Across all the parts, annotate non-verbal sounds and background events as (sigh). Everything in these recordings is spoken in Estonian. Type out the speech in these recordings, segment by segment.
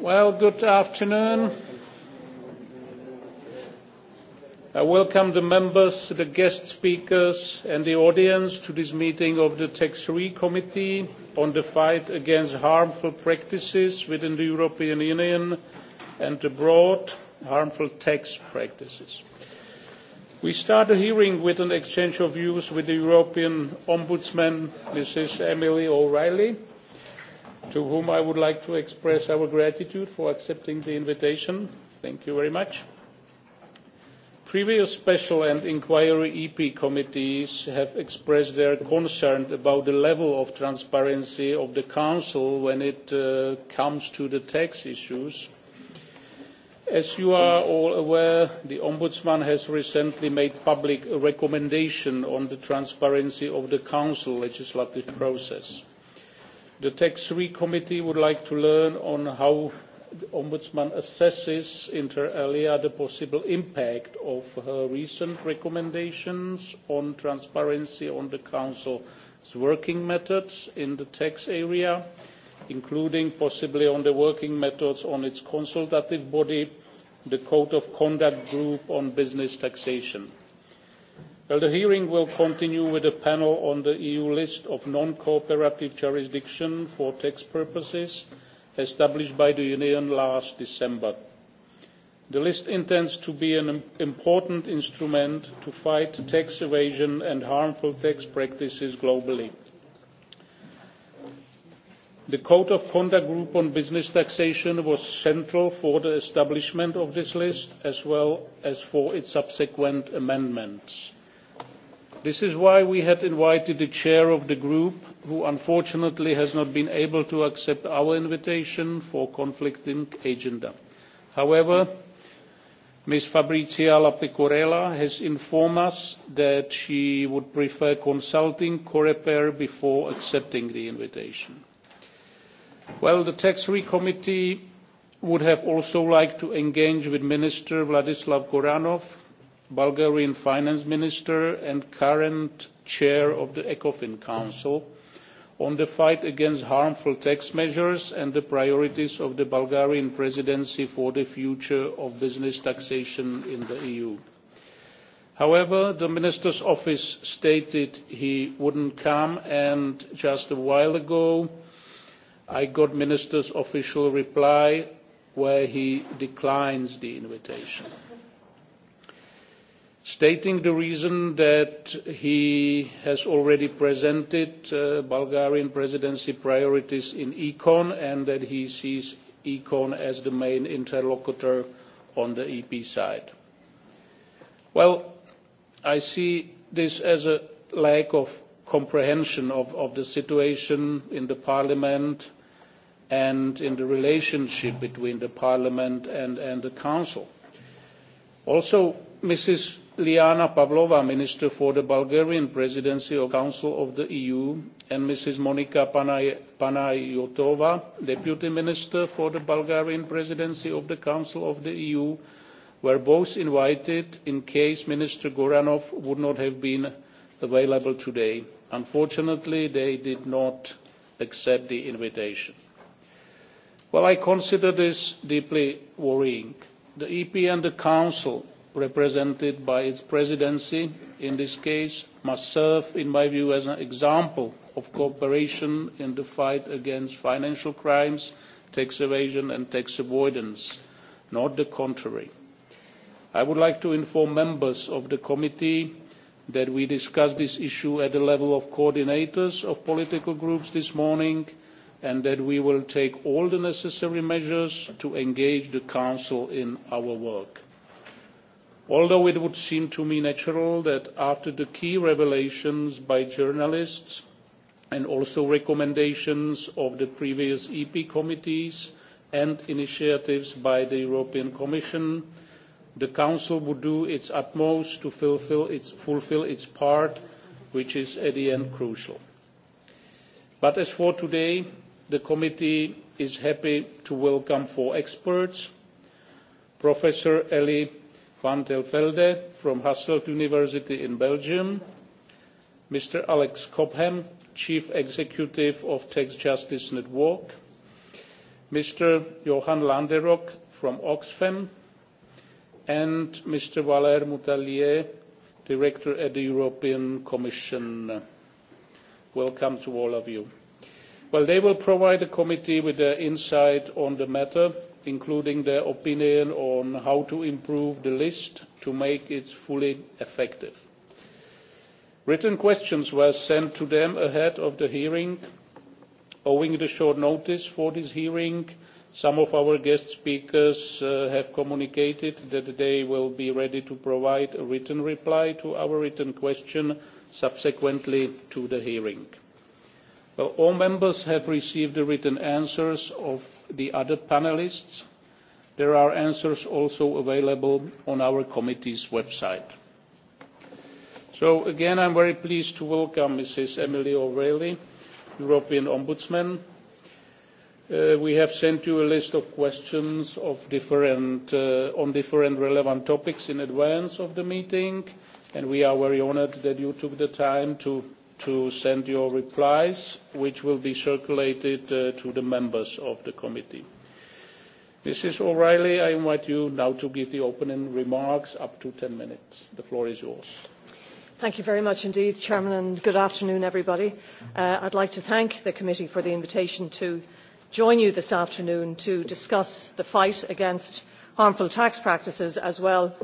Well, good afternoon. I welcome the members, the guest speakers, and the audience to this meeting of the Tax 3 Committee on the fight against harmful practices within the European Union and abroad, harmful tax practices. We start the hearing with an exchange of views with the European Ombudsman, Mrs. Emily O'Reilly to whom I would like to express our gratitude for accepting the invitation. Thank you very much. Previous special and inquiry EP committees have expressed their concern about the level of transparency of the Council when it uh, comes to the tax issues. As you are all aware, the Ombudsman has recently made public a recommendation on the transparency of the Council legislative process. The Tax 3 committee would like to learn on how the Ombudsman assesses inter alia the possible impact of her recent recommendations on transparency on the Council's working methods in the tax area, including possibly on the working methods on its consultative body, the Code of Conduct Group on Business Taxation. Well, the hearing will continue with a panel on the EU list of non-cooperative jurisdiction for tax purposes established by the Union last December. The list intends to be an important instrument to fight tax evasion and harmful tax practices globally. The Code of Conduct Group on Business Taxation was central for the establishment of this list, as well as for its subsequent amendments. This is why we had invited the chair of the group, who unfortunately has not been able to accept our invitation for conflicting agenda. However, Ms. Fabrizia Lapicorella has informed us that she would prefer consulting Coreper before accepting the invitation. Well, the Tax 3 Committee would have also liked to engage with Minister Vladislav Goranov Bulgarian finance minister and current chair of the ECOFIN Council on the fight against harmful tax measures and the priorities of the Bulgarian presidency for the future of business taxation in the EU. However, the minister's office stated he wouldn't come and just a while ago I got minister's official reply where he declines the invitation stating the reason that he has already presented uh, Bulgarian presidency priorities in ECON and that he sees ECON as the main interlocutor on the EP side. Well, I see this as a lack of comprehension of, of the situation in the parliament and in the relationship between the parliament and, and the council. Also, Mrs. Liana Pavlova, Minister for the Bulgarian Presidency of Council of the EU, and Mrs. Monika Panayotova, Deputy Minister for the Bulgarian Presidency of the Council of the EU, were both invited in case Minister Goranov would not have been available today. Unfortunately, they did not accept the invitation. Well, I consider this deeply worrying. The EP and the Council represented by its presidency in this case, must serve, in my view, as an example of cooperation in the fight against financial crimes, tax evasion and tax avoidance, not the contrary. I would like to inform members of the committee that we discussed this issue at the level of coordinators of political groups this morning and that we will take all the necessary measures to engage the Council in our work although it would seem to me natural that after the key revelations by journalists and also recommendations of the previous ep committees and initiatives by the european commission the council would do its utmost to fulfil its, fulfil its part which is at the end crucial. but as for today the committee is happy to welcome four experts professor elie van der Velde from Hasselt University in Belgium, Mr. Alex Cobham, Chief Executive of Tax Justice Network, Mr. Johan Landerock from Oxfam, and Mr. Valère Moutallier, Director at the European Commission. Welcome to all of you. Well, they will provide the committee with their insight on the matter including their opinion on how to improve the list to make it fully effective. Written questions were sent to them ahead of the hearing. Owing the short notice for this hearing, some of our guest speakers uh, have communicated that they will be ready to provide a written reply to our written question subsequently to the hearing. Well, all members have received the written answers of the other panelists. There are answers also available on our committee's website. So again, I'm very pleased to welcome Mrs. Emily O'Reilly, European Ombudsman. Uh, we have sent you a list of questions of different, uh, on different relevant topics in advance of the meeting, and we are very honored that you took the time to to send your replies, which will be circulated uh, to the members of the committee. Mrs. O'Reilly, I invite you now to give the opening remarks up to 10 minutes. The floor is yours. Thank you very much indeed, Chairman, and good afternoon, everybody. Uh, I'd like to thank the committee for the invitation to join you this afternoon to discuss the fight against harmful tax practices as well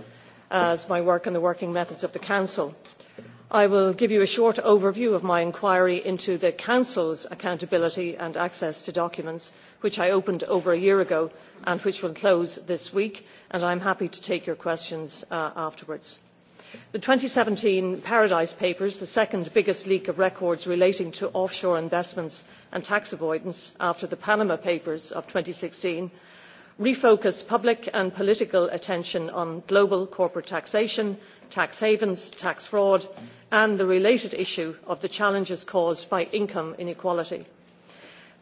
as my work on the working methods of the Council. Uh, I will give you a short overview of my inquiry into the Council's accountability and access to documents, which I opened over a year ago and which will close this week, and I'm happy to take your questions uh, afterwards. The 2017 Paradise Papers, the second biggest leak of records relating to offshore investments and tax avoidance after the Panama Papers of 2016, refocus public and political attention on global corporate taxation tax havens tax fraud and the related issue of the challenges caused by income inequality.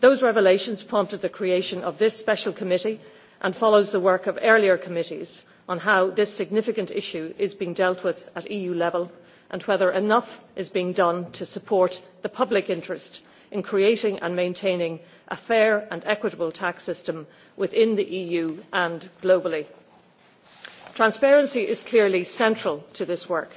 those revelations prompted the creation of this special committee and follows the work of earlier committees on how this significant issue is being dealt with at eu level and whether enough is being done to support the public interest in creating and maintaining a fair and equitable tax system within the eu and globally. transparency is clearly central to this work.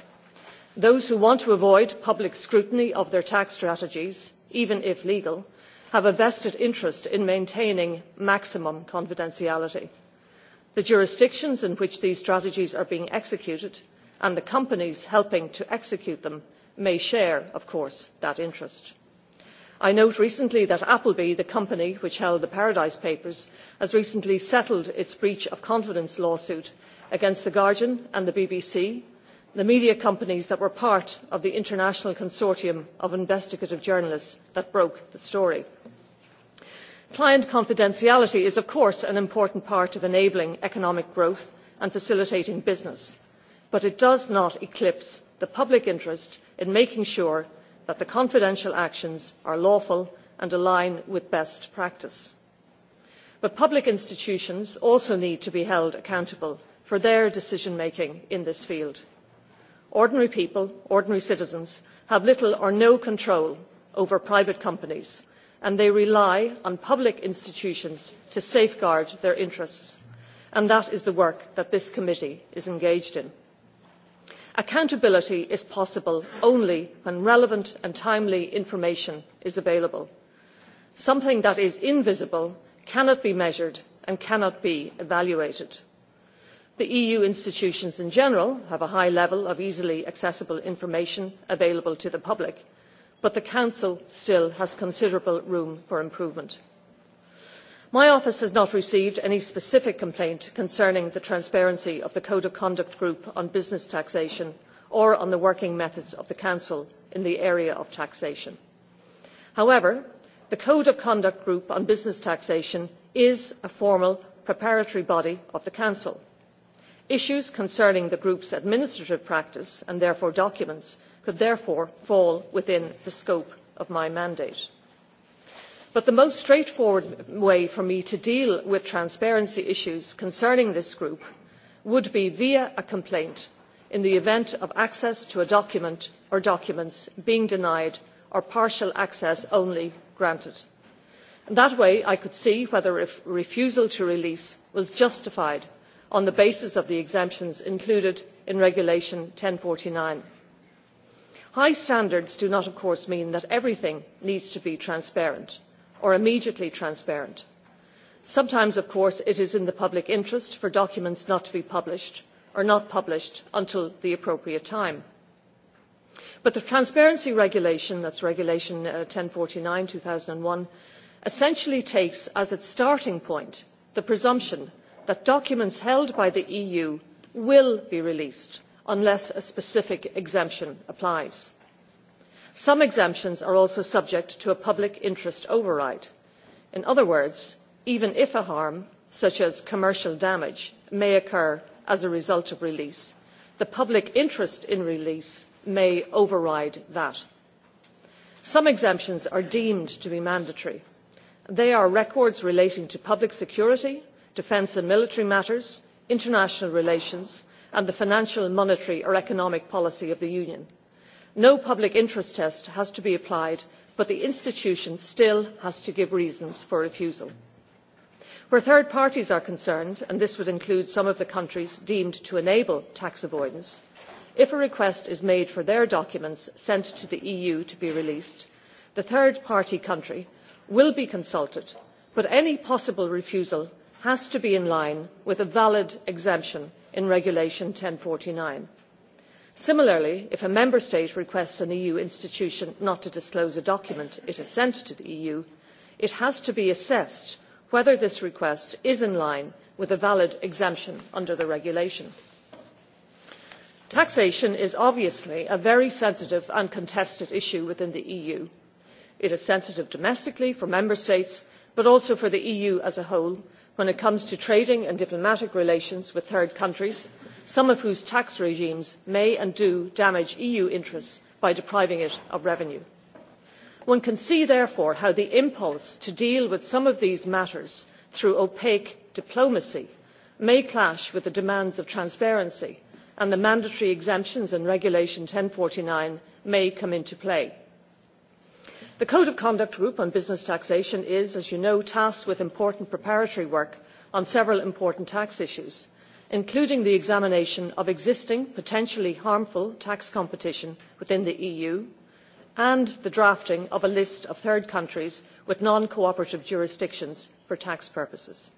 those who want to avoid public scrutiny of their tax strategies even if legal have a vested interest in maintaining maximum confidentiality. the jurisdictions in which these strategies are being executed and the companies helping to execute them may share of course that interest i note recently that appleby the company which held the paradise papers has recently settled its breach of confidence lawsuit against the guardian and the bbc the media companies that were part of the international consortium of investigative journalists that broke the story. client confidentiality is of course an important part of enabling economic growth and facilitating business but it does not eclipse the public interest in making sure that the confidential actions are lawful and align with best practice. But public institutions also need to be held accountable for their decision making in this field. Ordinary people, ordinary citizens, have little or no control over private companies and they rely on public institutions to safeguard their interests and that is the work that this committee is engaged in accountability is possible only when relevant and timely information is available. something that is invisible cannot be measured and cannot be evaluated. the eu institutions in general have a high level of easily accessible information available to the public but the council still has considerable room for improvement my office has not received any specific complaint concerning the transparency of the code of conduct group on business taxation or on the working methods of the council in the area of taxation. however the code of conduct group on business taxation is a formal preparatory body of the council. issues concerning the group's administrative practice and therefore documents could therefore fall within the scope of my mandate but the most straightforward way for me to deal with transparency issues concerning this group would be via a complaint in the event of access to a document or documents being denied or partial access only granted. In that way i could see whether a refusal to release was justified on the basis of the exemptions included in regulation no one thousand and forty nine high standards do not of course mean that everything needs to be transparent or immediately transparent. Sometimes, of course, it is in the public interest for documents not to be published or not published until the appropriate time. But the transparency regulation, that's Regulation uh, 1049 2001, essentially takes as its starting point the presumption that documents held by the EU will be released unless a specific exemption applies some exemptions are also subject to a public interest override. in other words even if a harm such as commercial damage may occur as a result of release the public interest in release may override that. some exemptions are deemed to be mandatory. they are records relating to public security defence and military matters international relations and the financial monetary or economic policy of the union no public interest test has to be applied but the institution still has to give reasons for refusal. where third parties are concerned and this would include some of the countries deemed to enable tax avoidance if a request is made for their documents sent to the eu to be released the third party country will be consulted but any possible refusal has to be in line with a valid exemption in regulation no one thousand and forty nine similarly if a member state requests an eu institution not to disclose a document it has sent to the eu it has to be assessed whether this request is in line with a valid exemption under the regulation. taxation is obviously a very sensitive and contested issue within the eu. it is sensitive domestically for member states but also for the eu as a whole when it comes to trading and diplomatic relations with third countries some of whose tax regimes may and do damage eu interests by depriving it of revenue. one can see therefore how the impulse to deal with some of these matters through opaque diplomacy may clash with the demands of transparency and the mandatory exemptions in regulation no one thousand and forty nine may come into play. the code of conduct group on business taxation is as you know tasked with important preparatory work on several important tax issues including the examination of existing potentially harmful tax competition within the eu and the drafting of a list of third countries with non cooperative jurisdictions for tax purposes.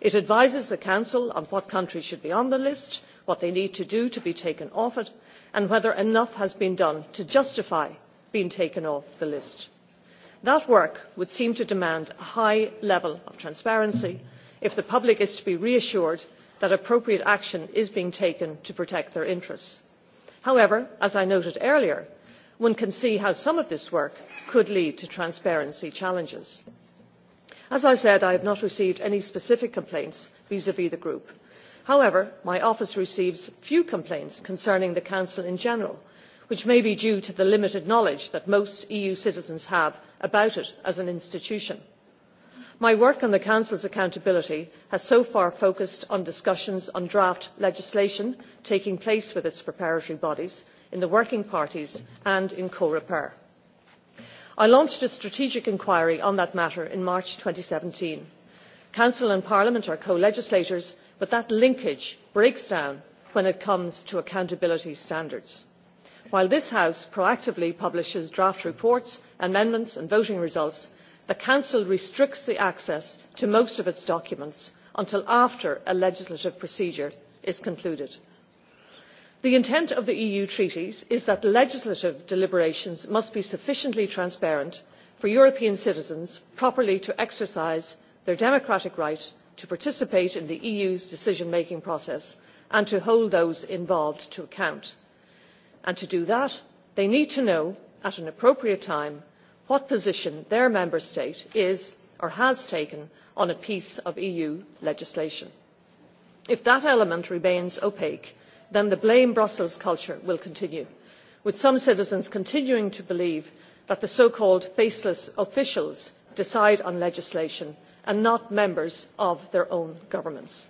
it advises the council on what countries should be on the list what they need to do to be taken off it and whether enough has been done to justify being taken off the list. that work would seem to demand a high level of transparency if the public is to be reassured that appropriate action is being taken to protect their interests. however as i noted earlier one can see how some of this work could lead to transparency challenges. as i said i have not received any specific complaints vis vis the group. however my office receives few complaints concerning the council in general which may be due to the limited knowledge that most eu citizens have about it as an institution my work on the council's accountability has so far focused on discussions on draft legislation taking place with its preparatory bodies in the working parties and in coreper. i launched a strategic inquiry on that matter in march. two thousand and seventeen council and parliament are co legislators but that linkage breaks down when it comes to accountability standards. while this house proactively publishes draft reports amendments and voting results the council restricts access to most of its documents until after a legislative procedure is concluded. the intent of the eu treaties is that legislative deliberations must be sufficiently transparent for european citizens properly to exercise their democratic right to participate in the eu's decision making process and to hold those involved to account. and to do that they need to know at an appropriate time what position their member state is or has taken on a piece of eu legislation. if that element remains opaque then the blame brussels' culture will continue with some citizens continuing to believe that the so called faceless officials decide on legislation and not members of their own governments.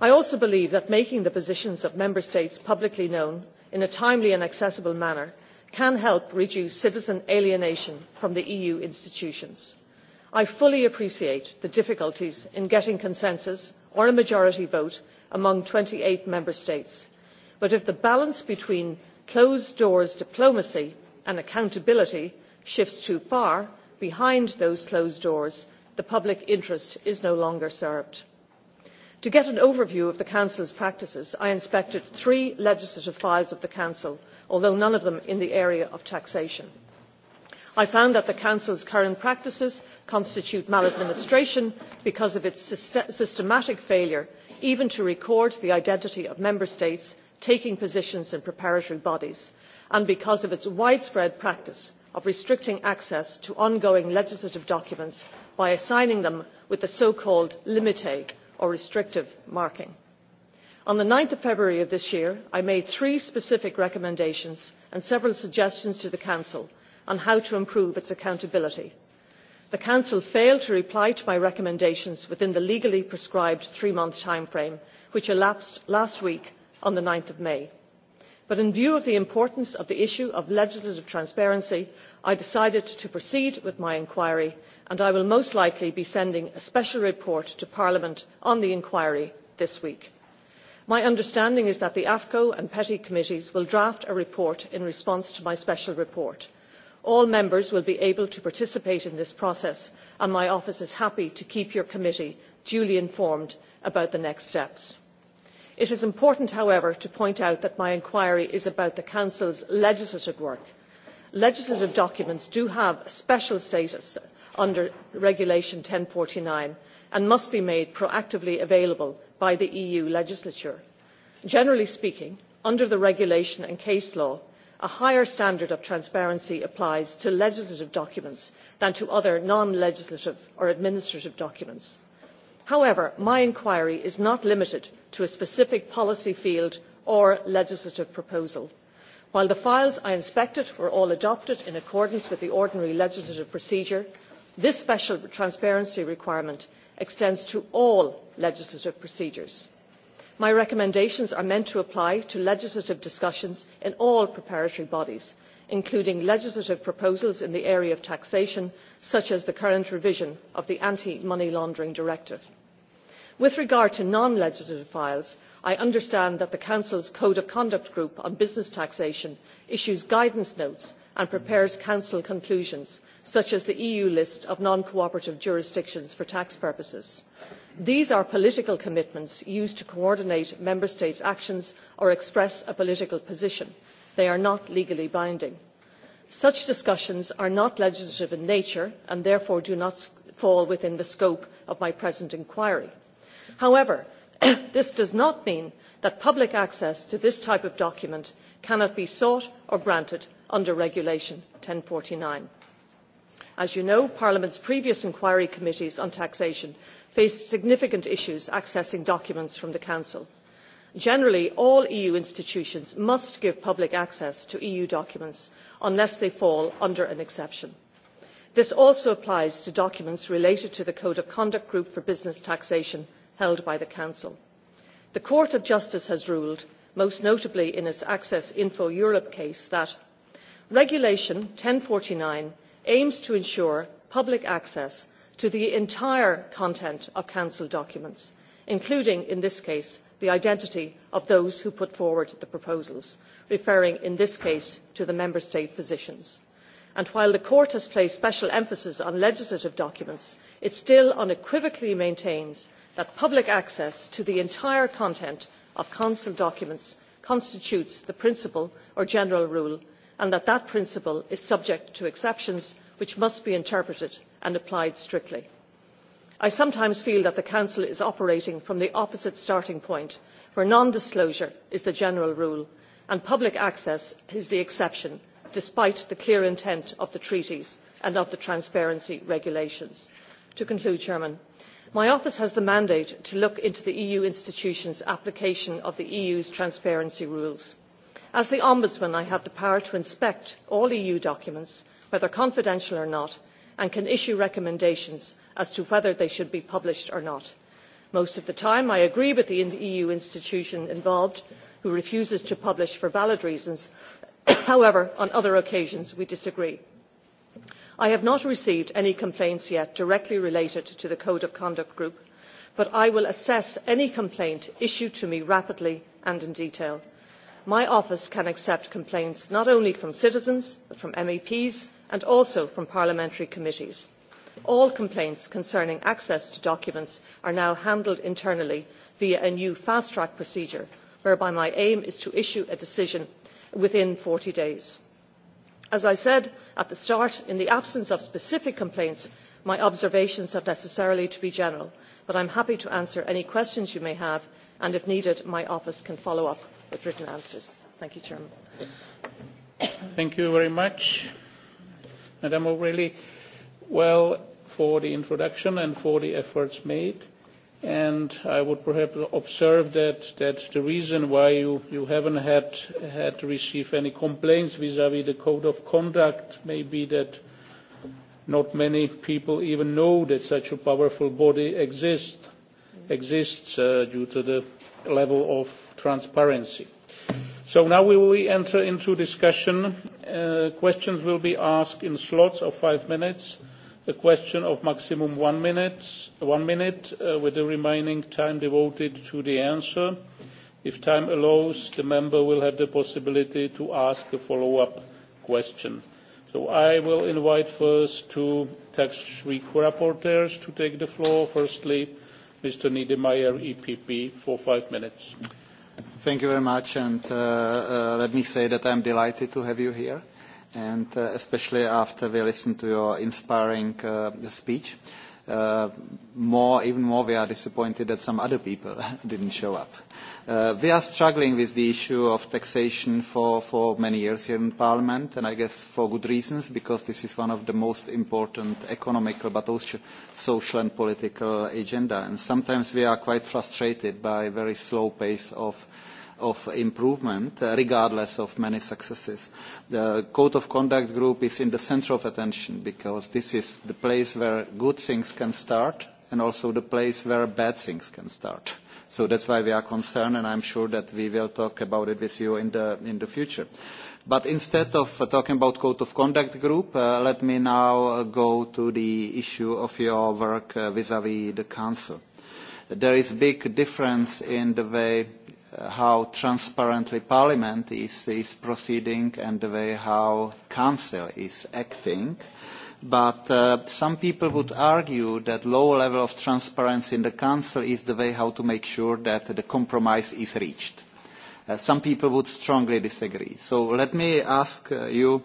i also believe that making the positions of member states publicly known in a timely and accessible manner can help reduce citizen alienation from the eu institutions. i fully appreciate the difficulties in getting consensus or a majority vote among twenty eight member states but if the balance between closed doors diplomacy and accountability shifts too far behind those closed doors the public interest is no longer served to get an overview of the council's practices i inspected three legislative files of the council although none of them in the area of taxation. i found that the council's current practices constitute maladministration because of its systematic failure even to record the identity of member states taking positions in preparatory bodies and because of its widespread practice of restricting access to ongoing legislative documents by assigning them with the so called limit' or restrictive marking. on nine february of this year i made three specific recommendations and several suggestions to the council on how to improve its accountability. the council failed to reply to my recommendations within the legally prescribed three month timeframe which elapsed last week on nine may but in view of the importance of the issue of legislative transparency i decided to proceed with my inquiry and i will most likely be sending a special report to parliament on the inquiry this week. my understanding is that the afco and peti committees will draft a report in response to my special report. all members will be able to participate in this process and my office is happy to keep your committee duly informed about the next steps. it is important however to point out that my inquiry is about the council's legislative work. legislative documents do have a special status under regulation no one thousand and forty nine and must be made proactively available by the eu legislature. generally speaking under the regulation and case law a higher standard of transparency applies to legislative documents than to other non legislative or administrative documents. however my inquiry is not limited to a specific policy field or legislative proposal while the files i inspected were all adopted in accordance with the ordinary legislative procedure this special transparency requirement extends to all legislative procedures. my recommendations are meant to apply to legislative discussions in all preparatory bodies including legislative proposals in the area of taxation such as the current revision of the anti money laundering directive. with regard to non legislative files i understand that the council's code of conduct group on business taxation issues guidance notes and prepares council conclusions such as the eu list of non cooperative jurisdictions for tax purposes. these are political commitments used to coordinate member states' actions or express a political position. they are not legally binding. such discussions are not legislative in nature and therefore do not fall within the scope of my present inquiry. however (clears throat) this does not mean that public access to this type of document cannot be sought or granted under regulation no one thousand and forty nine as you know parliament's previous inquiry committees on taxation faced significant issues accessing documents from the council. generally all eu institutions must give public access to eu documents unless they fall under an exception. this also applies to documents related to the code of conduct group for business taxation held by the council. the court of justice has ruled most notably in its access info europe case that regulation no one thousand and forty nine aims to ensure public access to the entire content of council documents including in this case the identity of those who put forward the proposals referring in this case to the member state positions and while the court has placed special emphasis on legislative documents it still unequivocally maintains that public access to the entire content of council documents constitutes the principle or general rule and that that principle is subject to exceptions which must be interpreted and applied strictly. i sometimes feel that the council is operating from the opposite starting point where non disclosure is the general rule and public access is the exception despite the clear intent of the treaties and of the transparency regulations. to conclude Chairman, my office has the mandate to look into the eu institutions' application of the eu's transparency rules as the ombudsman i have the power to inspect all eu documents whether confidential or not and can issue recommendations as to whether they should be published or not. most of the time i agree with the eu institution involved who refuses to publish for valid reasons (coughs) however on other occasions we disagree. i have not received any complaints yet directly related to the code of conduct group but i will assess any complaint issued to me rapidly and in detail my office can accept complaints not only from citizens but from meps and also from parliamentary committees. all complaints concerning access to documents are now handled internally via a new fast track procedure whereby my aim is to issue a decision within forty days. as i said at the start in the absence of specific complaints my observations have necessarily to be general but i am happy to answer any questions you may have and if needed my office can follow up with written answers. Thank you, Chairman. Thank you very much, Madam O'Reilly. Well, for the introduction and for the efforts made. And I would perhaps observe that, that the reason why you, you haven't had, had received any complaints vis-à-vis -vis the code of conduct may be that not many people even know that such a powerful body exist, exists uh, due to the level of transparency. So now we will enter into discussion. Uh, questions will be asked in slots of five minutes. A question of maximum one minute, one minute uh, with the remaining time devoted to the answer. If time allows, the member will have the possibility to ask a follow-up question. So I will invite first two tax co-rapporteurs to take the floor. Firstly, Mr. Niedermayer, EPP, for five minutes. Thank you very much, and uh, uh, let me say that I'm delighted to have you here, and uh, especially after we listened to your inspiring uh, speech. Uh, uh, more, even more we are disappointed that some other people (laughs) didn't show up. Uh, we are struggling with the issue of taxation for, for many years here in Parliament, and I guess for good reasons, because this is one of the most important economical but also social and political agenda. And sometimes we are quite frustrated by very slow pace of uh, of improvement, uh, regardless of many successes. The Code of Conduct Group is in the center of attention because this is the place where good things can start and also the place where bad things can start. So that's why we are concerned, and I'm sure that we will talk about it with you in the, in the future. But instead of uh, talking about Code of Conduct Group, uh, let me now uh, go to the issue of your work uh, vis-à-vis -vis the Council. There is big difference in the way how transparently Parliament is, is proceeding and the way how Council is acting. But uh, some people would argue that low level of transparency in the Council is the way how to make sure that the compromise is reached. Uh, some people would strongly disagree. So let me ask uh, you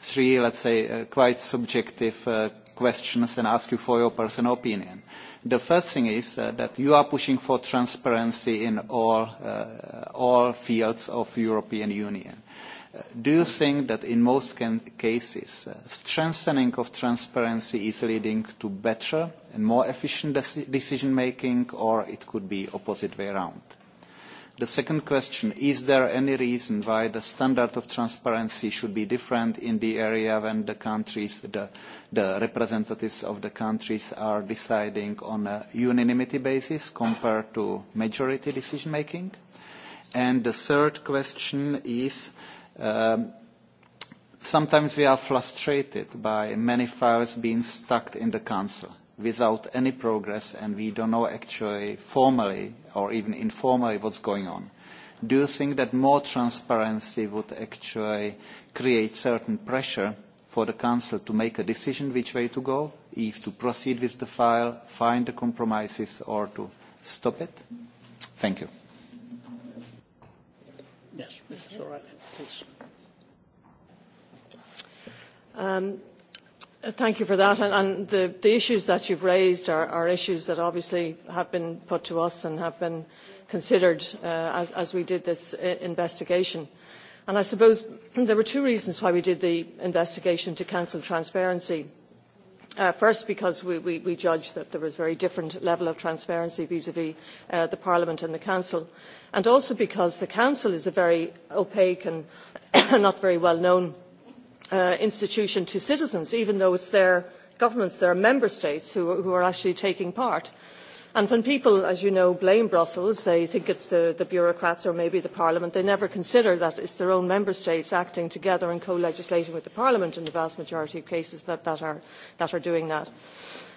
three, let's say, uh, quite subjective uh, questions and ask you for your personal opinion. Uh, The first thing is uh, that you are pushing for transparency in all, uh, all fields of European Union. Uh, do you think that in most can- cases, uh, strengthening of transparency is leading to better and more efficient dec- decision making, or it could be opposite way around? Uh, The second question, is there any reason why the standard of transparency should be different in the area when the countries, the, the representatives of the countries are deciding on a unanimity basis compared to majority decision making? And the third question is, um, sometimes we are frustrated by many files being stuck in the council without any progress and we don't know actually formally or even informally what's going on. Do you think that more transparency would actually create certain pressure for the Council to make a decision which way to go, if to proceed with the file, find the compromises or to stop it? Thank you. Yes, Mrs. O'Reilly, please. Um, Uh, thank you for that. And, and the, the issues that you've raised are, are issues that obviously have been put to us and have been considered uh, as, as we did this uh, investigation. And I suppose there were two reasons why we did the investigation to Council transparency. Uh, first, because we, we, we judged that there was a very different level of transparency vis-à-vis -vis, uh, the Parliament and the Council, and also because the Council is a very opaque and (coughs) not very well known uh, uh, institution to citizens, even though it's their governments, their member states who, who are actually taking part. And when people, as you know, blame Brussels, they think it's the, the bureaucrats or maybe the Parliament, they never consider that it's their own member states acting together and co-legislating with the Parliament in the vast majority of cases that, that, are, that are doing that.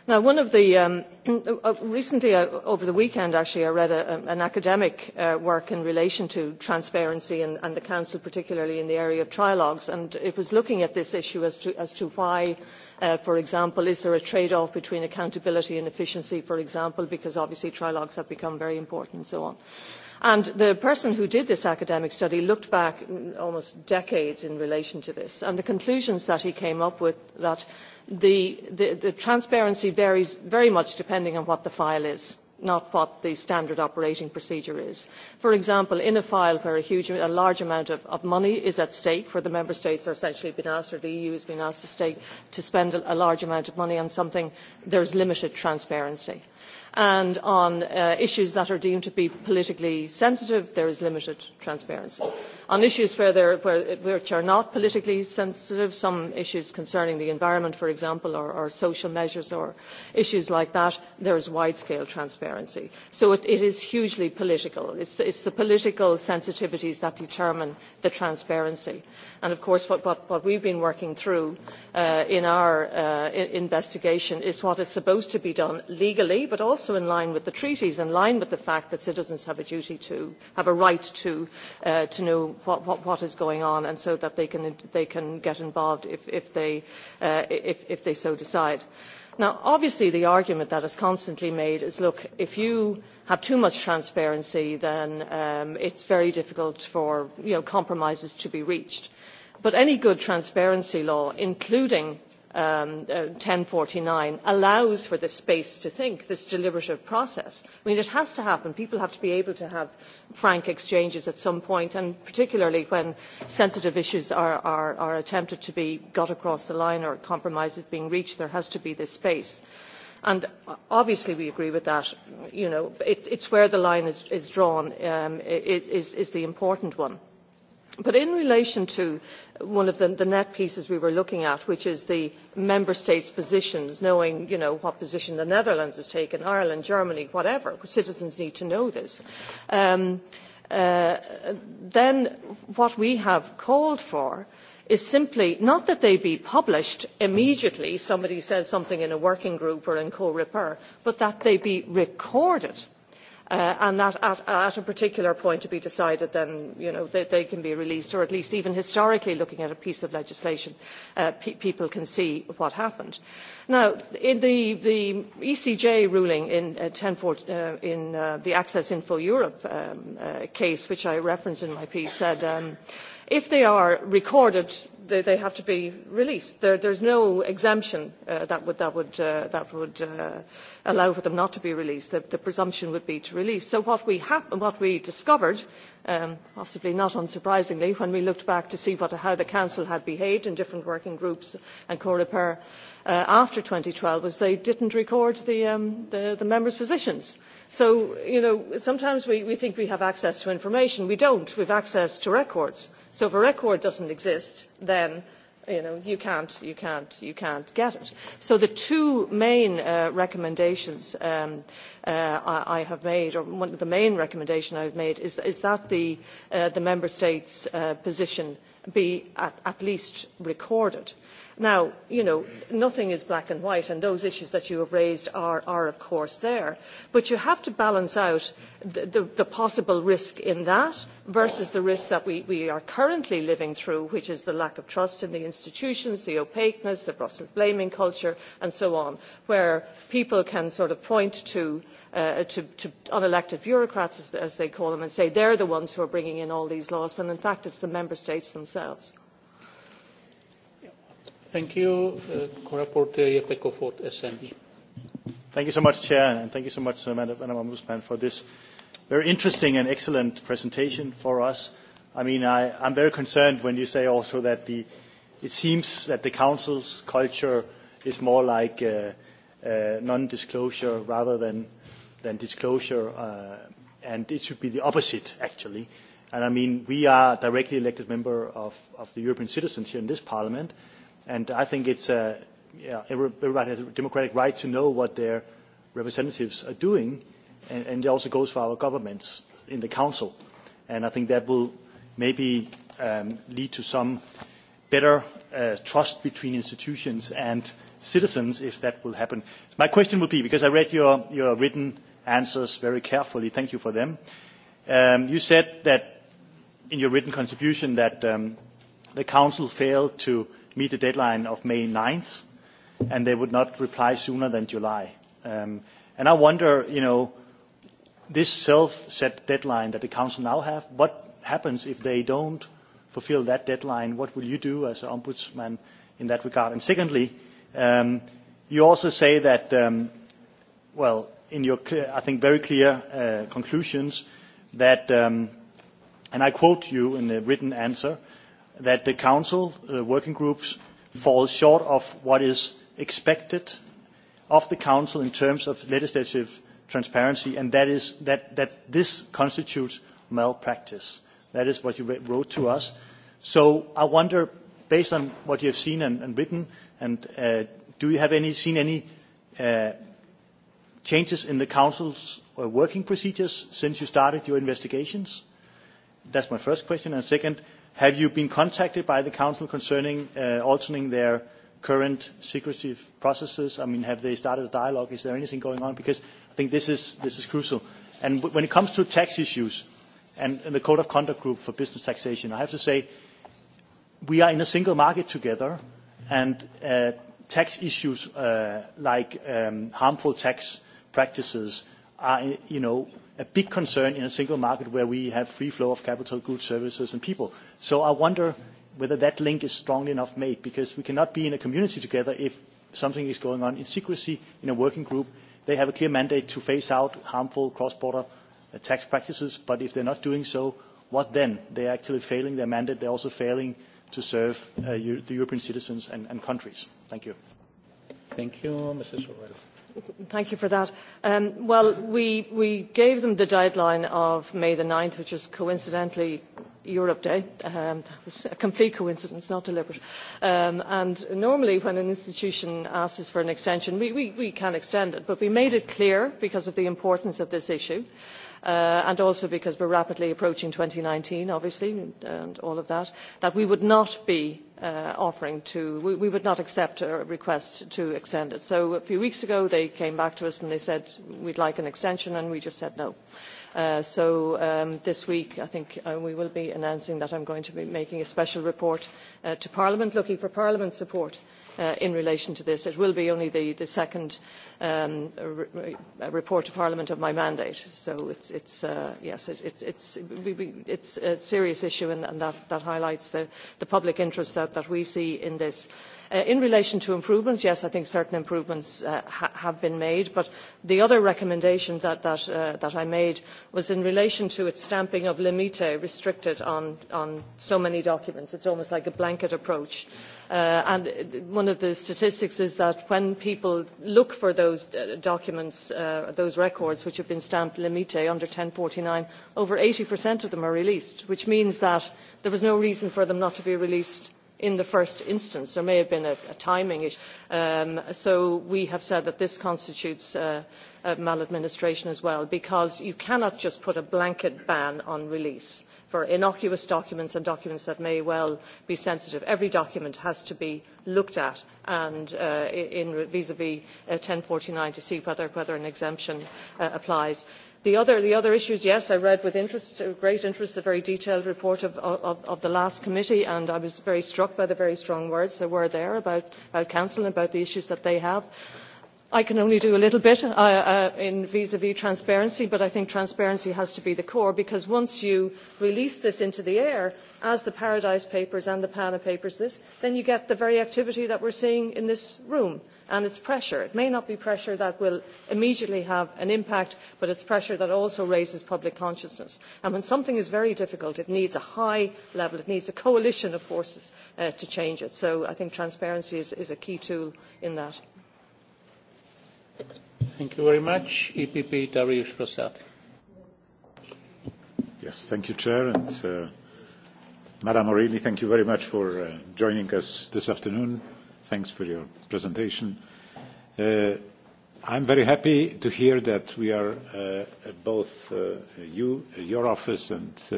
Now, one of the um, (clears throat) uh, recently uh, over the weekend, actually, I read a, an academic uh, work in relation to transparency and, and the council, particularly in the area of trilogues, and it was looking at this issue as to as to why Uh, for example, is there a trade-off between accountability and efficiency, for example, because obviously trilogues have become very important and so on. And the person who did this academic study looked back almost decades in relation to this, and the conclusions that he came up with that the, the, the transparency varies very much depending on what the file is not what the standard operating procedure is. For example, in a file where a, huge, a large amount of, of money is at stake, where the member states are essentially being asked, or the EU is being asked to, stake, to spend a, a large amount of money on something, there's limited transparency and on uh, issues that are deemed to be politically sensitive there is limited transparency. on issues where where, which are not politically sensitive some issues concerning the environment for example or, or social measures or issues like that there is wide scale transparency. so it, it is hugely political. it is the political sensitivities that determine the transparency. and of course what, what, what we have been working through uh, in our uh, investigation is what is supposed to be done legally but also in line with the treaties, in line with the fact that citizens have a duty to, have a right to, uh, to know what, what, what is going on and so that they can, they can get involved if, if, they, uh, if, if they so decide. Now, obviously, the argument that is constantly made is, look, if you have too much transparency, then um, it's very difficult for you know, compromises to be reached. But any good transparency law, including um, uh, 1049 allows for this space to think, this deliberative process. I mean, it has to happen. People have to be able to have frank exchanges at some point, and particularly when sensitive issues are, are, are attempted to be got across the line or compromises being reached, there has to be this space. And uh, obviously we agree with that. You know, it, it's where the line is, is drawn um, is, is, is the important one But in relation to one of the, the net pieces we were looking at, which is the member states' positions, knowing you know, what position the Netherlands has taken, Ireland, Germany, whatever, citizens need to know this. Um, uh, then what we have called for is simply not that they be published immediately, somebody says something in a working group or in co-repair, but that they be recorded. Uh, uh, and that at, at a particular point to be decided then you know they, they can be released or at least even historically looking at a piece of legislation uh, pe people can see what happened. Now in the, the ECJ ruling in, uh, 10, 14, uh, in uh, the Access Info Europe um, uh, case which I referenced in my piece said um, if they are recorded they, they have to be released. There, there's no exemption uh, that would, that would, uh, that would uh, allow for them not to be released. The, the presumption would be to release. So what we, hap- what we discovered, um, possibly not unsurprisingly, when we looked back to see what, how the Council had behaved in different working groups and co-repair uh, after 2012, was they didn't record the, um, the, the members' positions. So, you know, sometimes we, we think we have access to information. We don't. We have access to records. Uh, So if a record doesn't exist, then you know you can't you can't you can't get it so the two main uh, recommendations um, uh, I, I have made or one of the main recommendation I've made is is that the uh, the member states uh, position be at, at least recorded uh, Now, you know, nothing is black and white, and those issues that you have raised are, are of course, there. But you have to balance out the, the, the possible risk in that versus the risk that we, we are currently living through, which is the lack of trust in the institutions, the opaqueness, the Brussels blaming culture, and so on, where people can sort of point to, uh, to, to unelected bureaucrats, as, as they call them, and say they're the ones who are bringing in all these laws, when in fact it's the member states themselves. Thank you, uh, Co-Rapporteur Jeppe Kofod, SND. Thank you so much, Chair, and thank you so much, uh, Madam Ombudsman, for this very interesting and excellent presentation for us. I mean, I, I'm very concerned when you say also that the, it seems that the Council's culture is more like uh, uh, non-disclosure rather than, than disclosure, uh, and it should be the opposite, actually. And I mean, we are directly elected member of, of the European citizens here in this Parliament, uh, And I think it's a, uh, yeah, everybody has a democratic right to know what their representatives are doing, and, and it also goes for our governments in the council. And I think that will maybe um, lead to some better uh, trust between institutions and citizens if that will happen. My question would be, because I read your, your written answers very carefully, thank you for them. Um, you said that in your written contribution that um, the council failed to uh, meet the deadline of May 9th, and they would not reply sooner than July. Um, and I wonder, you know, this self-set deadline that the council now have, what happens if they don't fulfill that deadline? What will you do as an ombudsman in that regard? And secondly, um, you also say that, um, well, in your, clear, I think, very clear uh, conclusions that, um, and I quote you in the written answer, uh, that the council uh, working groups fall short of what is expected of the council in terms of legislative transparency, and that is that, that this constitutes malpractice. That is what you wrote to us. So I wonder, based on what you have seen and, and written, and uh, do you have any, seen any uh, changes in the council's uh, working procedures since you started your investigations? That's my first question. And second, Have you been contacted by the council concerning uh, altering their current secretive processes? I mean, have they started a dialogue? Is there anything going on? Because I think this is, this is crucial. And w- when it comes to tax issues and, and the Code of Conduct Group for Business Taxation, I have to say we are in a single market together, and uh, tax issues uh, like um, harmful tax practices are, you know, a big concern in a single market where we have free flow of capital, goods, services, and people. So I wonder whether that link is strongly enough made, because we cannot be in a community together if something is going on in secrecy in a working group. They have a clear mandate to phase out harmful cross-border uh, tax practices, but if they're not doing so, what then? They're actually failing their mandate. They're also failing to serve uh, the European citizens and, and countries. Thank you. Thank you, Mrs. O'Reilly. Thank you for that. Um, well, we, we gave them the deadline of May the 9th, which is coincidentally Europe Day. Um, that was a complete coincidence, not deliberate. Um, and normally when an institution asks us for an extension, we, we, we can extend it. But we made it clear, because of the importance of this issue, uh, and also because we're rapidly approaching 2019, obviously, and all of that, that we would not be uh, offering to, we, we would not accept a request to extend it. So a few weeks ago they came back to us and they said we'd like an extension and we just said no. Uh, so um, this week I think uh, we will be announcing that I'm going to be making a special report uh, to Parliament looking for Parliament support uh, uh, in relation to this. It will be only the, the second um, re report to Parliament of my mandate. So it's, it's uh, yes, it, it's, it's, we, we, it's a serious issue and, and that, that highlights the, the public interest that, that we see in this. Uh, in relation to improvements, yes, I think certain improvements uh, ha have been made, but the other recommendation that, that, uh, that I made was in relation to its stamping of limite restricted on, on so many documents. It's almost like a blanket approach. Uh, Uh, and one of the statistics is that when people look for those uh, documents, uh, those records which have been stamped limite under 1049, over 80% of them are released, which means that there was no reason for them not to be released in the first instance. There may have been a, a timing issue. Um, so we have said that this constitutes uh, uh, maladministration as well, because you cannot just put a blanket ban on release for innocuous documents and documents that may well be sensitive. Every document has to be looked at and uh, in vis-à-vis -vis, uh, 1049 to see whether, whether an exemption uh, applies. The other, the other issues, yes, I read with interest, uh, great interest the very detailed report of, of, of the last committee, and I was very struck by the very strong words that were there about, about Council and about the issues that they have. Uh, I can only do a little bit uh, uh, in vis-à-vis -vis transparency, but I think transparency has to be the core because once you release this into the air, as the Paradise Papers and the PANA Papers, this, then you get the very activity that we're seeing in this room. And it's pressure. It may not be pressure that will immediately have an impact, but it's pressure that also raises public consciousness. And when something is very difficult, it needs a high level, it needs a coalition of forces uh, to change it. So I think transparency is, is a key tool in that. Thank you very much. EPP, Dariusz Rosati. Yes, thank you, Chair, and uh, Madam O'Reilly, thank you very much for uh, joining us this afternoon. Thanks for your presentation. Uh, I'm very happy to hear that we are uh, both uh, you, your office and, uh,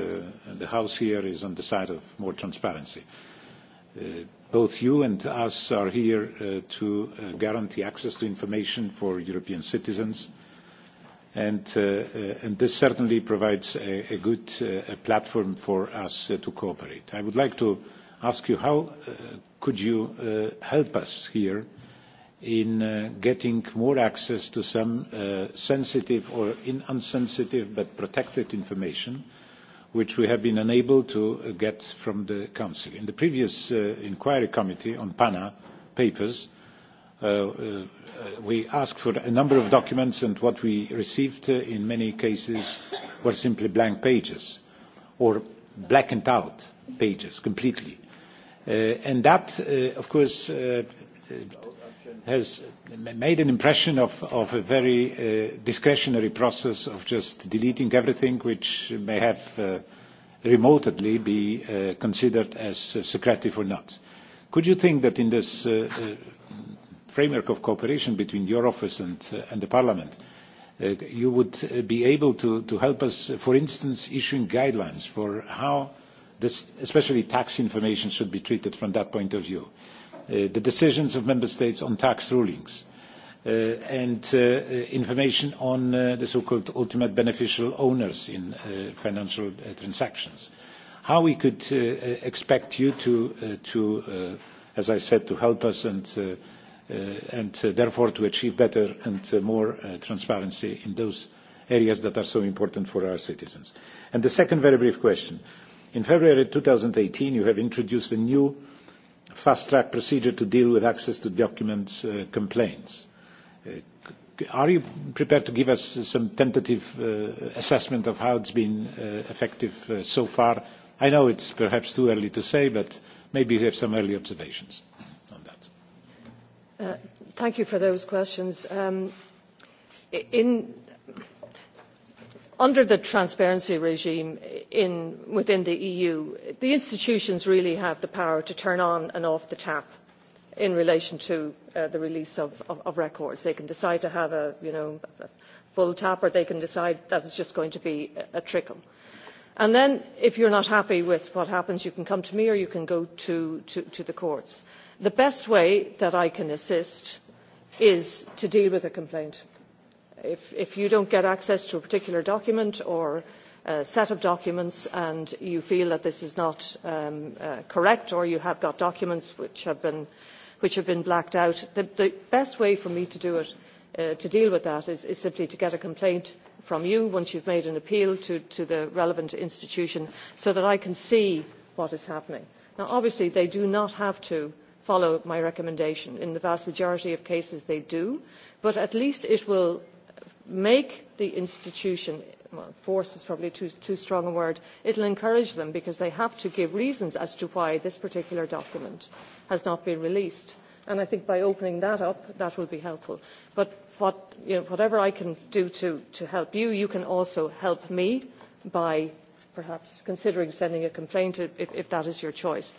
and the House here is on the side of more transparency. Uh, both you and us are here uh, to uh, guarantee access to information for European citizens. And, uh, uh and this certainly provides a, a good uh, a platform for us uh, to cooperate. I would like to ask you, how could you help us here in getting more access to some sensitive or insensitive but protected information which we have been unable to uh, get from the Council. In the previous uh, inquiry committee on PANA papers, uh, uh, we asked for a number of documents, and what we received uh, in many cases were simply blank pages or blackened out pages completely. Uh, and that, uh, of course, uh, has made an impression of, of a very uh, discretionary process of just deleting everything which may have uh, remotely be uh, considered as uh, secretive or not. Could you think that in this uh, uh, framework of cooperation between your office and, uh, and the Parliament, uh, you would uh, be able to, to help us, for instance, issuing guidelines for how this, especially tax information should be treated from that point of view? Uh, Uh, the decisions of member states on tax rulings uh, and uh, information on the so-called ultimate beneficial owners in financial transactions. How we could expect you to, to as I said, to help us and, and therefore to achieve better and more transparency in those areas that are so important for our citizens. And the second very brief question. In February 2018, you have introduced a new fast-track procedure to deal with access to documents uh, complaints. Uh, are you prepared to give us some tentative uh, assessment of how it's been uh, effective uh, so far? I know it's perhaps too early to say, but maybe you have some early observations on that. Uh, thank you for those questions. Um, in under the transparency regime in, within the eu the institutions really have the power to turn on and off the tap in relation to uh, the release of, of, of records. they can decide to have a, you know, a full tap or they can decide that it's just going to be a, a trickle. and then if you're not happy with what happens you can come to me or you can go to, to, to the courts. the best way that i can assist is to deal with a complaint if, if you don't get access to a particular document or uh, set of documents and you feel that this is not um, uh, correct or you have got documents which have been, which have been blacked out, the, the best way for me to do it, uh, to deal with that, is, is simply to get a complaint from you once you've made an appeal to, to the relevant institution so that I can see what is happening. Now, obviously, they do not have to follow my recommendation. In the vast majority of cases, they do, but at least it will make the institution well, force is probably too, too strong a word, it'll encourage them because they have to give reasons as to why this particular document has not been released. And I think by opening that up, that will be helpful. But what, you know, whatever I can do to, to help you, you can also help me by perhaps considering sending a complaint if, if that is your choice.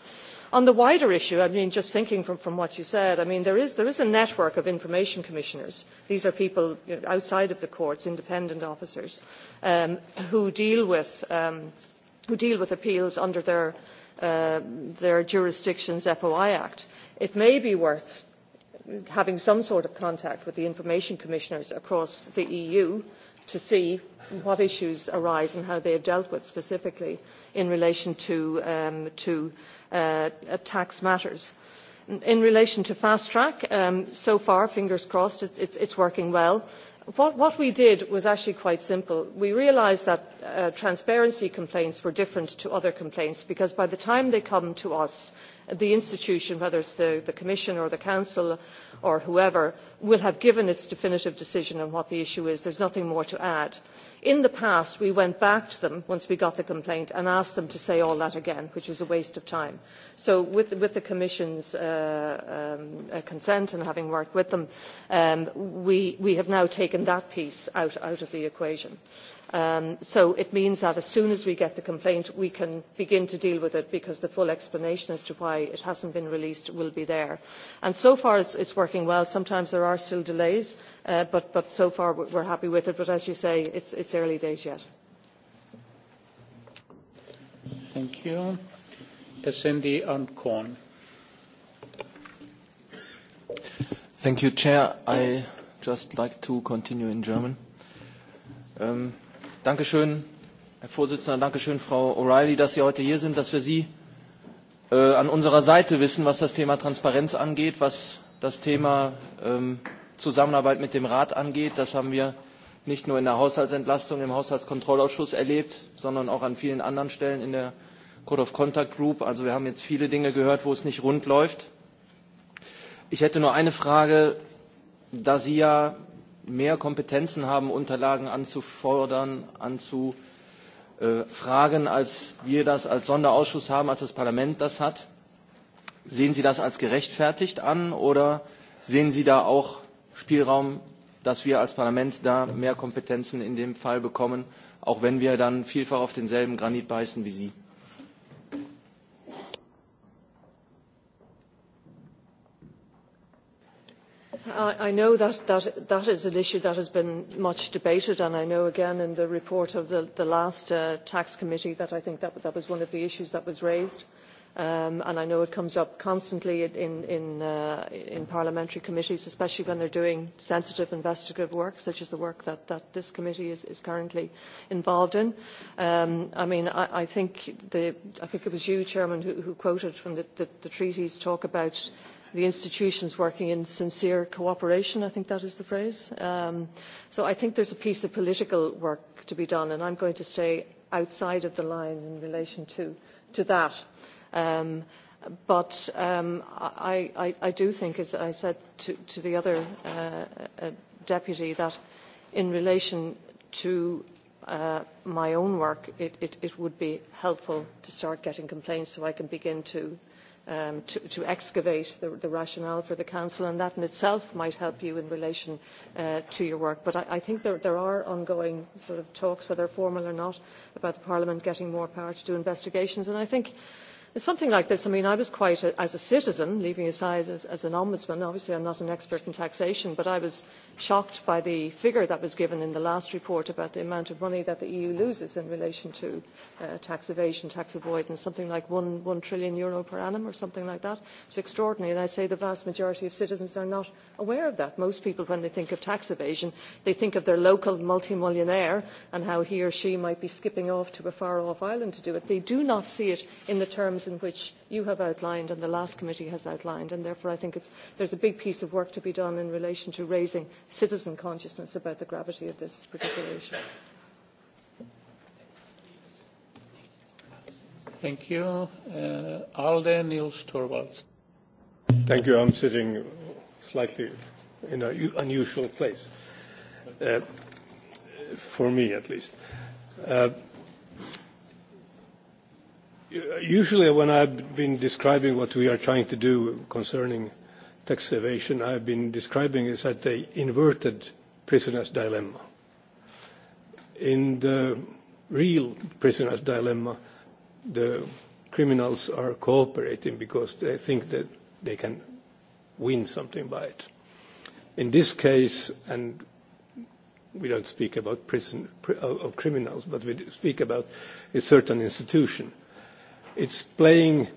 On the wider issue, I mean, just thinking from, from what you said, I mean, there is, there is a network of information commissioners. These are people you know, outside of the courts, independent officers, um, who, deal with, um, who deal with appeals under their, uh, their jurisdiction's FOI Act. It may be worth having some sort of contact with the information commissioners across the EU to see what issues arise and how they are dealt with specifically in relation to, um, to uh, tax matters. In relation to fast track, um, so far, fingers crossed, it's, it's, it's working well. What, what we did was actually quite simple. We realised that uh, transparency complaints were different to other complaints because by the time they come to us, the institution, whether it's the, the Commission or the Council or whoever, will have given its definitive decision on what the issue is. There's nothing more to add. In the past, we went back to them once we got the complaint and asked them to say all that again, which was a waste of time. So with, with the Commission's uh, um, uh, consent and having worked with them, um, we, we have now taken that piece out, out of the equation. Um, so it means that as soon as we get the complaint, we can begin to deal with it because the full explanation as to why it hasn't been released will be there. And so far it's, it's working well. Sometimes there are still delays, uh, but, but so far we're happy with it. But as you say, it's, it's early days yet. Thank you. SND and Korn. Thank you, Chair. I just like to continue in German. Um, Dankeschön, Herr Vorsitzender, Dankeschön, Frau O'Reilly, dass Sie heute hier sind, dass wir Sie äh, an unserer Seite wissen, was das Thema Transparenz angeht, was das Thema ähm, Zusammenarbeit mit dem Rat angeht. Das haben wir nicht nur in der Haushaltsentlastung im Haushaltskontrollausschuss erlebt, sondern auch an vielen anderen Stellen in der Code of Contact Group. Also wir haben jetzt viele Dinge gehört, wo es nicht rund läuft. Ich hätte nur eine Frage, da Sie ja mehr Kompetenzen haben, Unterlagen anzufordern, anzufragen, als wir das als Sonderausschuss haben, als das Parlament das hat. Sehen Sie das als gerechtfertigt an oder sehen Sie da auch Spielraum, dass wir als Parlament da mehr Kompetenzen in dem Fall bekommen, auch wenn wir dann vielfach auf denselben Granit beißen wie Sie? I, I know that, that that is an issue that has been much debated, and I know again in the report of the, the last uh, tax committee that I think that, that was one of the issues that was raised. Um, and I know it comes up constantly in, in, uh, in parliamentary committees, especially when they're doing sensitive investigative work, such as the work that, that this committee is, is currently involved in. Um, I mean, I, I, think the, I think it was you, Chairman, who, who quoted from the, the, the treaties talk about uh, the institutions working in sincere cooperation, I think that is the phrase. Um, so I think there's a piece of political work to be done, and I'm going to stay outside of the line in relation to, to that. Um, but um, I, I, I do think, as I said to, to the other uh, uh, deputy, that in relation to uh, my own work, it, it, it would be helpful to start getting complaints so I can begin to uh, um, to, to excavate the, the rationale for the Council, and that in itself might help you in relation uh, to your work. But I, I think there, there are ongoing sort of talks, whether formal or not, about Parliament getting more power to do investigations, and I think It's something like this. I mean, I was quite, a, as a citizen, leaving aside as, as an ombudsman, obviously I'm not an expert in taxation, but I was shocked by the figure that was given in the last report about the amount of money that the EU loses in relation to uh, tax evasion, tax avoidance, something like one, one trillion euro per annum or something like that. It's extraordinary, and I say the vast majority of citizens are not aware of that. Most people, when they think of tax evasion, they think of their local multimillionaire and how he or she might be skipping off to a far-off island to do it. They do not see it in the terms ways in which you have outlined and the last committee has outlined. And therefore, I think it's, there's a big piece of work to be done in relation to raising citizen consciousness about the gravity of this particular issue. Thank you. Uh, Alde Niels Torvalds. Thank you. I'm sitting slightly in an unusual place, uh, for me at least. Uh, Usually when I've been describing what we are trying to do concerning tax evasion, I've been describing is that the inverted prisoner's dilemma. In the real prisoner's dilemma, the criminals are cooperating because they think that they can win something by it. In this case, and we don't speak about prison of criminals, but we speak about a certain institution – it's playing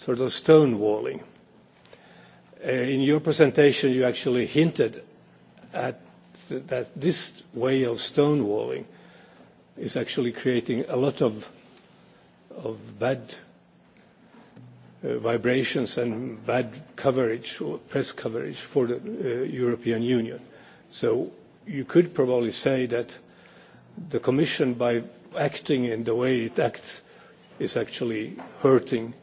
sort of stonewalling. Uh, in your presentation, you actually hinted at th that this way of stonewalling is actually creating a lot of, of bad uh, vibrations and bad coverage, or press coverage for the uh, European Union. So you could probably say that the Commission, by acting in the way it acts, is actually hurting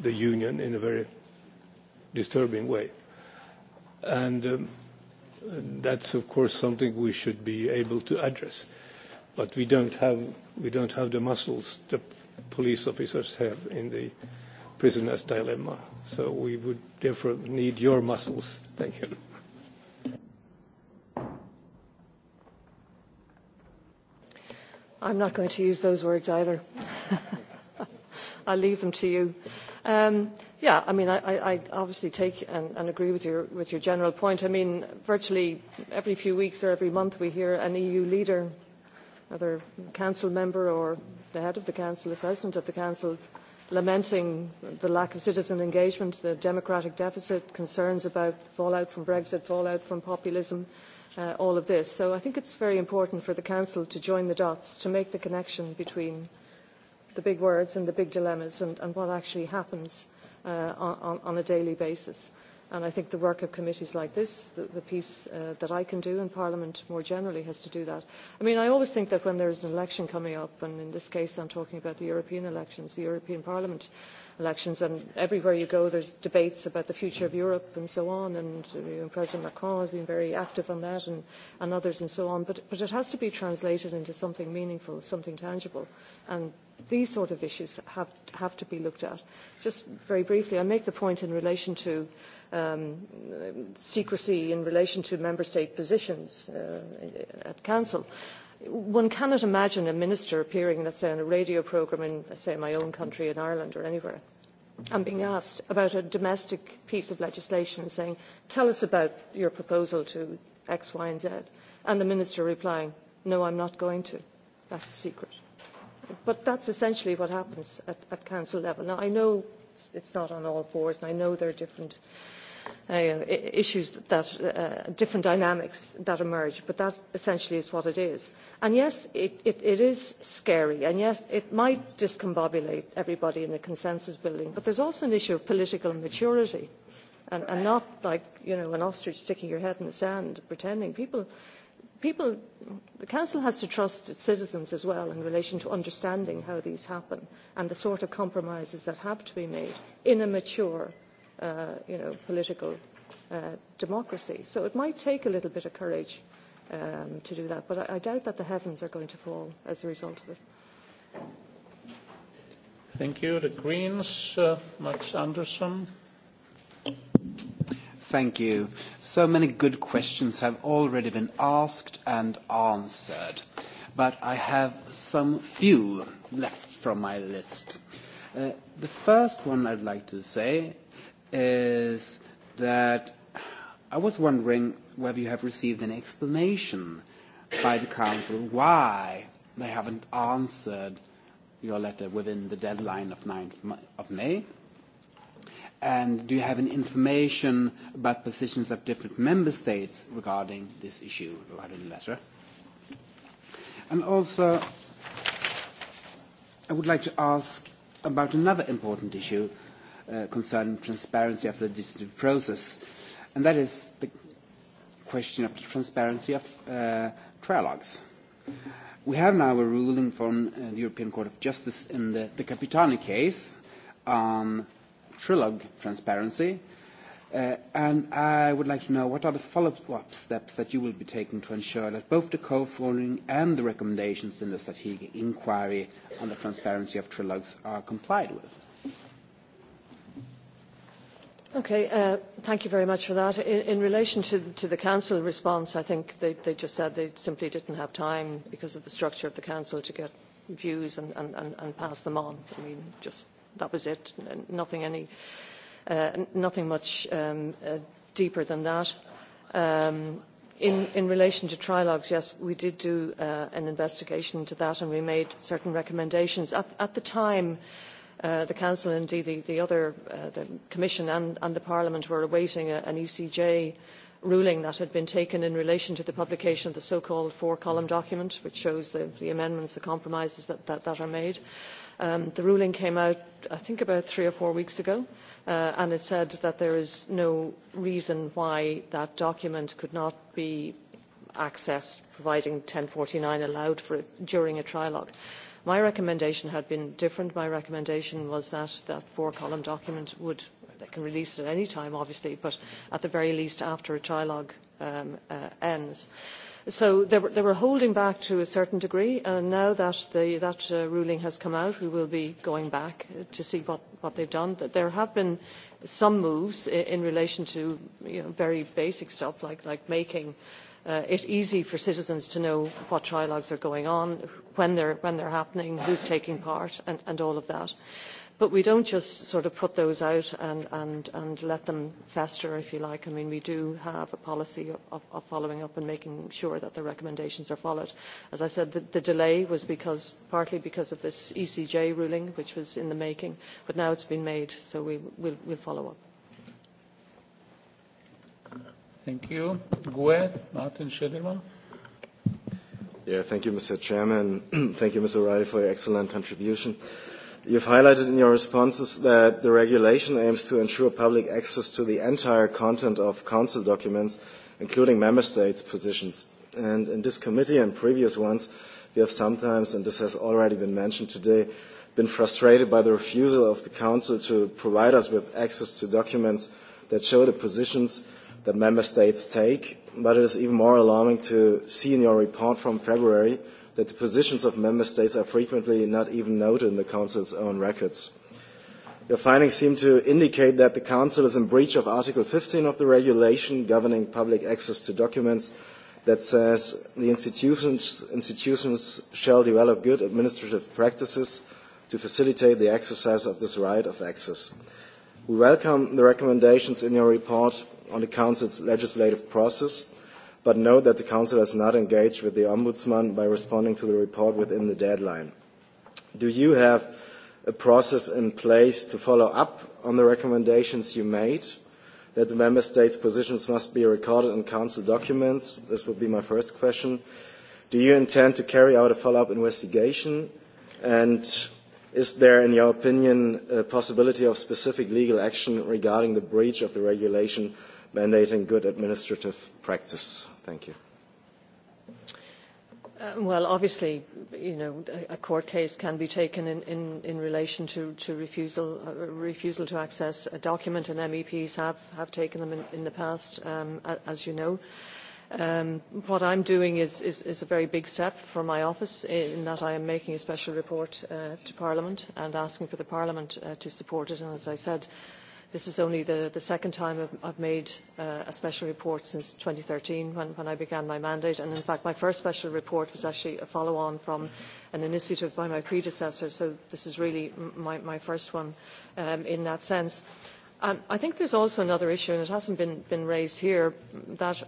the union in a very disturbing way. And um, that's, of course, something we should be able to address. But we don't have, we don't have the muscles the police officers have in the prisoner's dilemma. So we would therefore need your muscles. Thank you. I'm not going to use those words either. (laughs) I'll leave them to you. Um, yeah, I mean, I, I obviously take and, and agree with your, with your general point. I mean, virtually every few weeks or every month we hear an EU leader, either council member or the head of the council, the president of the council, lamenting the lack of citizen engagement, the democratic deficit, concerns about fallout from Brexit, fallout from populism, uh, all of this. So I think it's very important for the council to join the dots, to make the connection between uh, the big words and the big dilemmas and, and what actually happens uh, on, on a daily basis. And I think the work of committees like this, the, the piece uh, that I can do in Parliament more generally, has to do that. I mean, I always think that when there's an election coming up, and in this case I'm talking about the European elections, the European Parliament elections, and everywhere you go there's debates about the future of Europe and so on, and uh, you know, President Macron has been very active on that, and, and others and so on. But, but it has to be translated into something meaningful, something tangible. And these sort of issues have, have to be looked at. Just very briefly, I make the point in relation to um, secrecy in relation to member state positions uh, at council. One cannot imagine a minister appearing, let's say, on a radio programme in, let's say, my own country in Ireland or anywhere, and being asked about a domestic piece of legislation and saying, tell us about your proposal to X, Y, and Z, and the minister replying, no, I'm not going to. That's a secret But that's essentially what happens at, at council level. Now, I know it's, it's not on all fours, and I know there are different uh, issues that, that uh, different dynamics that emerge, but that essentially is what it is. And yes, it, it, it is scary, and yes, it might discombobulate everybody in the consensus building, but there's also an issue of political maturity. And, and not like, you know, an ostrich sticking your head in the sand pretending. People people, the council has to trust its citizens as well in relation to understanding how these happen and the sort of compromises that have to be made in a mature, uh, you know, political uh, democracy. So it might take a little bit of courage um, to do that, but I, I doubt that the heavens are going to fall as a result of it. Thank you. The Greens, uh, Max Anderson. Thank you. So many good questions have already been asked and answered, but I have some few left from my list. Uh, the first one I'd like to say is that I was wondering whether you have received an explanation by the council why they haven't answered your letter within the deadline of 9th of May, And do you have any information about positions of different member states regarding this issue, regarding the letter? And also, I would like to ask about another important issue uh, concerning transparency of the legislative process, and that is the question of the transparency of uh, trilogues. We have now a ruling from uh, the European Court of Justice in the, the Capitani case on um, trilogue transparency? Uh, and I would like to know what are the follow-up steps that you will be taking to ensure that both the co-funding and the recommendations in the strategic inquiry on the transparency of trilogues are complied with? Okay, uh, thank you very much for that. In, in relation to, to the council response, I think they, they just said they simply didn't have time because of the structure of the council to get views and, and, and, and pass them on. I mean, just that was it. Nothing any, uh, nothing much um, uh, deeper than that. Um, in, in relation to trilogues, yes, we did do uh, an investigation into that, and we made certain recommendations. At, at the time, uh, the council, indeed the, the other, uh, the commission and, and the parliament were awaiting a, an ECJ ruling that had been taken in relation to the publication of the so-called four-column document, which shows the, the amendments, the compromises that, that, that are made. Uh, Um, the ruling came out, I think, about three or four weeks ago, uh, and it said that there is no reason why that document could not be accessed, providing 1049 allowed for it during a trilogue. My recommendation had been different. My recommendation was that that four-column document would, they can release it at any time, obviously, but at the very least after a trilogue um, uh, ends. Uh, So they were, they were holding back to a certain degree, and now that the, that uh, ruling has come out, we will be going back uh, to see what, what they've done. There have been some moves in, in relation to you know, very basic stuff, like, like making uh, it easy for citizens to know what trilogues are going on, when they're, when they're happening, who's taking part, and, and all of that. Uh, but we don't just sort of put those out and, and, and let them fester, if you like. I mean, we do have a policy of, of following up and making sure that the recommendations are followed. As I said, the, the delay was because, partly because of this ECJ ruling, which was in the making, but now it's been made, so we, we'll, we'll follow up. Thank you. GUE, Martin Schiedemann. Yeah, thank you, Mr. Chairman. (clears throat) thank you, Ms. O'Reilly, for your excellent contribution. Uh, You've highlighted in your responses that the regulation aims to ensure public access to the entire content of Council documents, including Member States' positions. And in this committee and previous ones, we have sometimes, and this has already been mentioned today, been frustrated by the refusal of the Council to provide us with access to documents that show the positions that Member States take. But it is even more alarming to see in your report from February – that the positions of member states are frequently not even noted in the Council's own records. Your findings seem to indicate that the Council is in breach of Article 15 of the regulation governing public access to documents that says the institutions, institutions shall develop good administrative practices to facilitate the exercise of this right of access. We welcome the recommendations in your report on the Council's legislative process – but note that the Council has not engaged with the Ombudsman by responding to the report within the deadline. Do you have a process in place to follow up on the recommendations you made that the member states' positions must be recorded in council documents? This would be my first question. Do you intend to carry out a follow-up investigation? And is there, in your opinion, a possibility of specific legal action regarding the breach of the regulation mandating good administrative practice? Thank you. Uh, well, obviously, you know, a, a court case can be taken in, in, in relation to, to refusal, uh, refusal to access a document, and MEPs have, have taken them in, in the past, um, a, as you know. Um, what I'm doing is, is, is a very big step for my office in that I am making a special report uh, to Parliament and asking for the Parliament uh, to support it. And as I said, uh, This is only the, the second time I've, I've made uh, a special report since 2013 when, when I began my mandate. And in fact, my first special report was actually a follow-on from an initiative by my predecessor. So this is really my, my first one um, in that sense. Um, I think there's also another issue, and it hasn't been, been raised here, that uh,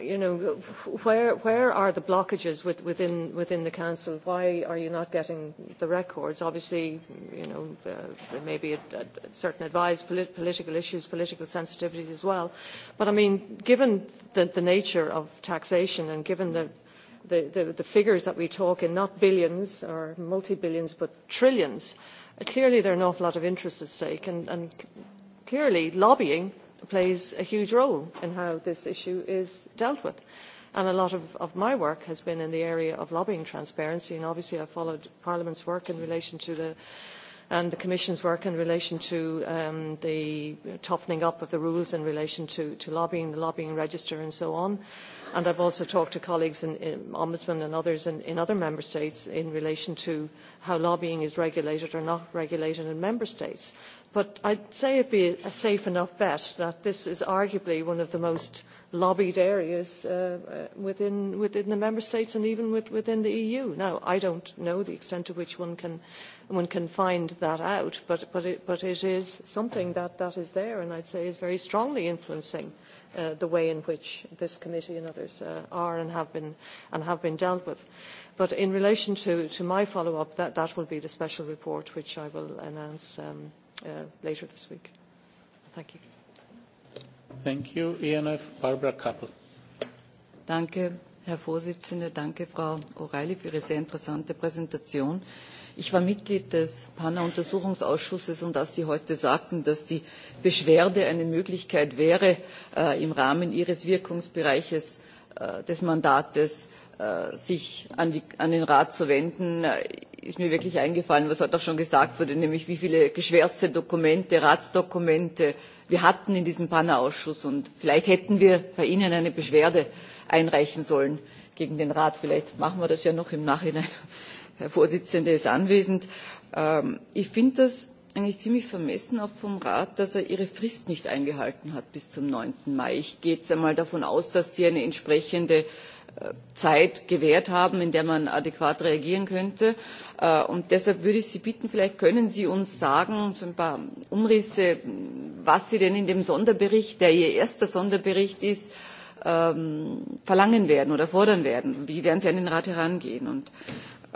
you know, where, where are the blockages with, within, within the council? Why are you not getting the records? Obviously, you know, uh, there may be a, a certain advised polit political issues, political sensitivities as well. But I mean, given the, the nature of taxation and given the, the, the, the figures that we talk in, not billions or multi-billions, but trillions, uh, clearly there are an awful lot of interests at stake. And, and clearly lobbying – plays a huge role in how this issue is dealt with. And a lot of, of my work has been in the area of lobbying transparency, and obviously I followed Parliament's work in relation to the and the Commission's work in relation to um, the toughening up of the rules in relation to, to lobbying, the lobbying register and so on. And I've also talked to colleagues in, in Ombudsman and others in, in other member states in relation to how lobbying is regulated or not regulated in member states but I'd say it'd be a safe enough bet that this is arguably one of the most lobbied areas uh, uh within, within the member states and even with, within the EU. Now, I don't know the extent to which one can, one can find that out, but, but, it, but it is something that, that is there and I'd say is very strongly influencing uh, the way in which this committee and others uh, are and have been and have been dealt with. But in relation to, to my follow-up, that, that will be the special report which I will announce um, uh, uh, later this week. Thank you. Thank you. ENF, Barbara Kappel. Danke, Herr Vorsitzender. Danke, Frau O'Reilly, für Ihre sehr interessante Präsentation. Ich war Mitglied des PANA-Untersuchungsausschusses und als Sie heute sagten, dass die Beschwerde eine Möglichkeit wäre, äh, im Rahmen Ihres Wirkungsbereiches äh, des Mandates äh, sich an, die, an den Rat zu wenden. Äh, ist mir wirklich eingefallen, was heute auch schon gesagt wurde, nämlich wie viele geschwärzte Dokumente, Ratsdokumente wir hatten in diesem Panna-Ausschuss. Und vielleicht hätten wir bei Ihnen eine Beschwerde einreichen sollen gegen den Rat. Vielleicht machen wir das ja noch im Nachhinein. (laughs) Herr Vorsitzender ist anwesend. Ähm, ich finde das eigentlich ziemlich vermessen auch vom Rat, dass er ihre Frist nicht eingehalten hat bis zum 9. Mai. Ich gehe jetzt einmal davon aus, dass Sie eine entsprechende Zeit gewährt haben, in der man adäquat reagieren könnte. Äh, und deshalb würde ich Sie bitten, vielleicht können Sie uns sagen, so ein paar Umrisse, was Sie denn in dem Sonderbericht, der Ihr erster Sonderbericht ist, ähm, verlangen werden oder fordern werden. Wie werden Sie an den Rat herangehen? Und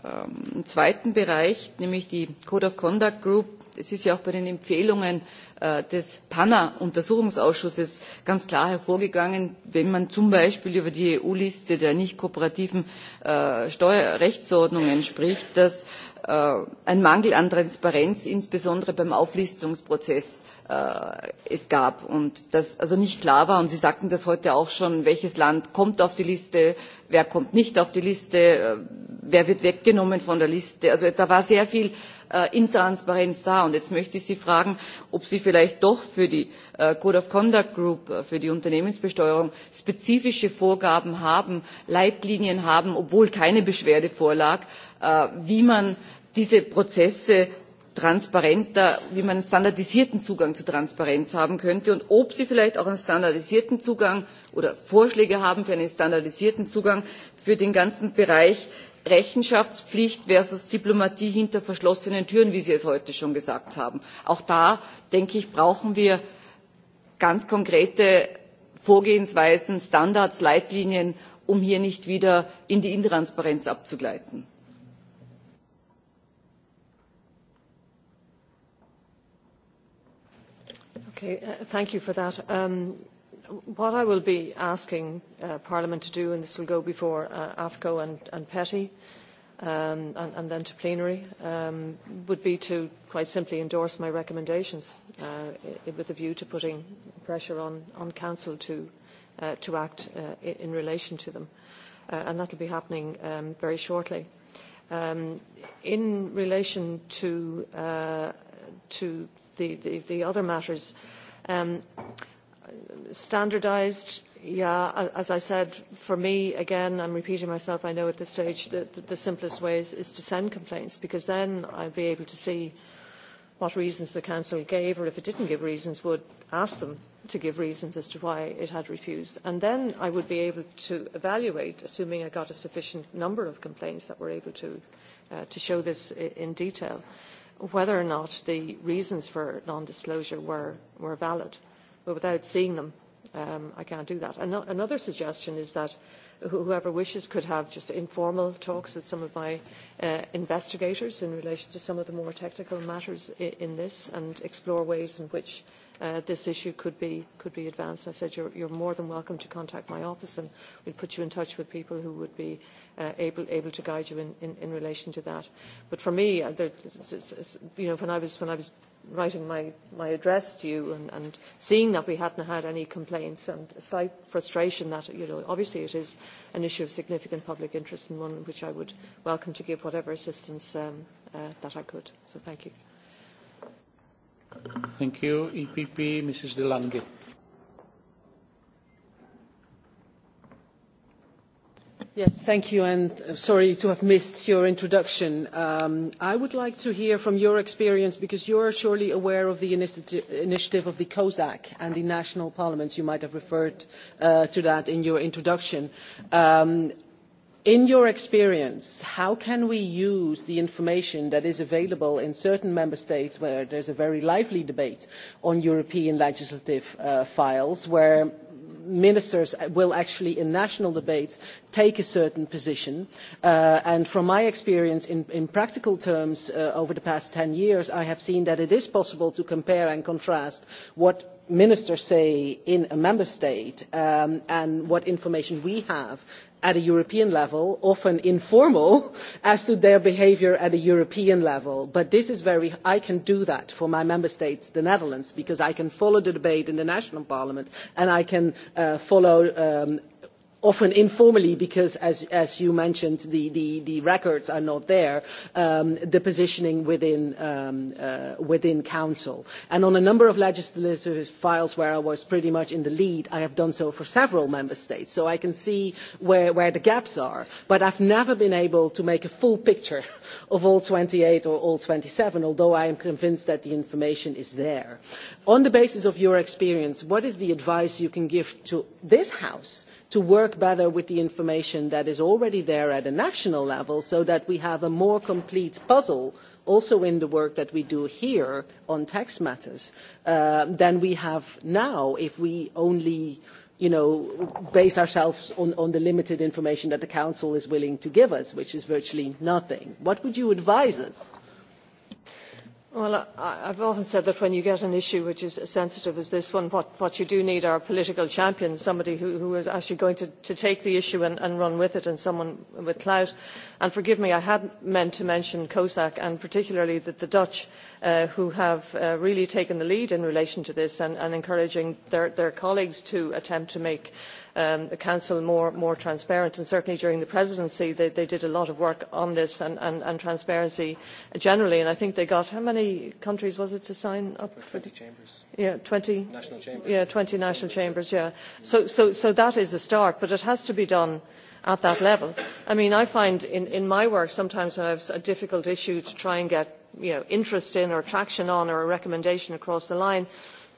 ähm, im zweiten Bereich, nämlich die Code of Conduct Group, es ist ja auch bei den Empfehlungen äh, des PANA-Untersuchungsausschusses ganz klar hervorgegangen, wenn man zum Beispiel über die EU-Liste der nicht kooperativen äh, Steuerrechtsordnungen spricht, dass Äh, ein Mangel an Transparenz, insbesondere beim Auflistungsprozess, äh, es gab und das also nicht klar war. Und Sie sagten das heute auch schon, welches Land kommt auf die Liste, wer kommt nicht auf die Liste, äh, wer wird weggenommen von der Liste. Also da war sehr viel äh, Intransparenz da. Und jetzt möchte ich Sie fragen, ob Sie vielleicht doch für die äh, Code of Conduct Group, äh, für die Unternehmensbesteuerung spezifische Vorgaben haben, Leitlinien haben, obwohl keine Beschwerde vorlag, äh, wie man diese Prozesse transparenter, wie man einen standardisierten Zugang zu Transparenz haben könnte und ob Sie vielleicht auch einen standardisierten Zugang oder Vorschläge haben für einen standardisierten Zugang für den ganzen Bereich Rechenschaftspflicht versus Diplomatie hinter verschlossenen Türen, wie Sie es heute schon gesagt haben. Auch da, denke ich, brauchen wir ganz konkrete Vorgehensweisen, Standards, Leitlinien, um hier nicht wieder in die Intransparenz abzugleiten. Okay, uh, thank you for that. Um, what I will be asking uh, Parliament to do, and this will go before uh, AFCO and, and PETI, um, and, and then to plenary, um, would be to quite simply endorse my recommendations uh, with a view to putting pressure on, on Council to, uh, to act uh, in relation to them. Uh, and that will be happening um, very shortly. Um, in relation to, uh, to the, the, the other matters. Um, standardised, yeah, as I said, for me, again, I'm repeating myself, I know at this stage that the, the simplest way is, is to send complaints because then I'll be able to see what reasons the council gave or if it didn't give reasons would ask them to give reasons as to why it had refused and then i would be able to evaluate assuming i got a sufficient number of complaints that were able to uh, to show this in detail whether or not the reasons for non-disclosure were, were valid. But without seeing them, um, I can't do that. An- another suggestion is that whoever wishes could have just informal talks with some of my uh, investigators in relation to some of the more technical matters I- in this and explore ways in which uh, this issue could be, could be advanced. I said, you're, you're more than welcome to contact my office and we'll put you in touch with people who would be uh, uh, able able to guide you in, in, in relation to that. But for me, uh, there, you know, when I was when I was writing my, my address to you and, and seeing that we hadn't had any complaints and slight frustration that, you know, obviously it is an issue of significant public interest and one which I would welcome to give whatever assistance um, uh, that I could. So thank you. Thank you. EPP, Mrs. De Lange. Yes, thank you, and uh, sorry to have missed your introduction. Um, I would like to hear from your experience, because you're surely aware of the initiative, initiative of the COSAC and the national parliaments. You might have referred uh, to that in your introduction. Um, in your experience, how can we use the information that is available in certain member states where there's a very lively debate on European legislative uh, files, where ministers will actually in national debates take a certain position uh, and from my experience in, in practical terms uh, over the past 10 years I have seen that it is possible to compare and contrast what ministers say in a member state um, and what information we have at a European level, often informal, as to their behavior at a European level. But this is very, I can do that for my member states, the Netherlands, because I can follow the debate in the national parliament and I can uh, follow um, often informally because as as you mentioned the the, the records are not there um, the positioning within um, uh, within council and on a number of legislative files where I was pretty much in the lead I have done so for several member states so I can see where where the gaps are but I've never been able to make a full picture (laughs) of all 28 or all 27 although I am convinced that the information is there on the basis of your experience what is the advice you can give to this house to work better with the information that is already there at a national level so that we have a more complete puzzle also in the work that we do here on tax matters uh, than we have now if we only you know, base ourselves on, on the limited information that the Council is willing to give us, which is virtually nothing. What would you advise us? Well, I, I've often said that when you get an issue which is as sensitive as this one, what, what you do need are political champions, somebody who, who is actually going to, to take the issue and, and run with it, and someone with clout. And forgive me, I had meant to mention COSAC, and particularly the, the Dutch, uh, who have uh, really taken the lead in relation to this and, and encouraging their, their colleagues to attempt to make um, the council more, more transparent and certainly during the presidency they, they did a lot of work on this and, and, and transparency generally and I think they got how many countries was it to sign up? 20 chambers. Yeah, 20 national chambers. Yeah, 20 national chambers, yeah. So, so, so that is a start but it has to be done at that level. I mean, I find in, in my work sometimes when I have a difficult issue to try and get you know, interest in or traction on or a recommendation across the line,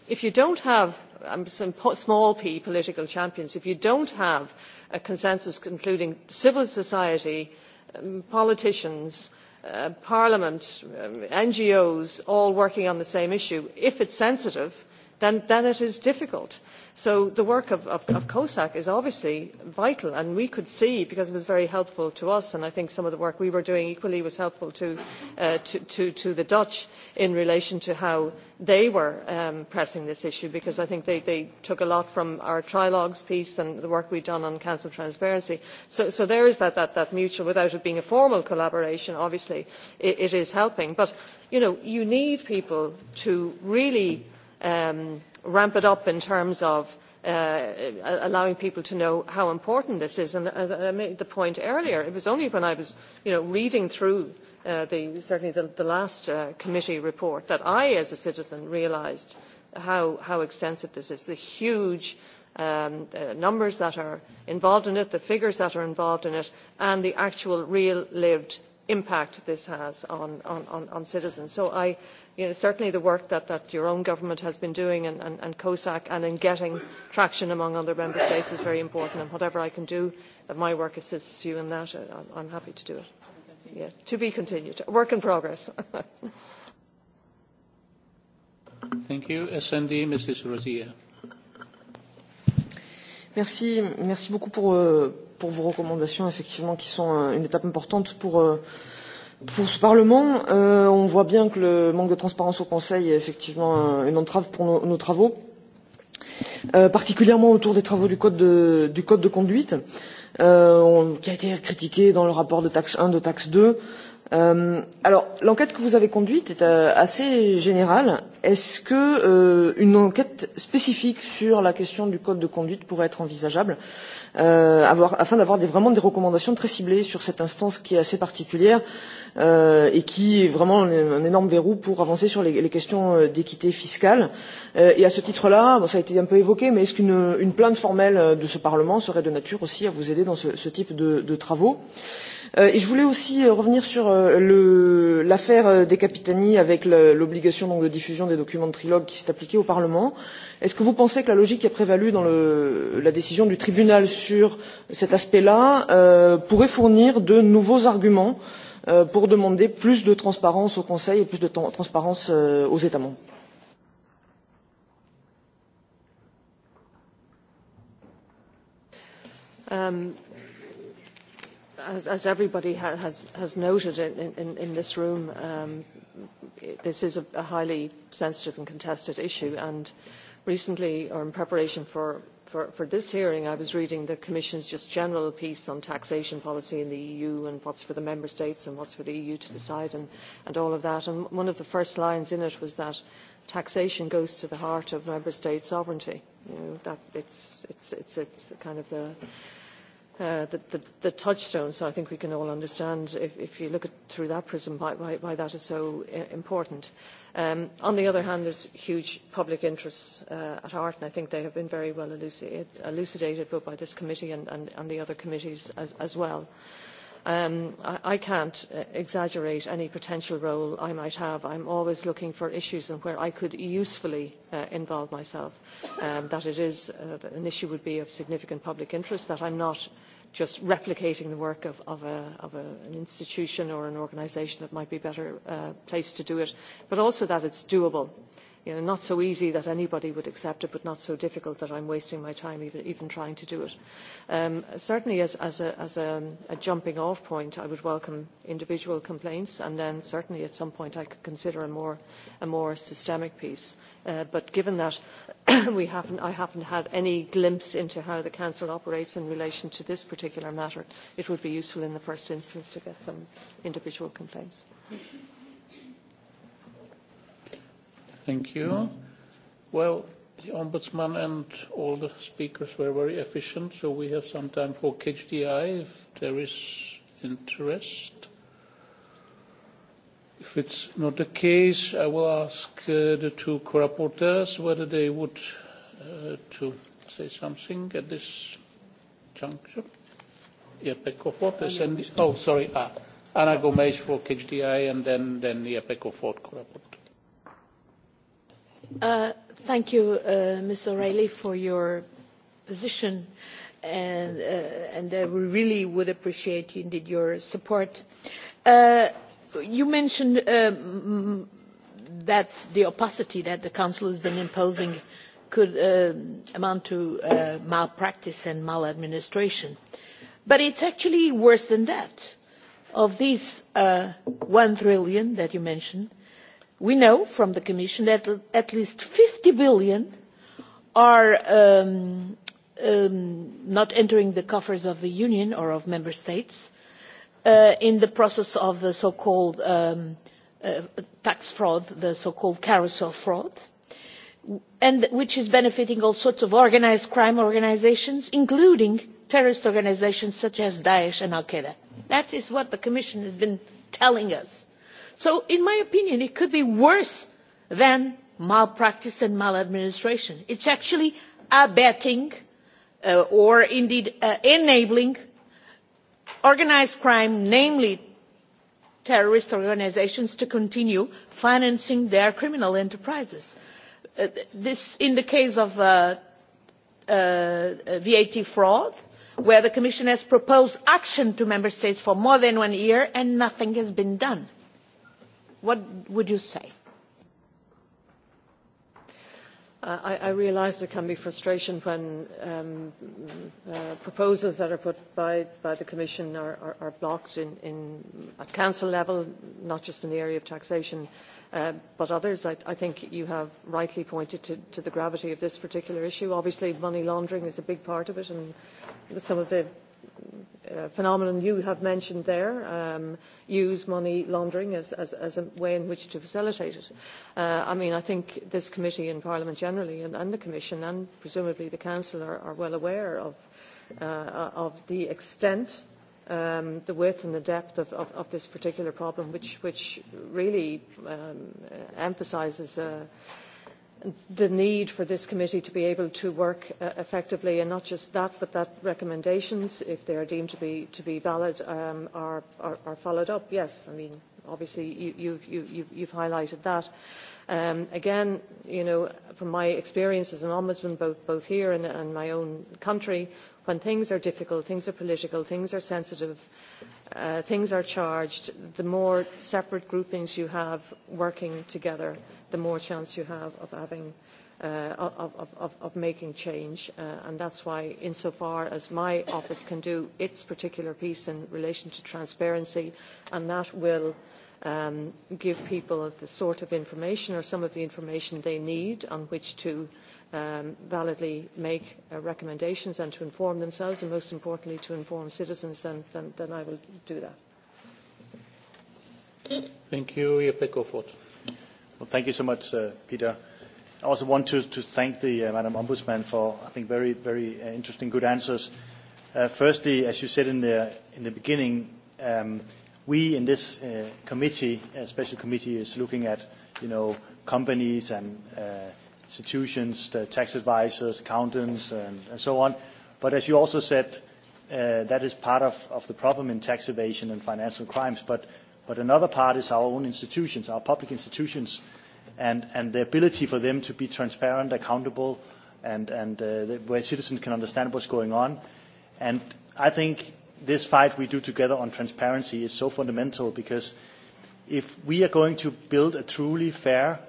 if you don't have – Um, some small p political champions, if you don't have a consensus including civil society, um, politicians, uh, parliament, um, NGOs all working on the same issue, if it's sensitive, then, then it is difficult. Uh, so the work of, of, of cosac is obviously vital and we could see because it was very helpful to us and i think some of the work we were doing equally was helpful to, uh, to, to, to the dutch in relation to how they were um, pressing this issue because i think they, they took a lot from our trilogues piece and the work we've done on council transparency so, so there is that, that, that mutual without it being a formal collaboration obviously it, it is helping but you know you need people to really um, ramp it up in terms of uh, allowing people to know how important this is. And as I made the point earlier, it was only when I was, you know, reading through uh, the, certainly the, the last uh, committee report that I, as a citizen, realised how, how extensive this is, the huge um, uh, numbers that are involved in it, the figures that are involved in it, and the actual real lived impact this has on, on, on, on citizens. So I, you know, certainly the work that, that your own government has been doing and, and, and COSAC and in getting traction among other member states is very important. And whatever I can do, that my work assists you in that, uh, I'm, I'm happy to do it. Yes, to be continued. Work in progress. (laughs) Thank you. SND, Mrs. Rosier. Merci, merci beaucoup pour, euh, pour vos recommandations, effectivement, qui sont euh, une étape importante pour, euh, pour ce Parlement. Euh, on voit bien que le manque de transparence au Conseil est effectivement euh, une entrave pour nos, nos travaux, euh, particulièrement autour des travaux du Code de, du code de conduite, euh, on, qui a été critiqué dans le rapport de taxe 1, de taxe 2. Euh, alors, l'enquête que vous avez conduite est euh, assez générale. Est-ce que euh, une enquête spécifique sur la question du code de conduite pourrait être envisageable, euh, avoir, afin d'avoir des, vraiment des recommandations très ciblées sur cette instance qui est assez particulière euh, et qui est vraiment un, un énorme verrou pour avancer sur les, les questions euh, d'équité fiscale euh, Et à ce titre-là, bon, ça a été un peu évoqué, mais est-ce qu'une une plainte formelle euh, de ce Parlement serait de nature aussi à vous aider dans ce, ce type de, de travaux euh, Euh, et je voulais aussi euh, revenir sur euh, l'affaire des Capitani avec l'obligation de diffusion des documents de trilogue qui s'est appliquée au Parlement. Est-ce que vous pensez que la logique qui a prévalu dans le, la décision du tribunal sur cet aspect-là euh, pourrait fournir de nouveaux arguments euh, pour demander plus de transparence au Conseil et plus de transparence euh, aux États membres um, as, as everybody ha has, has noted in, in, in this room, um, this is a, a highly sensitive and contested issue. And recently, or in preparation for, for, for this hearing, I was reading the Commission's just general piece on taxation policy in the EU and what's for the Member States and what's for the EU to decide and, and all of that. And one of the first lines in it was that taxation goes to the heart of Member State sovereignty. You know, that it's, it's, it's, it's kind of the uh, the, the, the touchstone. So I think we can all understand, if, if you look at through that prism, why, why, why that is so uh, important. Um, on the other hand, there's huge public interests uh, at heart, and I think they have been very well elucidated, elucidated both by this committee and, and, and the other committees as, as well. Um, I, I can't uh, exaggerate any potential role I might have. I'm always looking for issues and where I could usefully uh, involve myself, um, that it is uh, an issue would be of significant public interest, that I'm not uh, just replicating the work of, of, a, of a, an institution or an organisation that might be better uh, placed to do it, but also that it's doable. Uh, you know, not so easy that anybody would accept it, but not so difficult that I'm wasting my time even, even trying to do it. Um, certainly as, as, a, as a, a jumping off point, I would welcome individual complaints, and then certainly at some point I could consider a more, a more systemic piece. Uh, but given that (coughs) we haven't, I haven't had any glimpse into how the Council operates in relation to this particular matter, it would be useful in the first instance to get some individual complaints. Mm-hmm. Thank you. Well, the Ombudsman and all the speakers were very efficient, so we have some time for KHDI if there is interest. If it's not the case, I will ask uh, the two co-rapporteurs whether they would uh, to say something at this juncture. Ieppeko Ford is... Oh, sorry. Ah, Ana Gomes for KHDI and then, then Ieppeko Ford co-rapporteur. Uh, thank you, uh, Ms. O'Reilly, for your position, and, uh, and uh, we really would appreciate indeed your support. Uh, you mentioned um, that the opacity that the Council has been imposing could uh, amount to uh, malpractice and maladministration. But it's actually worse than that. Of these uh, one trillion that you mentioned, uh, we know from the commission that at least eur fifty billion are um, um, not entering the coffers of the union or of member states uh, in the process of the so called um, uh, tax fraud the so called carousel fraud and which is benefiting all sorts of organised crime organisations including terrorist organisations such as daesh and al qaeda. that is what the commission has been telling us so in my opinion it could be worse than malpractice and maladministration. it is actually abetting uh, or indeed uh, enabling organised crime namely terrorist organisations to continue financing their criminal enterprises. Uh, this in the case of uh, uh, VAT fraud, where the Commission has proposed action to Member States for more than one year and nothing has been done. Uh, What would you say? Uh, I, I realize there can be frustration when um, uh, proposals that are put by, by the Commission are, are, are blocked in, in, at Council level, not just in the area of taxation, uh, but others. I, I think you have rightly pointed to, to the gravity of this particular issue. Obviously, money laundering is a big part of it, and some of the uh, phenomenon you have mentioned there, um, use money laundering as, as, as a way in which to facilitate it. Uh, I mean, I think this committee and Parliament generally and, and the Commission and presumably the Council are, are well aware of, uh, of the extent, um, the width and the depth of, of, of this particular problem, which, which really um, emphasizes uh, the need for this committee to be able to work uh, effectively and not just that but that recommendations if they are deemed to be to be valid um, are, are are followed up yes i mean obviously you you've you, you've, you've highlighted that um, again you know from my experience as an ombudsman both both here and, and my own country when things are difficult things are political things are sensitive uh, things are charged the more separate groupings you have working together the more chance you have of having uh, of, of, of, of making change. Uh, and that's why, insofar as my office can do its particular piece in relation to transparency, and that will um, give people the sort of information or some of the information they need on which to um, validly make uh, recommendations and to inform themselves, and most importantly, to inform citizens, then, then, then I will do that. Thank you, Jeppe Kofod. Well, thank you so much, uh, Peter. I also want to, to thank the uh, Madam Ombudsman for, I think, very, very uh, interesting, good answers. Uh, firstly, as you said in the, in the beginning, um, we in this uh, committee, uh, special committee, is looking at, you know, companies and uh, institutions, the tax advisors, accountants, and, and so on. But as you also said, uh, that is part of, of the problem in tax evasion and financial crimes. But But another part is our own institutions, our public institutions, and, and the ability for them to be transparent, accountable, and, and uh, where citizens can understand what's going on. And I think this fight we do together on transparency is so fundamental because if we are going to build a truly fair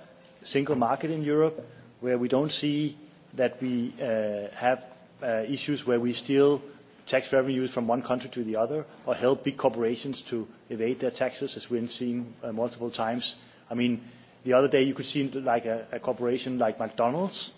single market in Europe, where we don't see that we uh, have uh, issues where we steal tax revenues from one country to the other or help big corporations to evade their taxes, as we've seen uh, multiple times. I mean, the other day you could see like a, a corporation like McDonald's.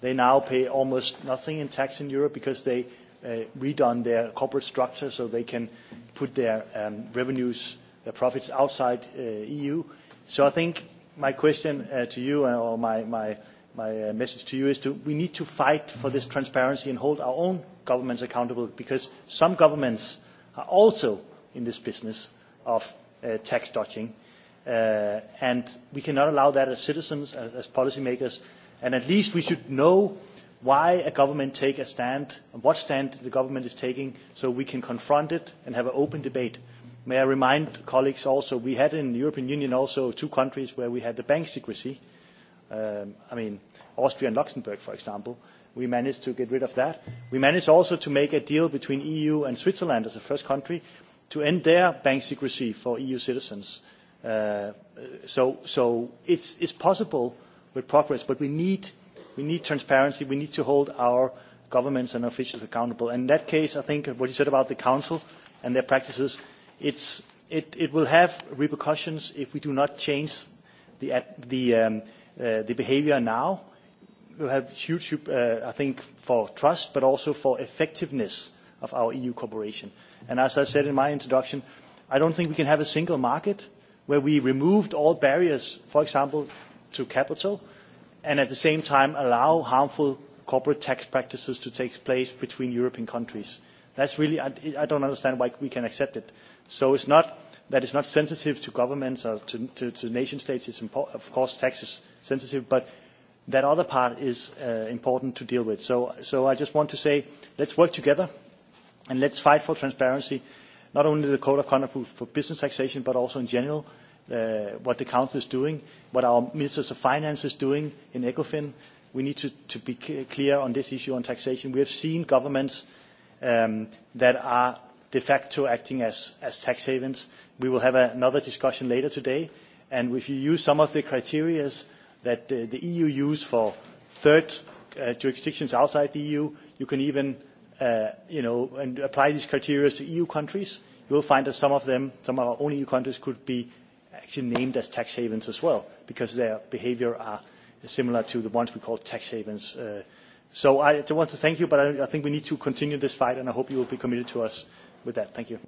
They now pay almost nothing in tax in Europe because they uh, redone their corporate structure so they can put their um, revenues, their profits outside uh, EU. So I think my question uh, to you uh, or my, my, my uh, message to you is to we need to fight for this transparency and hold our own governments accountable because some governments are also in this business of uh, tax dodging. Uh, and we cannot allow that as citizens, as, as policymakers. And at least we should know why a government take a stand and what stand the government is taking so we can confront it and have an open debate. May I remind colleagues also, we had in the European Union also two countries where we had the bank secrecy. Um, I mean, Austria and Luxembourg, for example. Uh, We managed to get rid of that. We managed also to make a deal between EU and Switzerland as the first country to end their bank secrecy for EU citizens. Uh, so so it's, it's possible with progress, but we need, we need transparency. We need to hold our governments and officials accountable. And in that case, I think what you said about the council and their practices, it's, it, it will have repercussions if we do not change the, the, um, uh, the behavior now will have huge, uh, I think, for trust, but also for effectiveness of our EU cooperation. And as I said in my introduction, I don't think we can have a single market where we removed all barriers, for example, to capital, and at the same time allow harmful corporate tax practices to take place between European countries. That's really, I, I don't understand why we can accept it. So it's not that it's not sensitive to governments or to, to, to nation states. It's, of course, tax is sensitive, but that other part is uh, important to deal with. So, so I just want to say, let's work together and let's fight for transparency, not only the code of conduct for business taxation, but also in general, uh, what the council is doing, what our ministers of finance is doing in ECOFIN. We need to, to be clear on this issue on taxation. We have seen governments um, that are de facto acting as, as tax havens. We will have a, another discussion later today, and if you use some of the criterias that the, the EU use for third uh, jurisdictions outside the EU. You can even, uh, you know, and apply these criteria to EU countries. You will find that some of them, some of our own EU countries, could be actually named as tax havens as well, because their behaviour are similar to the ones we call tax havens. Uh, so I, I want to thank you, but I, I think we need to continue this fight, and I hope you will be committed to us with that. Thank you.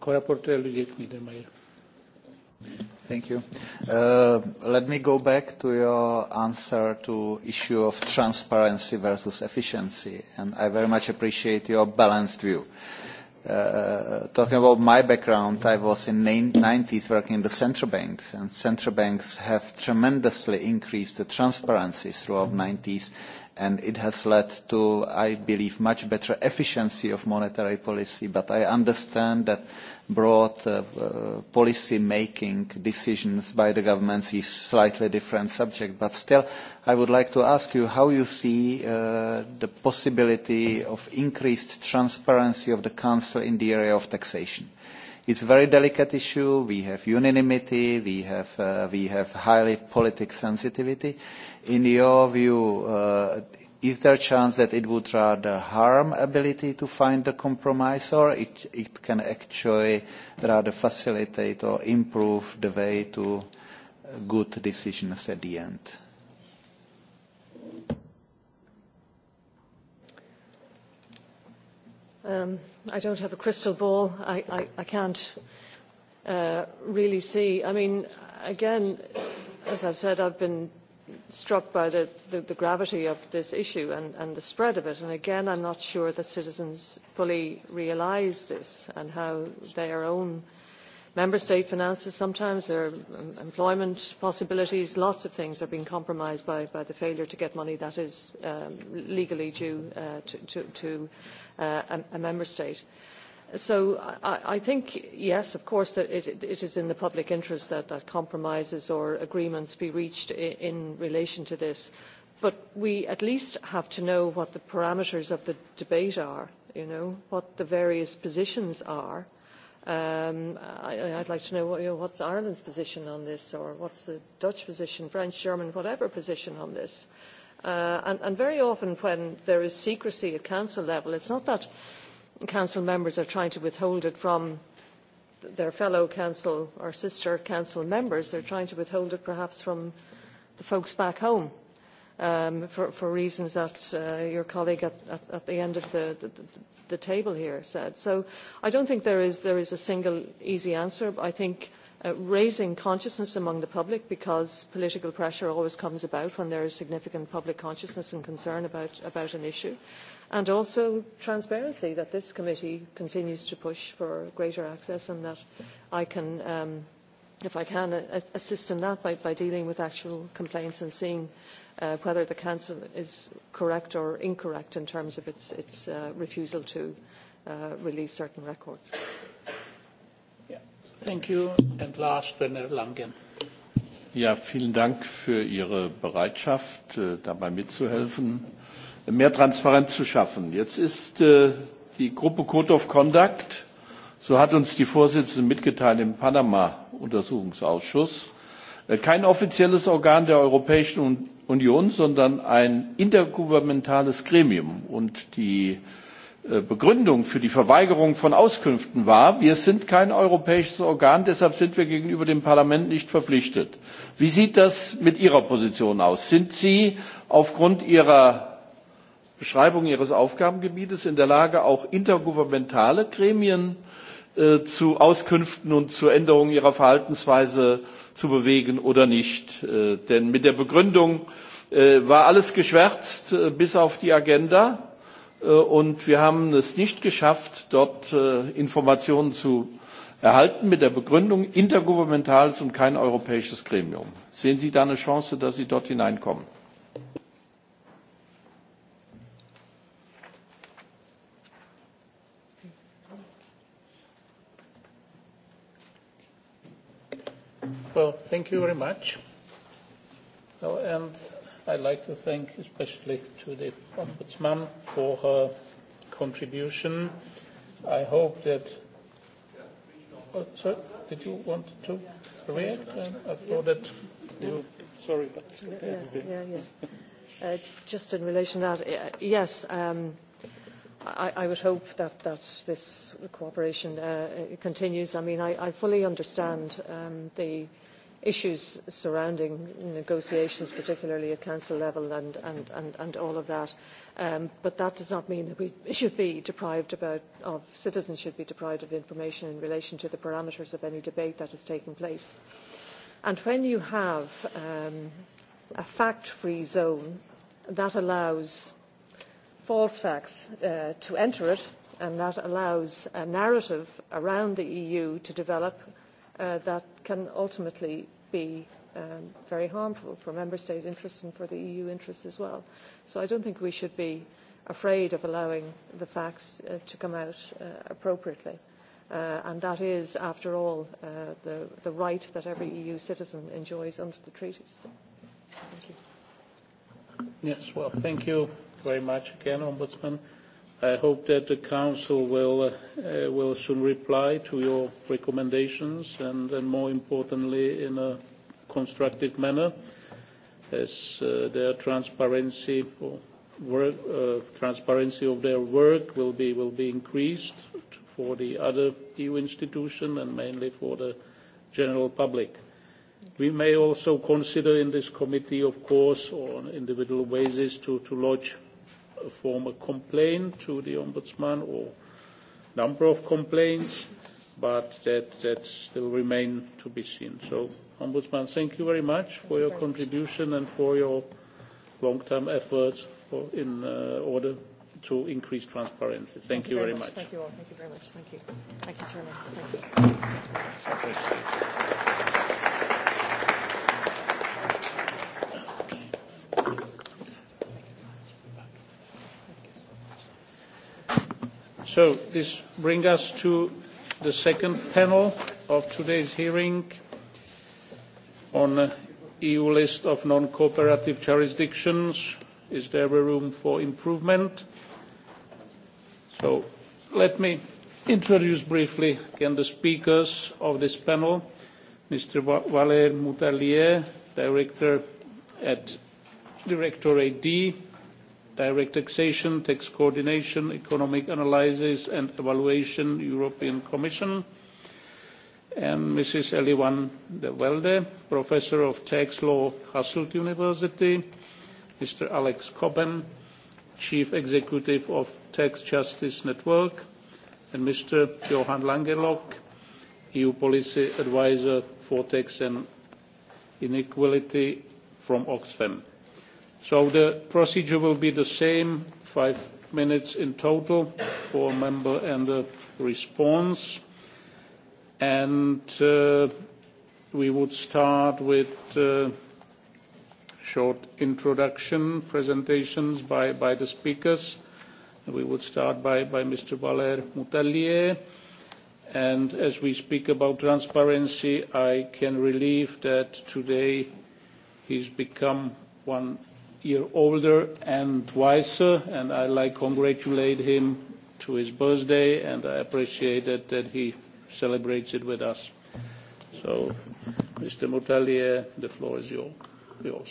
Co-rapporteur Ludwig Niedermayer. Thank you. Uh, let me go back to your answer to issue of transparency versus efficiency, and I very much appreciate your balanced view. Uh, talking about my background, I was in the 1990s working in the central banks, and central banks have tremendously increased the transparency throughout the 1990s, and it has led to, I believe, much better efficiency of monetary policy. But I understand that broad uh, uh, policy-making decisions by the governments is slightly different subject. But still, I would like to ask you how you see uh, the possibility of increased transparency of the Council in the area of taxation. It's a very delicate issue. We have unanimity. We have, uh, we have highly politic sensitivity. In your view, uh, is there a chance that it would rather harm ability to find a compromise or it, it can actually rather facilitate or improve the way to good decisions at the end? Um, I don't have a crystal ball. I, I, I can't uh, really see. I mean, again, as I've said, I've been struck by the, the, the gravity of this issue and, and the spread of it. And again, I'm not sure that citizens fully realise this and how their own uh, member state finances sometimes, their employment possibilities, lots of things are being compromised by, by the failure to get money that is um, legally due uh, to, to, to uh, a, a member state. So I, I think, yes, of course, that it, it is in the public interest that, that compromises or agreements be reached in, in relation to this. But we at least have to know what the parameters of the debate are, you know, what the various positions are Um, I, I'd like to know, you know what's Ireland's position on this, or what's the Dutch position, French, German, whatever position on this. Uh, and, and very often when there is secrecy at council level, it's not that council members are trying to withhold it from their fellow council or sister council members. They're trying to withhold it perhaps from the folks back home. Uh, um, for, for reasons that uh, your colleague at, at, at the end of the, the, the table here said. So I don't think there is, there is a single easy answer. I think uh, raising consciousness among the public, because political pressure always comes about when there is significant public consciousness and concern about, about an issue, and also transparency that this committee continues to push for greater access and that I can um, if I can, assist in that by, by dealing with actual complaints and seeing uh, whether the Council is correct or incorrect in terms of its, its uh, refusal to uh, release certain records. Yeah. Thank you. And last, Werner Langen. Ja, vielen Dank für Ihre Bereitschaft, äh, dabei mitzuhelfen, mehr Transparenz zu schaffen. Jetzt ist äh, die Gruppe Code of Conduct, so hat uns die Vorsitzende mitgeteilt, im Panama Untersuchungsausschuss, äh, kein offizielles Organ der Europäischen Union, sondern ein intergouvernementales Gremium. Und die äh, Begründung für die Verweigerung von Auskünften war, wir sind kein europäisches Organ, deshalb sind wir gegenüber dem Parlament nicht verpflichtet. Wie sieht das mit Ihrer Position aus? Sind Sie aufgrund Ihrer Beschreibung Ihres Aufgabengebietes in der Lage, auch intergouvernementale Gremien äh, Äh, zu Auskünften und zur Änderung ihrer Verhaltensweise zu bewegen oder nicht. Äh, denn mit der Begründung äh, war alles geschwärzt bis auf die Agenda. Und wir haben es nicht geschafft, dort Informationen zu erhalten mit der Begründung intergouvernementales und kein europäisches Gremium. Sehen Sie da eine Chance, dass Sie dort hineinkommen? Well, thank you very much. Oh, and I'd like to thank especially to the Ombudsman for her contribution. I hope that. Oh, sorry, did you want to react? I thought that you. Sorry, but. Yeah, yeah, yeah. Uh, just in relation to that, uh, yes, um, I, I would hope that, that this cooperation uh, continues. I mean, I, I fully understand um, the issues surrounding negotiations, particularly at council level and, and, and, and all of that. Um, but that does not mean that we should be deprived about, of citizens should be deprived of information in relation to the parameters of any debate that is taking place. And when you have um, a fact-free zone, that allows false facts uh, to enter it, and that allows a narrative around the EU to develop uh, that can ultimately be um, very harmful for member state interests and for the EU interests as well. So I don't think we should be afraid of allowing the facts uh, to come out uh, appropriately. Uh, and that is, after all, uh, the, the right that every EU citizen enjoys under the treaties. Thank you. Yes, well, thank you very much again, Ombudsman. I hope that the Council will, uh, uh, will soon reply to your recommendations and, and more importantly, in a constructive manner, as uh, their transparency or work, uh, transparency of their work will be, will be increased for the other EU institution and mainly for the general public. We may also consider in this committee, of course, on individual basis to, to lodge a formal complaint to the ombudsman or number of complaints, but that, that still remain to be seen. So, Ombudsman, thank you very much for your contribution and for your long-term efforts for, in uh, order to increase transparency. Thank, thank you very, very much. much. Thank you all. Thank you very much. Thank you. Thank you, Chairman. Thank you. Thank you. So this brings us to the second panel of today's hearing on uh, EU list of non-cooperative jurisdictions. Is there a room for improvement? So let me introduce briefly again the speakers of this panel. Mr. Valère Moutarlier, Director at Directorate D direct taxation, tax coordination, economic analysis and evaluation, European Commission, and Mrs. Elivan de Velde, Professor of Tax Law, Hasselt University, Mr. Alex Cobham, Chief Executive of Tax Justice Network, and Mr. Johan Langelock, EU Policy Advisor for Tax and Inequality from Oxfam. So the procedure will be the same, five minutes in total for a member and a response. And uh, we would start with uh, short introduction presentations by, by the speakers. We would start by, by Mr. Valère Moutallier. And as we speak about transparency, I can relieve that today he's become one year older and wiser, and I like congratulate him to his birthday, and I appreciate it that he celebrates it with us. So, Mr. Motalier, the floor is your, yours.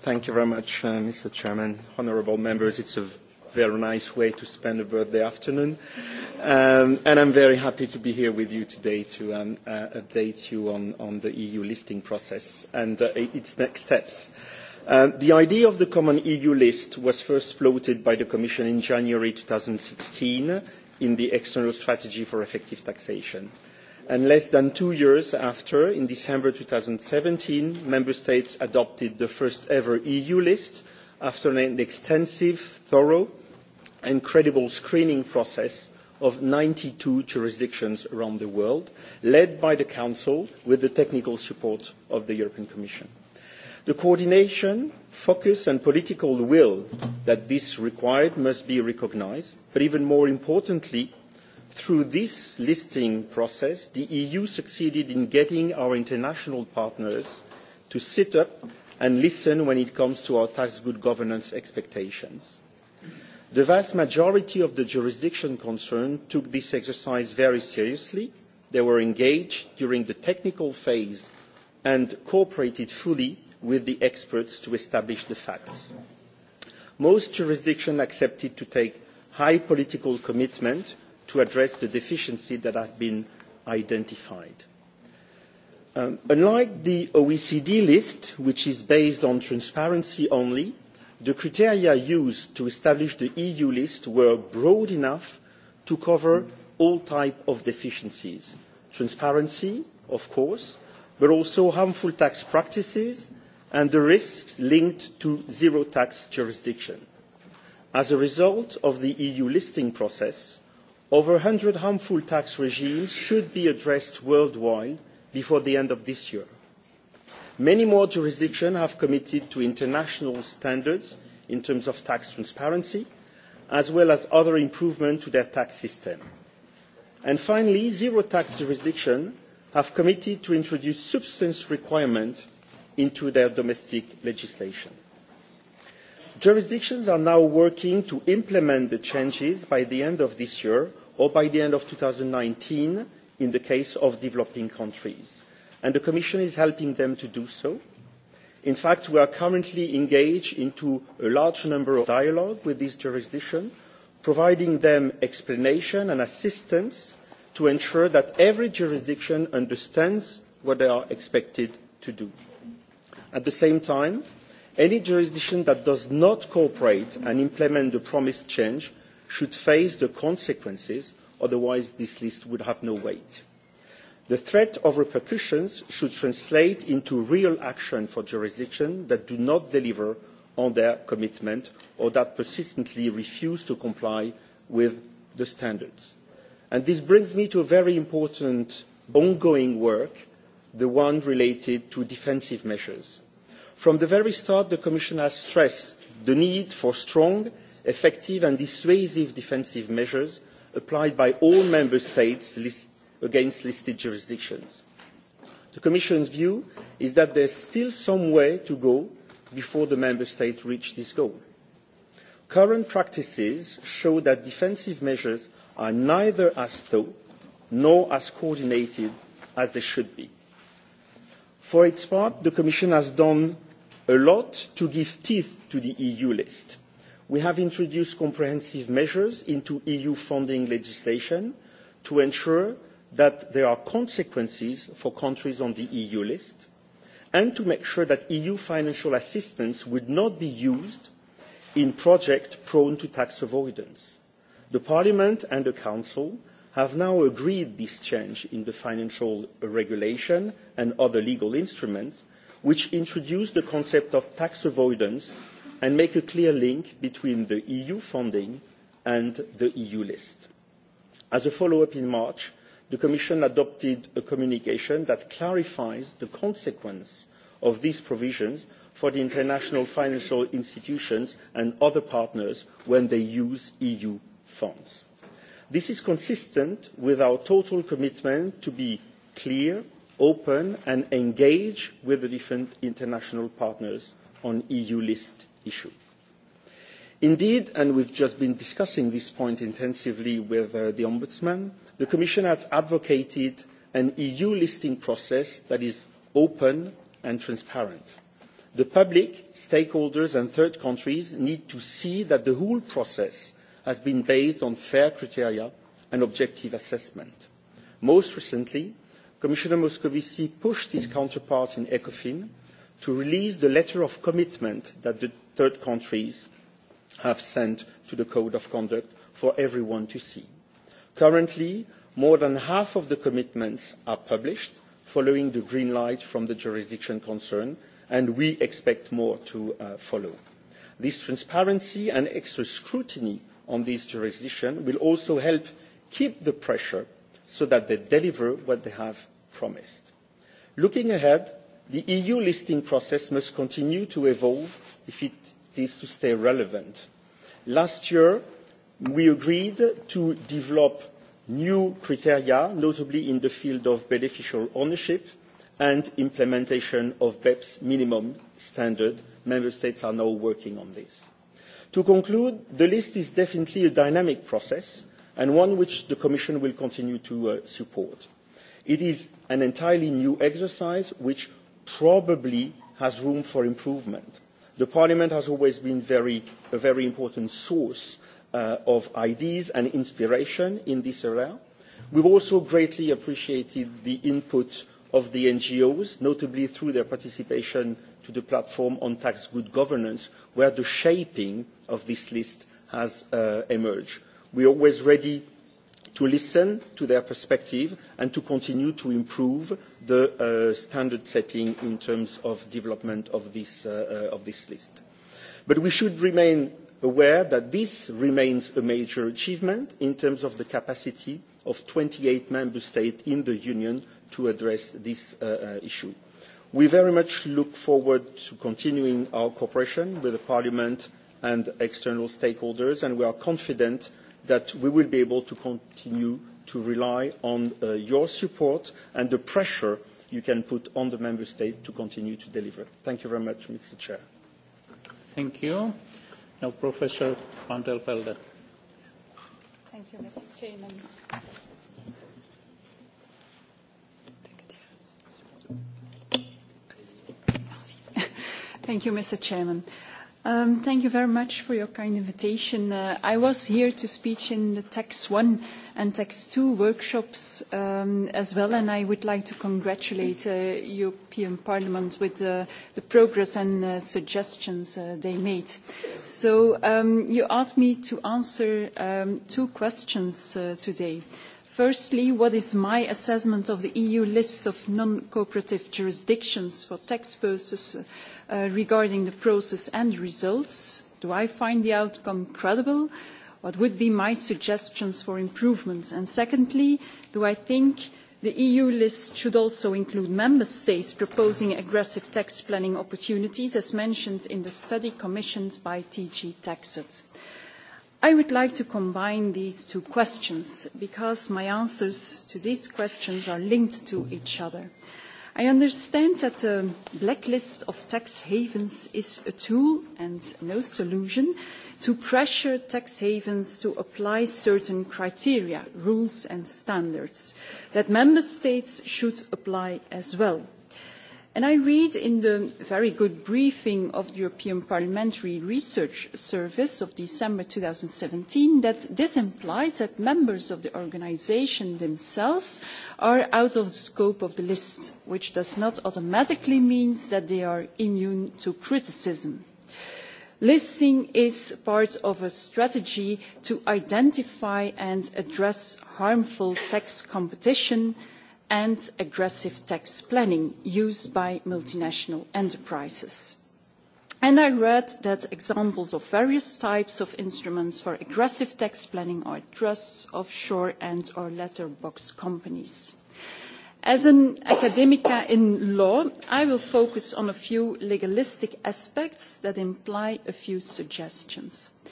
Thank you very much, uh, Mr. Chairman. Honorable members, it's a very nice way to spend a birthday afternoon. Um, and I'm very happy to be here with you today to um, uh, update you on, on the EU listing process and uh, its next steps. Uh, Uh, the idea of the common EU list was first floated by the Commission in January 2016 in the External Strategy for Effective Taxation. And less than two years after, in December 2017, Member States adopted the first ever EU list after an extensive, thorough and credible screening process of 92 jurisdictions around the world, led by the Council with the technical support of the European Commission. The coordination, focus and political will that this required must be recognized, but even more importantly, through this listing process, the EU succeeded in getting our international partners to sit up and listen when it comes to our tax good governance expectations. The vast majority of the jurisdiction concerned took this exercise very seriously. They were engaged during the technical phase and cooperated fully with the experts to establish the facts. Most jurisdictions accepted to take high political commitment to address the deficiencies that have been identified. Um, unlike the OECD list, which is based on transparency only, the criteria used to establish the EU list were broad enough to cover all types of deficiencies. Transparency, of course, but also harmful tax practices, and the risks linked to zero tax jurisdiction. As a result of the EU listing process, over 100 harmful tax regimes should be addressed worldwide before the end of this year. Many more jurisdictions have committed to international standards in terms of tax transparency, as well as other improvements to their tax system. And finally, zero tax jurisdictions have committed to introduce substance requirements into their domestic legislation. Jurisdictions are now working to implement the changes by the end of this year or by the end of 2019 in the case of developing countries. And the Commission is helping them to do so. In fact, we are currently engaged into a large number of dialogue with these jurisdictions, providing them explanation and assistance to ensure that every jurisdiction understands what they are expected to do. At the same time, any jurisdiction that does not cooperate and implement the promised change should face the consequences, otherwise this list would have no weight. The threat of repercussions should translate into real action for jurisdictions that do not deliver on their commitment or that persistently refuse to comply with the standards. And this brings me to a very important ongoing work, the one related to defensive measures. From the very start, the Commission has stressed the need for strong, effective and dissuasive defensive measures applied by all member states list against listed jurisdictions. The Commission's view is that there is still some way to go before the member states reach this goal. Current practices show that defensive measures are neither as thorough nor as coordinated as they should be. For its part, the Commission has done a lot to give teeth to the EU list. We have introduced comprehensive measures into EU funding legislation to ensure that there are consequences for countries on the EU list and to make sure that EU financial assistance would not be used in projects prone to tax avoidance. The Parliament and the Council have now agreed this change in the financial regulation and other legal instruments which introduce the concept of tax avoidance and make a clear link between the EU funding and the EU list. As a follow-up in March, the Commission adopted a communication that clarifies the consequence of these provisions for the international financial institutions and other partners when they use EU funds. This is consistent with our total commitment to be clear, open and engage with the different international partners on EU list issue. Indeed, and we've just been discussing this point intensively with uh, the Ombudsman, the Commission has advocated an EU listing process that is open and transparent. The public, stakeholders and third countries need to see that the whole process has been based on fair criteria and objective assessment. Most recently, Commissioner Moscovici pushed his counterpart in ECOFIN to release the letter of commitment that the third countries have sent to the Code of Conduct for everyone to see. Currently, more than half of the commitments are published following the green light from the jurisdiction concerned, and we expect more to uh, follow. This transparency and extra scrutiny on these jurisdictions will also help keep the pressure so that they deliver what they have promised. Looking ahead, the EU listing process must continue to evolve if it is to stay relevant. Last year, we agreed to develop new criteria, notably in the field of beneficial ownership and implementation of BEPS minimum standard. Member states are now working on this. To conclude, the list is definitely a dynamic process and one which the Commission will continue to uh, support. It is an entirely new exercise which probably has room for improvement. The Parliament has always been very, a very important source uh, of ideas and inspiration in this area. We've also greatly appreciated the input of the NGOs, notably through their participation to the platform on tax good governance, where the shaping of this list has uh, emerged. We're always ready to listen to their perspective and to continue to improve the uh, standard setting in terms of development of this, uh, uh, of this list. But we should remain aware that this remains a major achievement in terms of the capacity of 28 member states in the Union to address this uh, uh, issue. We very much look forward to continuing our cooperation with the Parliament and external stakeholders, and we are confident that we will be able to continue to rely on uh, your support and the pressure you can put on the member state to continue to deliver. Thank you very much, Mr. Chair. Thank you. Now, Professor van der Velde. Thank you, Mr. Chairman. Thank you, Mr. Chairman. Uh, Um, thank you very much for your kind invitation. Uh, I was here to speak in the Tax 1 and Tax 2 workshops um, as well, and I would like to congratulate uh, European Parliament with uh, the progress and uh, suggestions uh, they made. So um, you asked me to answer um, two questions uh, today. Uh, Firstly, what is my assessment of the EU list of non-cooperative jurisdictions for tax purposes uh, regarding the process and results? Do I find the outcome credible? What would be my suggestions for improvements? And secondly, do I think the eu list should also include member states proposing aggressive tax planning opportunities as mentioned in the study commissioned by dg taxud. I would like to combine these two questions because my answers to these questions are linked to each other. I understand that the blacklist of tax havens is a tool and no solution to pressure tax havens to apply certain criteria, rules and standards that member states should apply as well And I read in the very good briefing of the European Parliamentary Research Service of December 2017 that this implies that members of the organization themselves are out of the scope of the list, which does not automatically mean that they are immune to criticism. Listing is part of a strategy to identify and address harmful tax competition – and aggressive tax planning used by multinational enterprises. And I read that examples of various types of instruments for aggressive tax planning are trusts, offshore and or letterbox companies. As an academica in law, I will focus on a few legalistic aspects that imply a few suggestions. Uh,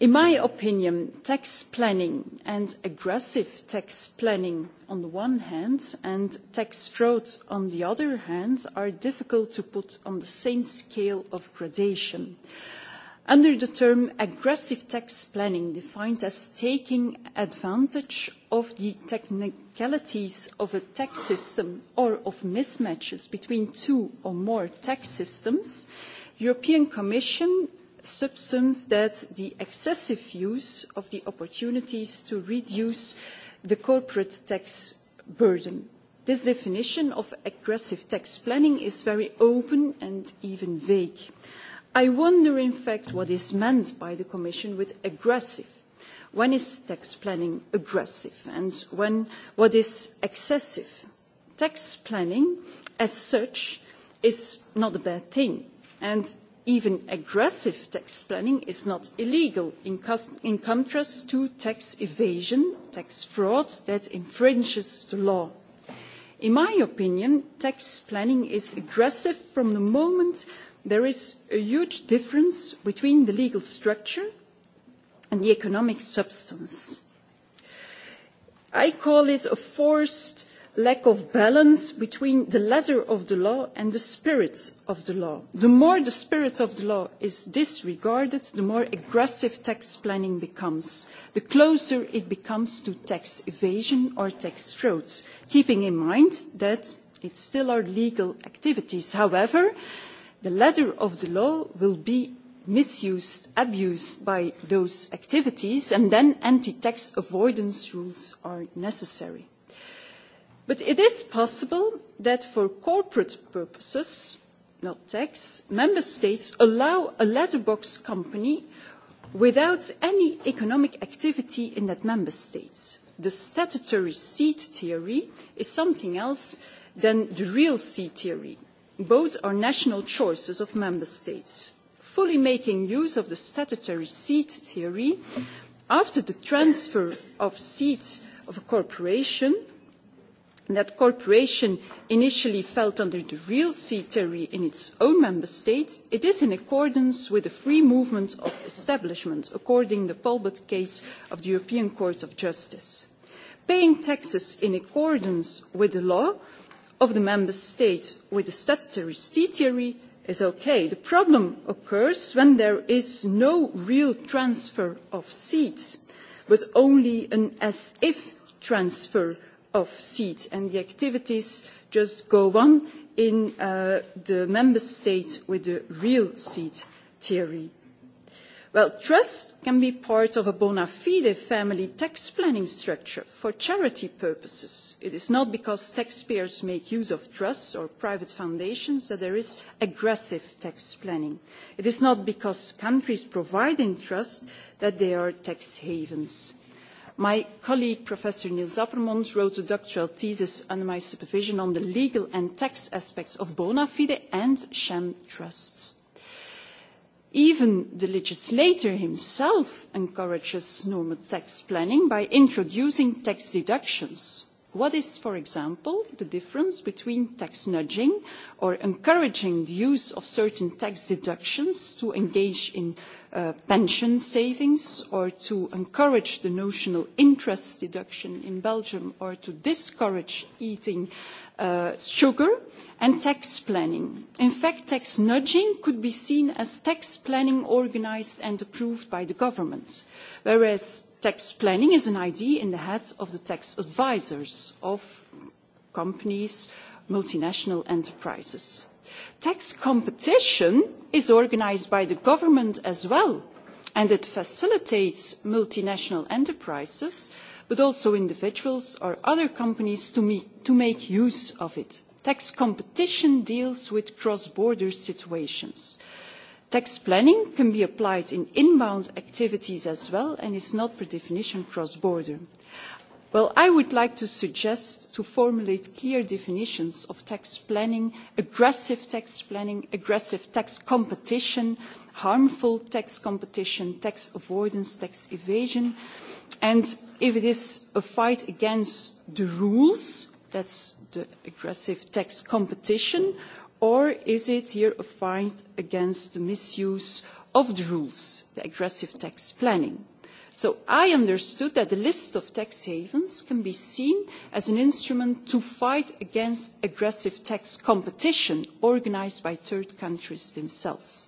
in my opinion tax planning and aggressive tax planning on the one hand and tax fraud on the other hand are difficult to put on the same scale of gradation. under the term aggressive tax planning defined as taking advantage of the technicalities of a tax system or of mismatches between two or more tax systems the european commission subsumes that the excessive use of the opportunities to reduce the corporate tax burden. This definition of aggressive tax planning is very open and even vague. I wonder, in fact, what is meant by the Commission with aggressive. When is tax planning aggressive and when, what is excessive? Tax planning, as such, is not a bad thing. And even aggressive tax planning is not illegal in, in contrast to tax evasion, tax fraud that infringes the law. In my opinion, tax planning is aggressive from the moment there is a huge difference between the legal structure and the economic substance. I call it a forced lack of balance between the letter of the law and the spirit of the law. The more the spirit of the law is disregarded, the more aggressive tax planning becomes, the closer it becomes to tax evasion or tax fraud, keeping in mind that it still are legal activities. However, the letter of the law will be misused, abused by those activities, and then anti-tax avoidance rules are necessary but it is possible that for corporate purposes not tax member states allow a letterbox company without any economic activity in that member state. the statutory seed theory is something else than the real seed theory. both are national choices of member states. fully making use of the statutory seed theory after the transfer of seeds of a corporation that cooperation initially felt under the real sea theory in its own member states, it is in accordance with the free movement of establishment, according to the Polbert case of the European Court of Justice. Paying taxes in accordance with the law of the member state with the statutory sea theory is okay. The problem occurs when there is no real transfer of seats, but only an as-if transfer of seats and the activities just go on in uh, the member states with the real seat theory. Well, trust can be part of a bona fide family tax planning structure for charity purposes. It is not because taxpayers make use of trusts or private foundations that there is aggressive tax planning. It is not because countries provide in trust that they are tax havens My colleague, Professor Niels Appermont, wrote a doctoral thesis under my supervision on the legal and tax aspects of bona fide and sham trusts. Even the legislator himself encourages normal tax planning by introducing tax deductions What is, for example, the difference between tax nudging or encouraging the use of certain tax deductions to engage in uh, pension savings or to encourage the notional interest deduction in Belgium or to discourage eating uh, sugar and tax planning. In fact, tax nudging could be seen as tax planning organized and approved by the government, whereas tax planning is an idea in the heads of the tax advisors of companies, multinational enterprises. Tax competition is organized by the government as well, and it facilitates multinational enterprises, but also individuals or other companies to, meet, to make use of it. Tax competition deals with cross-border situations. Uh, tax planning can be applied in inbound activities as well and is not per definition cross border. Well, I would like to suggest to formulate clear definitions of tax planning, aggressive tax planning, aggressive tax competition, harmful tax competition, tax avoidance, tax evasion. And if it is a fight against the rules, that's the aggressive tax competition, or is it here a fight against the misuse of the rules, the aggressive tax planning? So I understood that the list of tax havens can be seen as an instrument to fight against aggressive tax competition organised by third countries themselves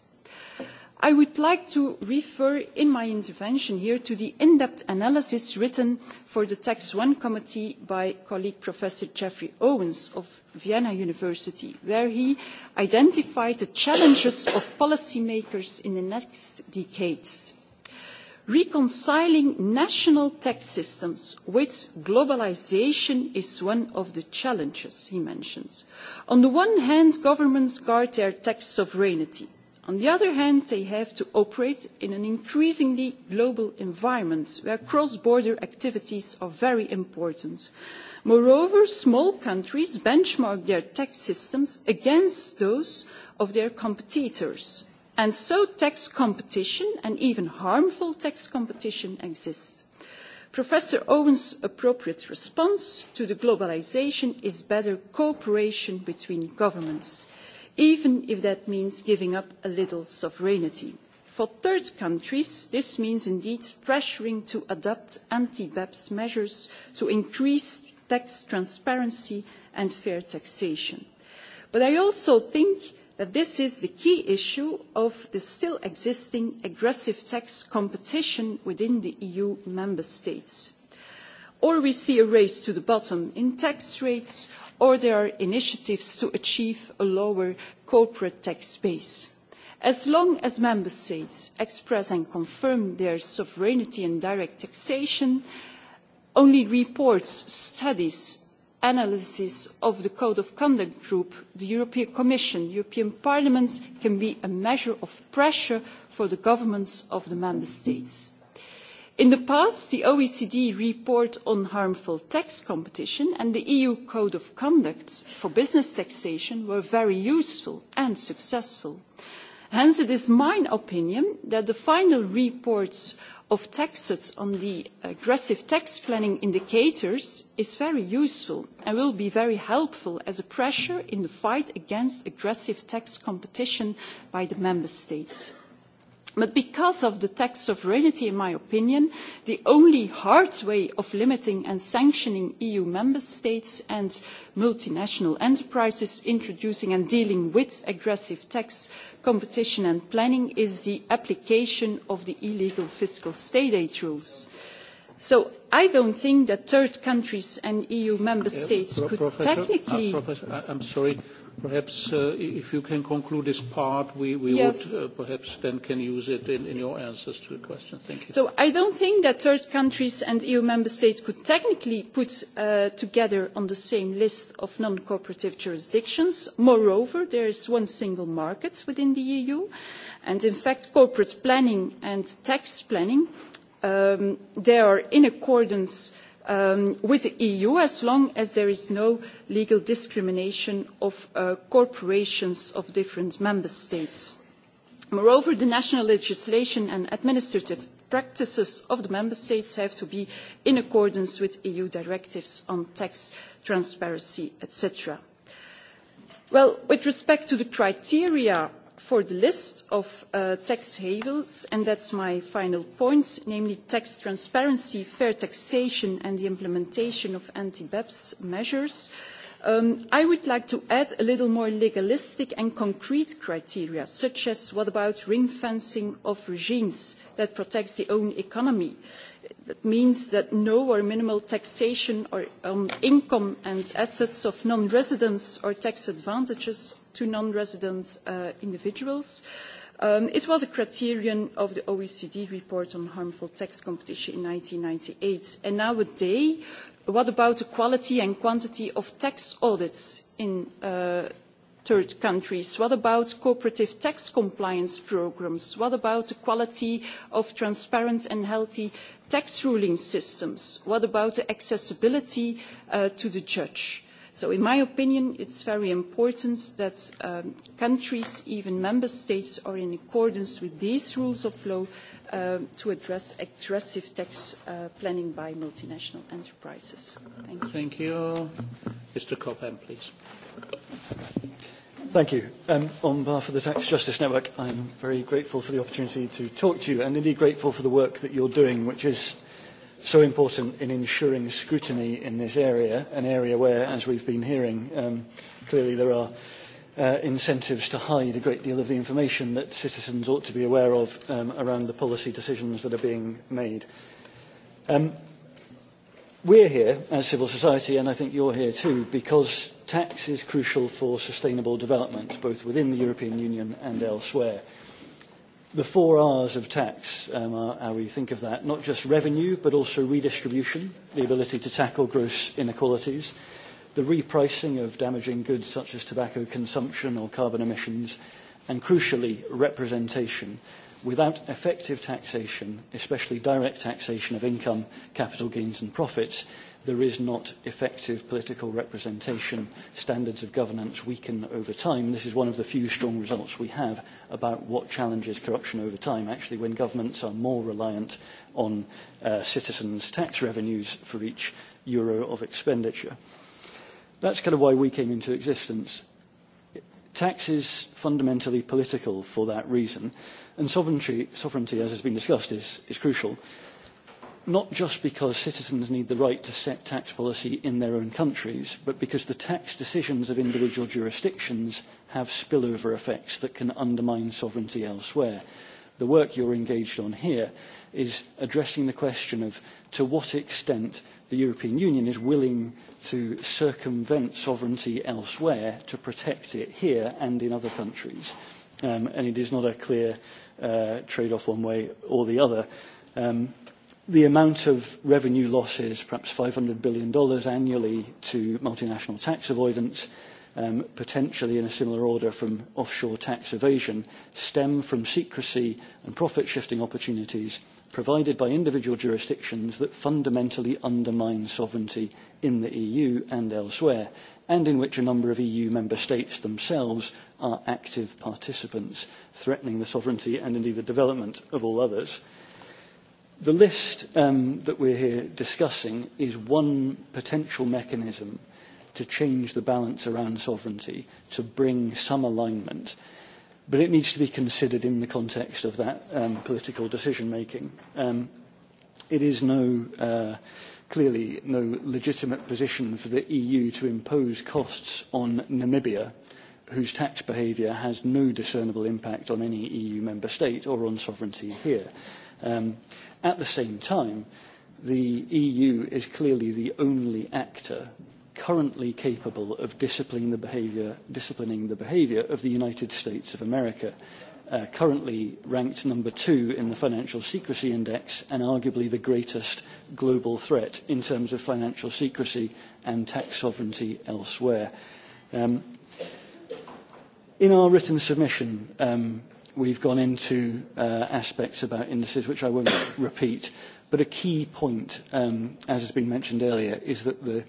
I would like to refer in my intervention here to the in-depth analysis written for the Tax 1 committee by colleague Professor Jeffrey Owens of Vienna University, where he identified the challenges of policymakers in the next decades. Reconciling national tax systems with globalization is one of the challenges, he mentions. On the one hand, governments guard their tax sovereignty – On the other hand, they have to operate in an increasingly global environment where cross-border activities are very important. Moreover, small countries benchmark their tax systems against those of their competitors. And so tax competition and even harmful tax competition exists. Professor Owen's appropriate response to the globalization is better cooperation between governments. Uh, even if that means giving up a little sovereignty. For third countries, this means indeed pressuring to adopt anti-BEPS measures to increase tax transparency and fair taxation. But I also think that this is the key issue of the still existing aggressive tax competition within the EU member states. Or we see a race to the bottom in tax rates, or there are initiatives to achieve a lower corporate tax base. As long as member states express and confirm their sovereignty in direct taxation, only reports, studies, analysis of the Code of Conduct Group, the European Commission, European Parliament can be a measure of pressure for the governments of the member states in the past the oecd report on harmful tax competition and the eu code of conduct for business taxation were very useful and successful. hence it is my opinion that the final reports of taxes on the aggressive tax planning indicators is very useful and will be very helpful as a pressure in the fight against aggressive tax competition by the member states but because of the tax sovereignty in my opinion the only hard way of limiting and sanctioning eu member states and multinational enterprises introducing and dealing with aggressive tax competition and planning is the application of the illegal fiscal state aid rules. so i do not think that third countries and eu member states could uh, technically. professor i am sorry Perhaps uh, if you can conclude this part, we, we yes. would uh, perhaps then can use it in, in your answers to the question. Thank you. So I don't think that third countries and EU member states could technically put uh, together on the same list of non-cooperative jurisdictions. Moreover, there is one single market within the EU, and in fact, corporate planning and tax planning, um, they are in accordance uh, um, with the EU as long as there is no legal discrimination of uh, corporations of different member states. Moreover, the national legislation and administrative practices of the member states have to be in accordance with eu directives on tax transparency etc. Well, with respect to the criteria for the list of uh, tax havens, and that's my final points, namely tax transparency, fair taxation, and the implementation of anti-BEPS measures, um, I would like to add a little more legalistic and concrete criteria, such as what about ring fencing of regimes that protects the own economy? That means that no or minimal taxation or, on um, income and assets of non-residents or tax advantages to non-resident uh, individuals. Um, it was a criterion of the OECD report on harmful tax competition in 1998. And nowadays, what about the quality and quantity of tax audits in uh, third countries? What about cooperative tax compliance programs? What about the quality of transparent and healthy tax ruling systems? What about the accessibility uh, to the judge? So in my opinion, it's very important that um, countries, even member states, are in accordance with these rules of law um, to address aggressive tax uh, planning by multinational enterprises. Thank you. Thank you. Mr. Copan, please. Thank you. Um, on behalf of the Tax Justice Network, I'm very grateful for the opportunity to talk to you and indeed grateful for the work that you're doing, which is uh, so important in ensuring scrutiny in this area, an area where, as we've been hearing, um, clearly there are uh, incentives to hide a great deal of the information that citizens ought to be aware of um, around the policy decisions that are being made. Um, we're here as civil society, and I think you're here too, because tax is crucial for sustainable development, both within the European Union and elsewhere. Uh, the four R's of tax, um, are how we think of that, not just revenue, but also redistribution, the ability to tackle gross inequalities, the repricing of damaging goods such as tobacco consumption or carbon emissions, and crucially, representation, without effective taxation, especially direct taxation of income, capital gains and profits, there is not effective political representation. Standards of governance weaken over time. This is one of the few strong results we have about what challenges corruption over time. Actually, when governments are more reliant on uh, citizens' tax revenues for each euro of expenditure. That's kind of why we came into existence. Tax is fundamentally political for that reason. And sovereignty, sovereignty as has been discussed, is, is crucial, not just because citizens need the right to set tax policy in their own countries, but because the tax decisions of individual jurisdictions have spillover effects that can undermine sovereignty elsewhere. The work you're engaged on here is addressing the question of to what extent the European Union is willing to circumvent sovereignty elsewhere to protect it here and in other countries. Um, and it is not a clear uh, trade-off one way or the other. Um, the amount of revenue losses, perhaps $500 billion annually to multinational tax avoidance, um, potentially in a similar order from offshore tax evasion, stem from secrecy and profit-shifting opportunities provided by individual jurisdictions that fundamentally undermine sovereignty in the EU and elsewhere, and in which a number of EU member states themselves are active participants, threatening the sovereignty and indeed the development of all others. The list um, that we're here discussing is one potential mechanism to change the balance around sovereignty, to bring some alignment, but it needs to be considered in the context of that um, political decision making. Um, it is no, uh, clearly no legitimate position for the EU to impose costs on Namibia whose tax behaviour has no discernible impact on any EU member state or on sovereignty here. Um, at the same time, the EU is clearly the only actor currently capable of disciplining the behaviour, disciplining the behaviour of the United States of America, uh, currently ranked number two in the Financial Secrecy Index and arguably the greatest global threat in terms of financial secrecy and tax sovereignty elsewhere. Um, In our written submission, um, we've gone into uh, aspects about indices which I won't (coughs) repeat, but a key point, um, as has been mentioned earlier, is that the,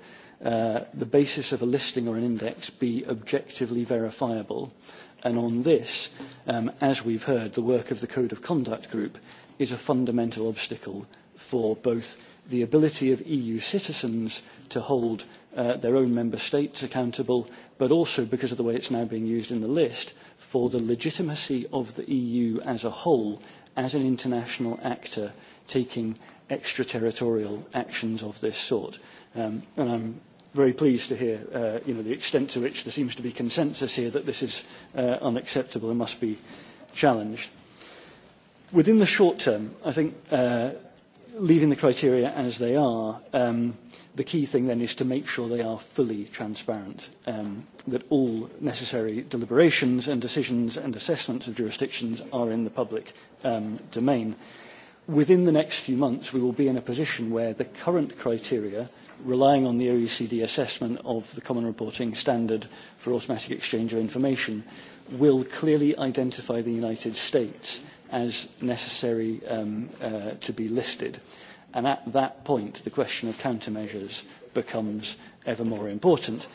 uh, the basis of a listing or an index be objectively verifiable. And on this, um, as we've heard, the work of the Code of Conduct Group is a fundamental obstacle for both the ability of EU citizens to hold uh, their own member states accountable, but also because of the way it's now being used in the list, for the legitimacy of the EU as a whole as an international actor taking extraterritorial actions of this sort. Um, and I'm very pleased to hear uh, you know, the extent to which there seems to be consensus here that this is uh, unacceptable and must be challenged. Within the short term, I think uh, leaving the criteria as they are um, – the key thing then is to make sure they are fully transparent, um, that all necessary deliberations and decisions and assessments of jurisdictions are in the public um, domain. Within the next few months, we will be in a position where the current criteria, relying on the OECD assessment of the Common Reporting Standard for Automatic Exchange of Information, will clearly identify the United States as necessary um, uh, to be listed. Uh, And at that point, the question of countermeasures becomes ever more important.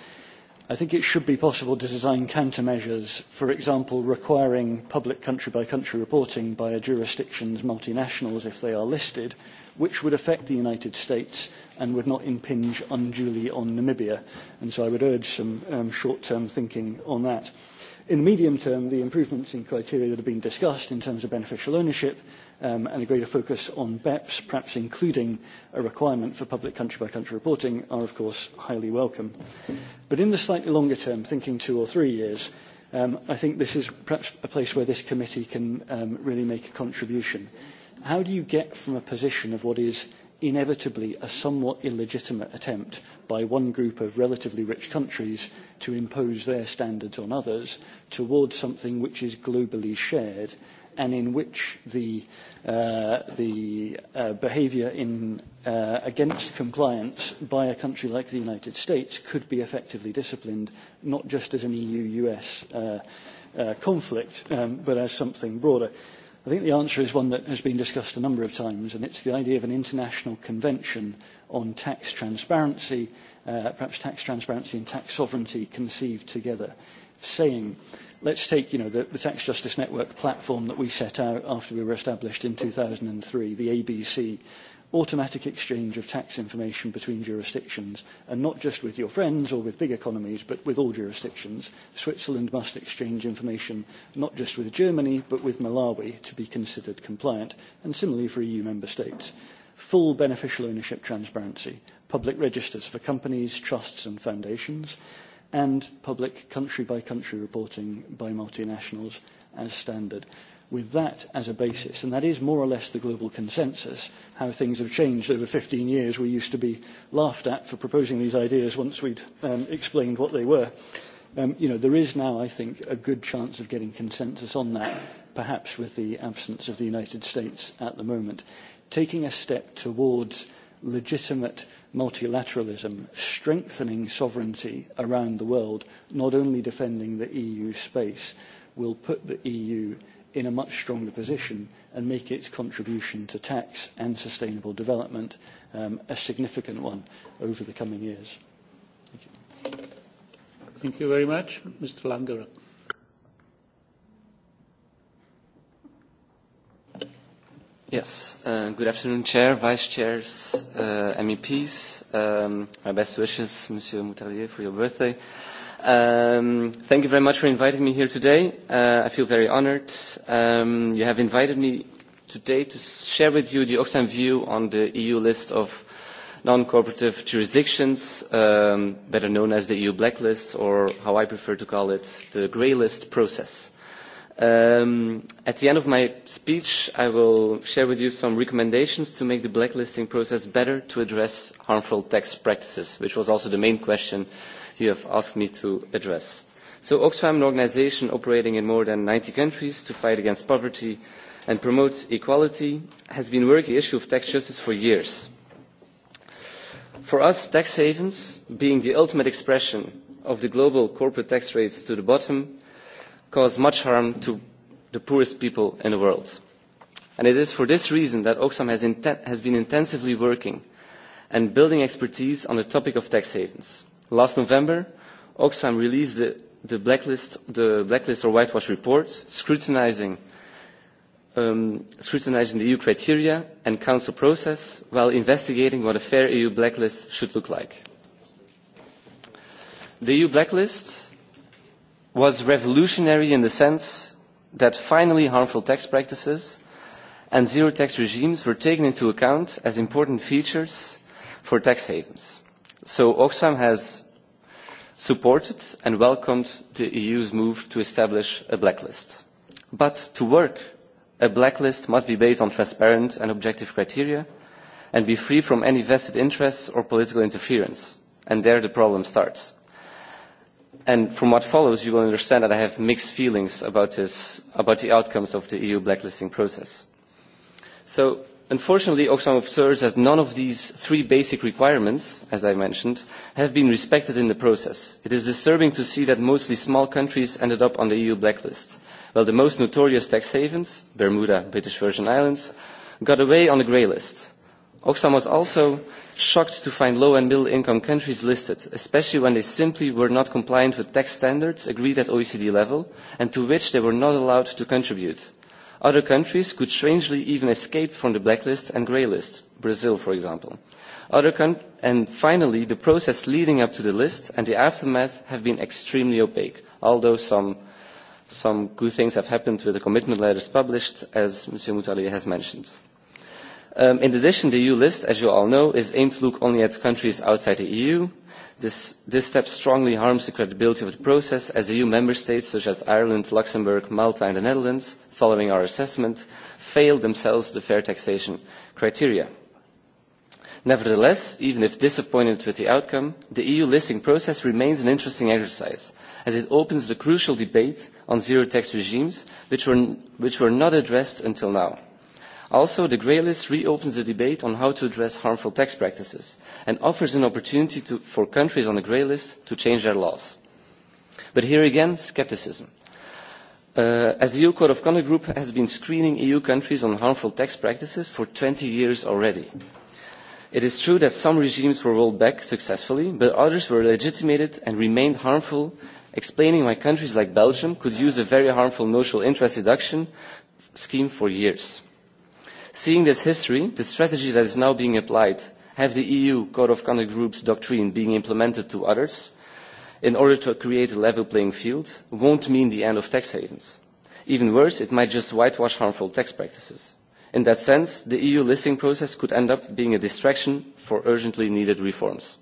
I think it should be possible to design countermeasures, for example, requiring public country-by-country -country reporting by a jurisdiction's multinationals if they are listed, which would affect the United States and would not impinge unduly on Namibia. And so I would urge some um, short-term thinking on that. In the medium term, the improvements in criteria that have been discussed in terms of beneficial ownership um, and a greater focus on BEPS, perhaps including a requirement for public country-by-country -country reporting, are of course highly welcome. But in the slightly longer term, thinking two or three years, um, I think this is perhaps a place where this committee can um, really make a contribution. How do you get from a position of what is inevitably a somewhat illegitimate attempt by one group of relatively rich countries to impose their standards on others towards something which is globally shared and in which the, uh, the uh, behavior in, uh, against compliance by a country like the United States could be effectively disciplined, not just as an EU-US uh, uh, conflict, um, but as something broader. I think the answer is one that has been discussed a number of times, and it's the idea of an international convention on tax transparency, uh, perhaps tax transparency and tax sovereignty conceived together, saying uh, let's take you know, the, the Tax Justice Network platform that we set out after we were established in 2003, the ABC, automatic exchange of tax information between jurisdictions, and not just with your friends or with big economies, but with all jurisdictions. Switzerland must exchange information not just with Germany, but with Malawi to be considered compliant, and similarly for EU member states. Full beneficial ownership transparency, public registers for companies, trusts and foundations, and public country-by-country -country reporting by multinationals as standard. With that as a basis, and that is more or less the global consensus, how things have changed over 15 years. We used to be laughed at for proposing these ideas once we'd um, explained what they were. Um, you know, there is now, I think, a good chance of getting consensus on that, perhaps with the absence of the United States at the moment. Taking a step towards legitimate multilateralism, strengthening sovereignty around the world, not only defending the EU space, will put the EU in a much stronger position and make its contribution to tax and sustainable development um, a significant one over the coming years. Thank you. Thank you very much. Mr. Langer. Yes. Uh, good afternoon, Chair, Vice Chairs, uh, MEPs. Um, my best wishes, Monsieur Moutardier, for your birthday. Um, thank you very much for inviting me here today. Uh, I feel very honored. Um, you have invited me today to share with you the Oxfam view on the EU list of non-cooperative jurisdictions, um, better known as the EU blacklist, or how I prefer to call it, the grey list process. Um, at the end of my speech, I will share with you some recommendations to make the blacklisting process better to address harmful tax practices, which was also the main question you have asked me to address. So Oxfam, an organization operating in more than 90 countries to fight against poverty and promote equality, has been working the issue of tax justice for years. For us, tax havens, being the ultimate expression of the global corporate tax rates to the bottom, cause much harm to the poorest people in the world. And it is for this reason that Oxfam has, inten- has been intensively working and building expertise on the topic of tax havens. Last November, Oxfam released the, the, blacklist, the Blacklist or Whitewash report scrutinizing, um, scrutinizing the EU criteria and council process while investigating what a fair EU blacklist should look like. The EU blacklist was revolutionary in the sense that finally harmful tax practices and zero tax regimes were taken into account as important features for tax havens. So Oxfam has supported and welcomed the EU's move to establish a blacklist. But to work, a blacklist must be based on transparent and objective criteria and be free from any vested interests or political interference. And there the problem starts And from what follows, you will understand that I have mixed feelings about, this, about the outcomes of the EU blacklisting process. So, unfortunately, Oxfam observes that none of these three basic requirements, as I mentioned, have been respected in the process. It is disturbing to see that mostly small countries ended up on the EU blacklist, while the most notorious tax havens, Bermuda, British Virgin Islands, got away on the grey list. Oxfam was also shocked to find low and middle income countries listed, especially when they simply were not compliant with tax standards agreed at OECD level and to which they were not allowed to contribute. Other countries could strangely even escape from the blacklist and grey list, Brazil, for example. Other con- and finally, the process leading up to the list and the aftermath have been extremely opaque, although some, some good things have happened with the commitment letters published, as Mr. Moutalier has mentioned. Um, in addition, the EU list, as you all know, is aimed to look only at countries outside the EU. This, this step strongly harms the credibility of the process as EU member states such as Ireland, Luxembourg, Malta and the Netherlands, following our assessment, fail themselves the fair taxation criteria. Nevertheless, even if disappointed with the outcome, the EU listing process remains an interesting exercise as it opens the crucial debate on zero tax regimes which were, which were not addressed until now Also, the grey list reopens the debate on how to address harmful tax practices and offers an opportunity to, for countries on the grey list to change their laws. But here again, scepticism. Uh, as the EU Code of Conduct Group has been screening EU countries on harmful tax practices for 20 years already. It is true that some regimes were rolled back successfully, but others were legitimated and remained harmful, explaining why countries like Belgium could use a very harmful notional interest deduction scheme for years. Seeing this history, the strategy that is now being applied, have the EU Code of Conduct Group's doctrine being implemented to others in order to create a level playing field won't mean the end of tax havens. Even worse, it might just whitewash harmful tax practices. In that sense, the EU listing process could end up being a distraction for urgently needed reforms.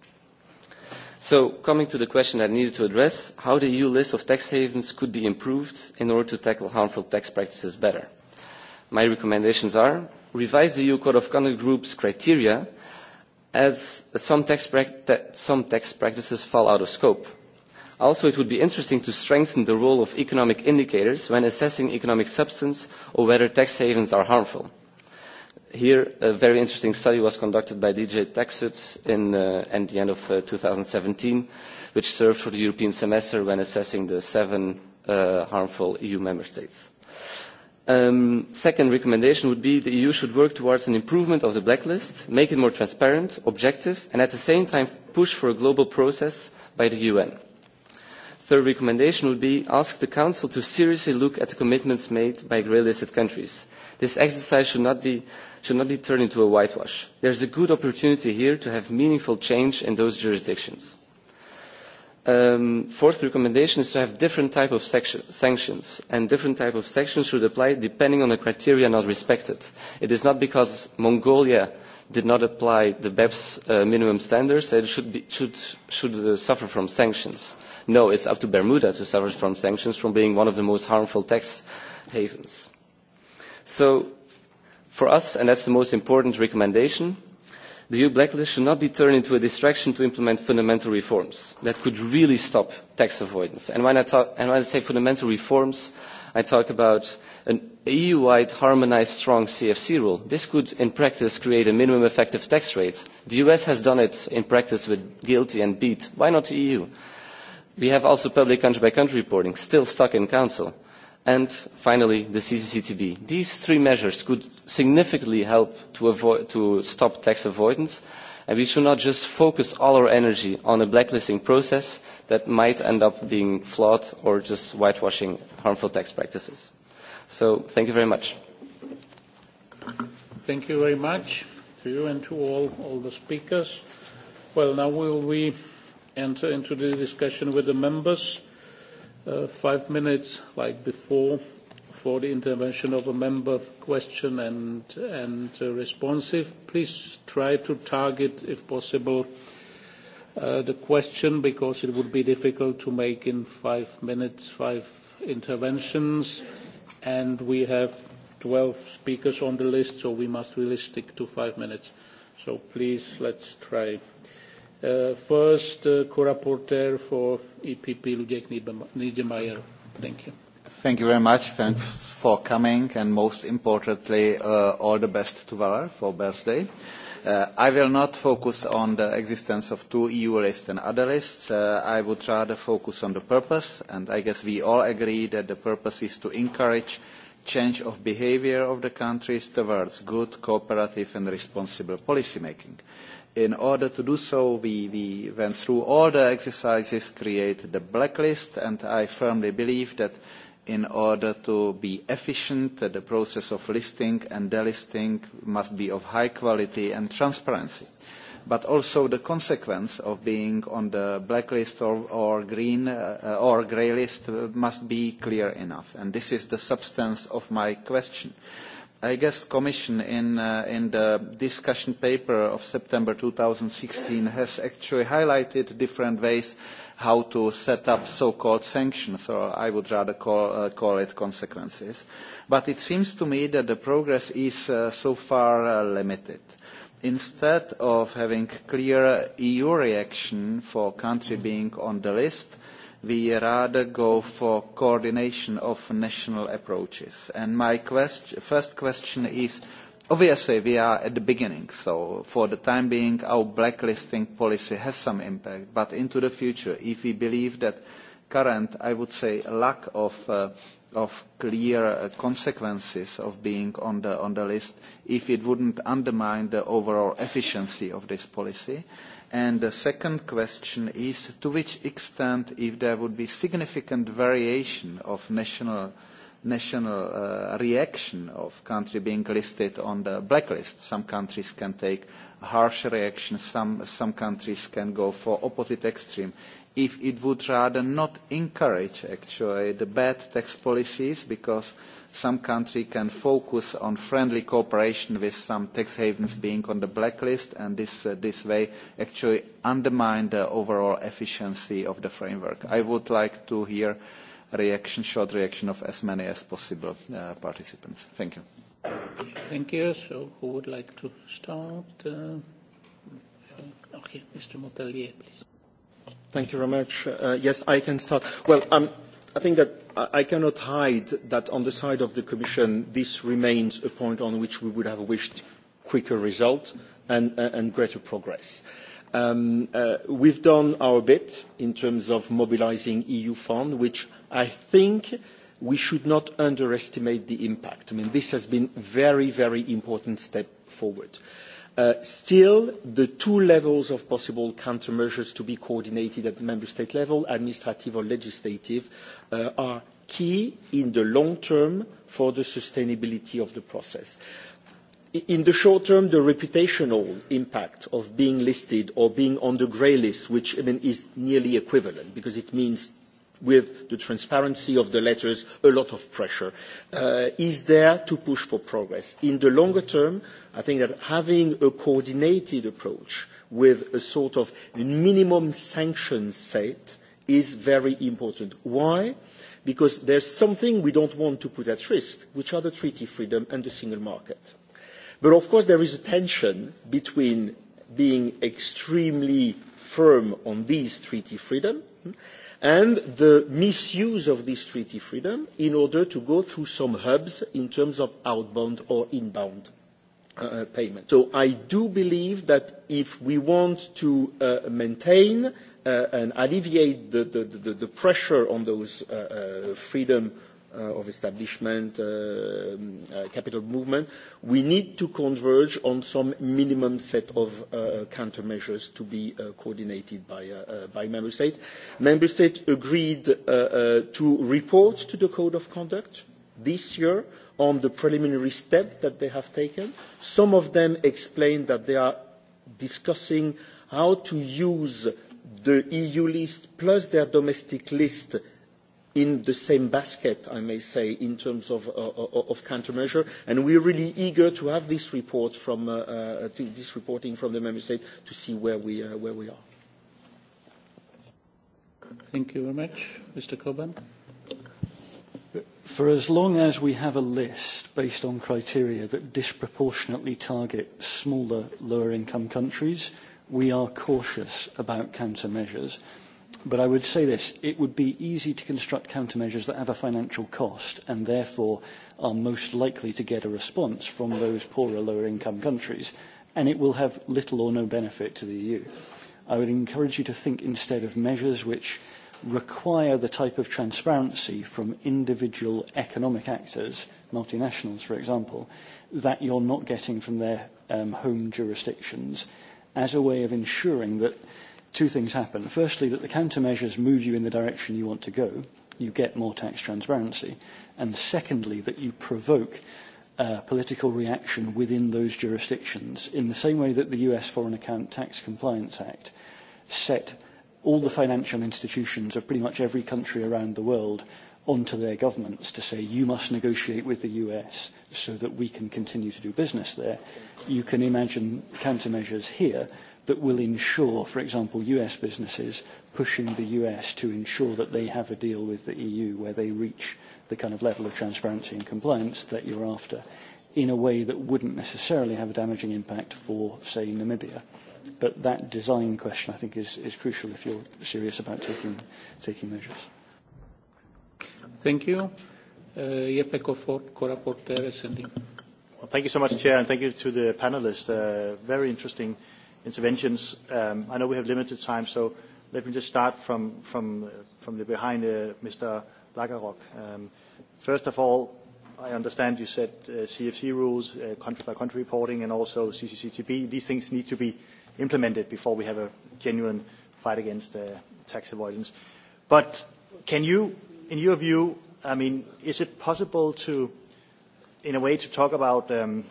So, coming to the question I needed to address, how the EU list of tax havens could be improved in order to tackle harmful tax practices better. My recommendations are, revise the EU Code of Conduct Group's criteria as some tax, some tax practices fall out of scope. Also, it would be interesting to strengthen the role of economic indicators when assessing economic substance or whether tax havens are harmful. Here, a very interesting study was conducted by DJ Taxuts in, uh, at the end of uh, 2017, which served for the European semester when assessing the seven uh, harmful EU member states. Um, second recommendation would be the EU should work towards an improvement of the blacklist, make it more transparent, objective, and at the same time push for a global process by the UN. Third recommendation would be ask the Council to seriously look at the commitments made by grey-listed countries. This exercise should not, be, should not be turned into a whitewash. There is a good opportunity here to have meaningful change in those jurisdictions um, fourth recommendation is to have different type of section, sanctions, and different type of sanctions should apply depending on the criteria not respected. It is not because Mongolia did not apply the BEPS uh, minimum standards that it should, be, should, should uh, suffer from sanctions. No, it's up to Bermuda to suffer from sanctions from being one of the most harmful tax havens. So for us, and that's the most important recommendation, the eu blacklist should not be turned into a distraction to implement fundamental reforms that could really stop tax avoidance. And when I, talk, and when I say fundamental reforms, I talk about an EU-wide harmonized strong CFC rule. This could, in practice, create a minimum effective tax rate. The US has done it in practice with guilty and beat. Why not the EU? We have also public country-by-country -country reporting, still stuck in Council and finally the ccctb. these three measures could significantly help to, avoid, to stop tax avoidance and we should not just focus all our energy on a blacklisting process that might end up being flawed or just whitewashing harmful tax practices. so thank you very much. thank you very much to you and to all, all the speakers. well, now will we enter into the discussion with the members uh, five minutes, like before, for the intervention of a member question and, and uh, responsive. Please try to target, if possible, uh, the question because it would be difficult to make in five minutes five interventions. And we have 12 speakers on the list, so we must really stick to five minutes. So please, let's try. Uh, first, uh, co-rapporteur for EPP, Ludek Niedermayer. Thank you. Thank you very much. Thanks for coming, and most importantly, uh, all the best to Valar for birthday. Uh, I will not focus on the existence of two EU lists and other lists. Uh, I would rather focus on the purpose, and I guess we all agree that the purpose is to encourage change of behavior of the countries towards good, cooperative, and responsible policymaking in order to do so, we, we went through all the exercises, created the blacklist, and I firmly believe that in order to be efficient, the process of listing and delisting must be of high quality and transparency. But also the consequence of being on the blacklist or, or green uh, or grey list must be clear enough. And this is the substance of my question. Uh, I guess Commission in, uh, in the discussion paper of September 2016 has actually highlighted different ways how to set up so-called sanctions, or I would rather call, uh, call it consequences. But it seems to me that the progress is uh, so far uh, limited. Instead of having clear EU reaction for country being on the list, we rather go for coordination of national approaches. And my quest first question is, obviously we are at the beginning, so for the time being our blacklisting policy has some impact, but into the future, if we believe that current, I would say, lack of uh, of clear uh, consequences of being on the, on the list if it wouldn't undermine the overall efficiency of this policy. Uh, And the second question is, to which extent, if there would be significant variation of national, national uh, reaction of country being listed on the blacklist, some countries can take harsh reaction, some, some countries can go for opposite extreme, if it would rather not encourage actually the bad tax policies because some countries can focus on friendly cooperation with some tax havens being on the blacklist and this, uh, this way actually undermine the overall efficiency of the framework. I would like to hear a reaction, short reaction of as many as possible uh, participants. Thank you. Thank you. So who would like to start? Uh, okay, Mr. Montalier, please. Thank you very much. Uh, yes, I can start. Well, I'm um, I think that I cannot hide that on the side of the Commission, this remains a point on which we would have wished quicker results and, and greater progress. Um, uh, we've done our bit in terms of mobilizing EU fund, which I think we should not underestimate the impact. I mean, this has been very, very important step forward. Uh, Uh, still, the two levels of possible countermeasures to be coordinated at member state level, administrative or legislative, uh, are key in the long term for the sustainability of the process. In the short term, the reputational impact of being listed or being on the grey list, which I mean, is nearly equivalent because it means with the transparency of the letters, a lot of pressure uh, is there to push for progress. In the longer term, I think that having a coordinated approach with a sort of minimum sanction set is very important. Why? Because there's something we don't want to put at risk, which are the treaty freedom and the single market. But of course, there is a tension between being extremely firm on these treaty freedom mm, and the misuse of this treaty freedom in order to go through some hubs in terms of outbound or inbound uh, uh payment. So I do believe that if we want to uh, maintain uh, and alleviate the, the, the, the pressure on those uh, uh, freedom uh, of establishment uh, uh, capital movement, we need to converge on some minimum set of uh, countermeasures to be uh, coordinated by, uh, uh, by member states. Member states agreed uh, uh, to report to the code of conduct this year on the preliminary step that they have taken. Some of them explained that they are discussing how to use the EU list plus their domestic list in the same basket, I may say, in terms of, uh, uh, uh, of countermeasure. And we're really eager to have this report from, uh, uh, to this reporting from the member state to see where we, uh, where we are. Thank you very much. Mr. Coburn? For as long as we have a list based on criteria that disproportionately target smaller, lower income countries, we are cautious about countermeasures. measures But I would say this, it would be easy to construct countermeasures that have a financial cost and therefore are most likely to get a response from those poorer, lower income countries, and it will have little or no benefit to the EU. I would encourage you to think instead of measures which require the type of transparency from individual economic actors, multinationals for example, that you're not getting from their um, home jurisdictions as a way of ensuring that two things happen. Firstly, that the countermeasures move you in the direction you want to go. You get more tax transparency. And secondly, that you provoke uh, political reaction within those jurisdictions in the same way that the US Foreign Account Tax Compliance Act set all the financial institutions of pretty much every country around the world onto their governments to say, you must negotiate with the US so that we can continue to do business there. You can imagine countermeasures here that will ensure, for example, US businesses pushing the US to ensure that they have a deal with the EU where they reach the kind of level of transparency and compliance that you're after in a way that wouldn't necessarily have a damaging impact for, say, Namibia. But that design question, I think, is, is crucial if you're serious about taking, taking measures. Thank you. Uh, Jeppe Kofod, co-rapporteur, SND. Well, thank you so much, Chair, and thank you to the panelists. Uh, very interesting uh, interventions. Um, I know we have limited time, so let me just start from, from, uh, from the behind uh, Mr. Lagerroch. Um, first of all, I understand you said uh, CFC rules, uh, country-by-country reporting, and also CCCTB. These things need to be implemented before we have a genuine fight against uh, tax avoidance. But can you, in your view, I mean, is it possible to, in a way, to talk about um,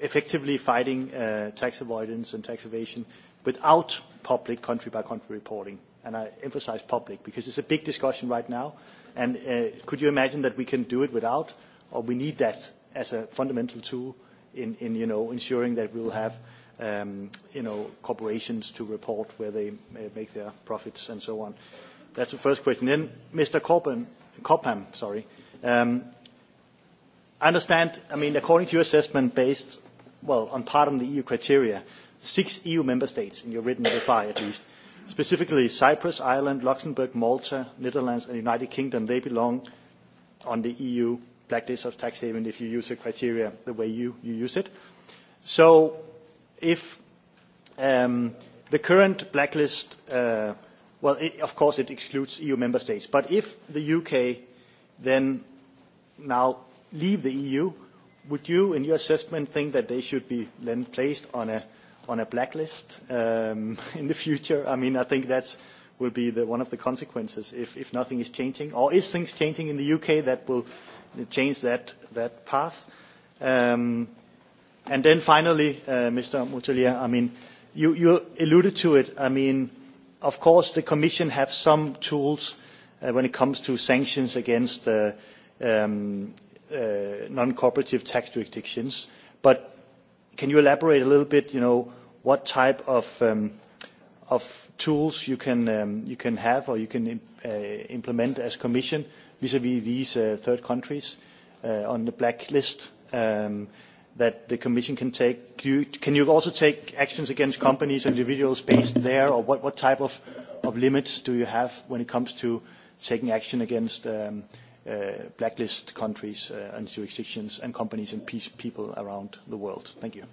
effectively fighting uh, tax avoidance and tax evasion without public country-by-country -country reporting. And I emphasize public because it's a big discussion right now. And uh, could you imagine that we can do it without, or we need that as a fundamental tool in, in you know, ensuring that we'll have um, you know, corporations to report where they uh, make their profits and so on? That's the first question. Then Mr. Corbyn, Cobham, sorry. Um, I understand, I mean, according to your assessment, based well, on part of the EU criteria, six EU member states in your written reply at least, specifically Cyprus, Ireland, Luxembourg, Malta, Netherlands, and United Kingdom, they belong on the EU blacklist of tax haven if you use the criteria the way you, you use it. So if um, the current blacklist, uh, well, it, of course it excludes EU member states, but if the UK then now leave the EU, would you, in your assessment, think that they should be then placed on a on a blacklist um, (laughs) in the future? I mean, I think that's will be the, one of the consequences if, if nothing is changing, or is things changing in the UK that will change that that path? Um, and then finally, uh, Mr. Mutelier, I mean, you, you alluded to it. I mean, of course, the Commission have some tools uh, when it comes to sanctions against. Uh, um, uh, non-cooperative tax jurisdictions. But can you elaborate a little bit, you know, what type of, um, of tools you can, um, you can have or you can imp uh, implement as Commission vis-à-vis -vis these uh, third countries uh, on the blacklist um, that the Commission can take? Can you, can you also take actions against companies and individuals based there, or what, what type of, of limits do you have when it comes to taking action against um, – uh, blacklist countries uh, and jurisdictions and companies and pe people around the world. Thank you.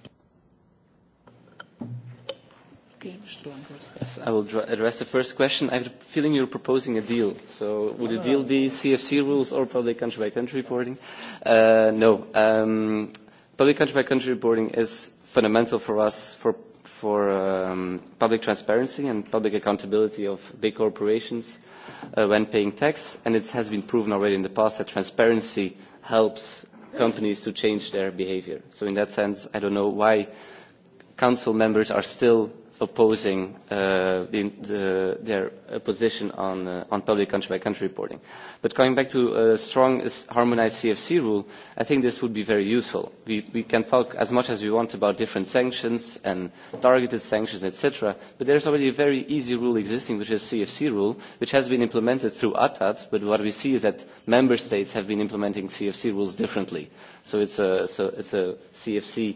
Okay, Mr. Langworth. Yes, I will address the first question. I have the feeling you're proposing a deal. So would the deal be CFC rules or public country-by-country -country reporting? Uh, no. Um, public country-by-country -country reporting is fundamental for us for for um, public transparency and public accountability of big corporations uh, when paying tax, and it has been proven already in the past that transparency helps companies to change their behavior. So in that sense, I don't know why council members are still opposing uh, the, the, their position on, uh, on public country-by-country -country reporting. But coming back to a strong harmonized CFC rule, I think this would be very useful. We, we can talk as much as we want about different sanctions and targeted sanctions, etc., but there's already a very easy rule existing, which is CFC rule, which has been implemented through ATAT, but what we see is that member states have been implementing CFC rules differently. So it's a, so it's a CFC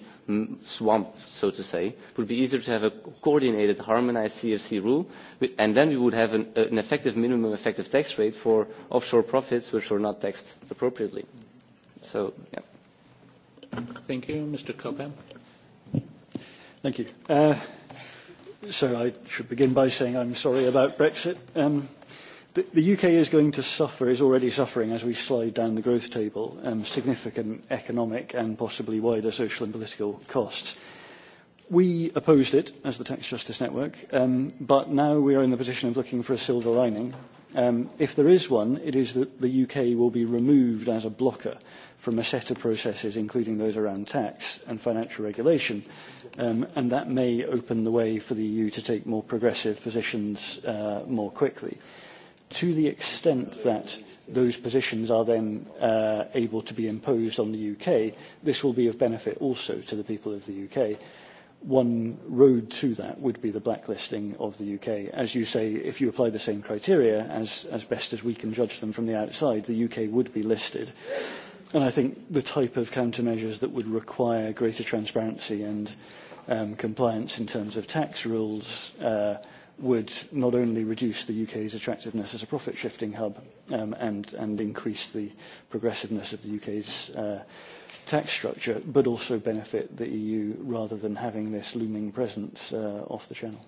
swamp, so to say. It would be easier to have a coordinated, harmonized CFC rule, and then we would have an, an effective minimum effective tax rate for offshore profits which are not taxed appropriately. So, yeah. Thank you. Mr. Cobham. Thank you. Uh, so I should begin by saying I'm sorry about Brexit. Um, The, the UK is going to suffer, is already suffering as we slide down the growth table, um, significant economic and possibly wider social and political costs. We opposed it as the Tax Justice Network, um, but now we are in the position of looking for a silver lining. Um, if there is one, it is that the UK will be removed as a blocker from a set of processes, including those around tax and financial regulation, um, and that may open the way for the EU to take more progressive positions uh, more quickly. Uh, to the extent that those positions are then uh, able to be imposed on the UK, this will be of benefit also to the people of the UK. One road to that would be the blacklisting of the UK. As you say, if you apply the same criteria, as, as best as we can judge them from the outside, the UK would be listed. And I think the type of countermeasures that would require greater transparency and um, compliance in terms of tax rules, uh, would not only reduce the UK's attractiveness as a profit-shifting hub um, and, and increase the progressiveness of the UK's uh, tax structure, but also benefit the EU rather than having this looming presence uh, off the channel.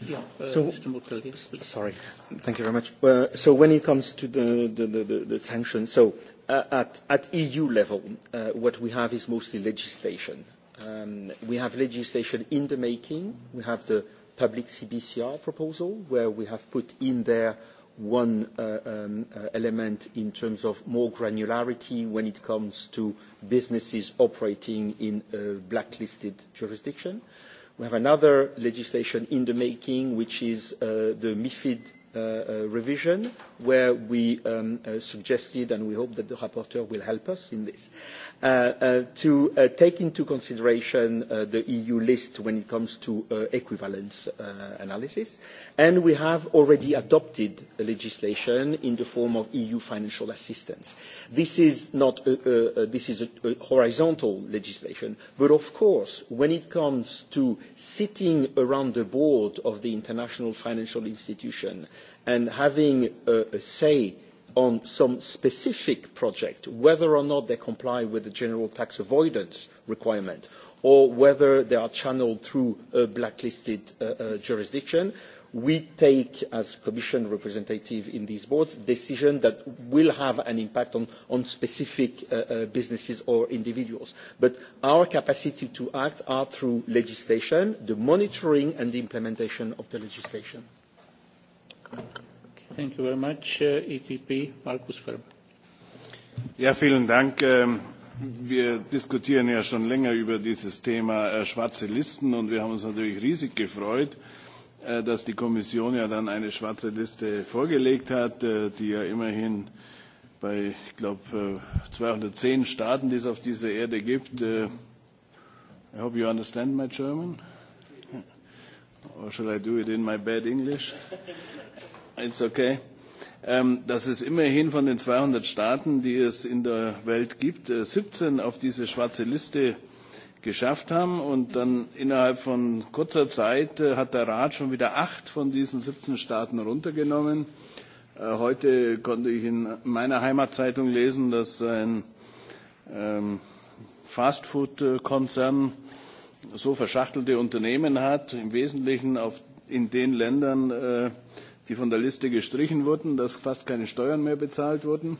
Yeah. Uh, so, Mr. Mukhtar, yes, please. Sorry. Thank you very much. Uh, so when it comes to the, the, the, the, the sanctions, so uh, at, at EU level, uh, what we have is mostly legislation Um, we have legislation in the making. We have the public CBCR proposal, where we have put in there one uh, um, uh, element in terms of more granularity when it comes to businesses operating in a blacklisted jurisdiction. We have another legislation in the making, which is uh, the MiFID Uh, uh, revision, where we um, uh, suggested, and we hope that the rapporteur will help us in this, uh, uh, to uh, take into consideration uh, the EU list when it comes to uh, equivalence uh, analysis. And we have already adopted legislation in the form of EU financial assistance. This is not a, a, a, this is a, a horizontal legislation, but of course, when it comes to sitting around the board of the international financial institution, and having a say on some specific project, whether or not they comply with the general tax avoidance requirement, or whether they are channeled through a blacklisted uh, uh, jurisdiction, we take, as Commission representative in these boards, decisions that will have an impact on, on specific uh, uh, businesses or individuals. But our capacity to act are through legislation, the monitoring and the implementation of the legislation. Thank you very much. Uh, EPP, Markus Ferber. Ja, vielen Dank. Ähm, wir diskutieren ja schon länger über dieses Thema äh, schwarze Listen und wir haben uns natürlich riesig gefreut, äh, dass die Kommission ja dann eine schwarze Liste vorgelegt hat, äh, die ja immerhin bei, ich glaube, 210 Staaten, die es auf dieser Erde gibt. I hope you understand my German. Or shall I do it in my bad English? It's okay. Ähm, dass es immerhin von den 200 Staaten, die es in der Welt gibt, 17 äh, auf diese schwarze Liste geschafft haben. Und dann innerhalb von kurzer Zeit äh, hat der Rat schon wieder acht von diesen 17 Staaten runtergenommen. Äh, heute konnte ich in meiner Heimatzeitung lesen, dass ein ähm, Fastfood-Konzern so verschachtelte Unternehmen hat, im Wesentlichen auf, in den Ländern, äh, die von der Liste gestrichen wurden, dass fast keine Steuern mehr bezahlt wurden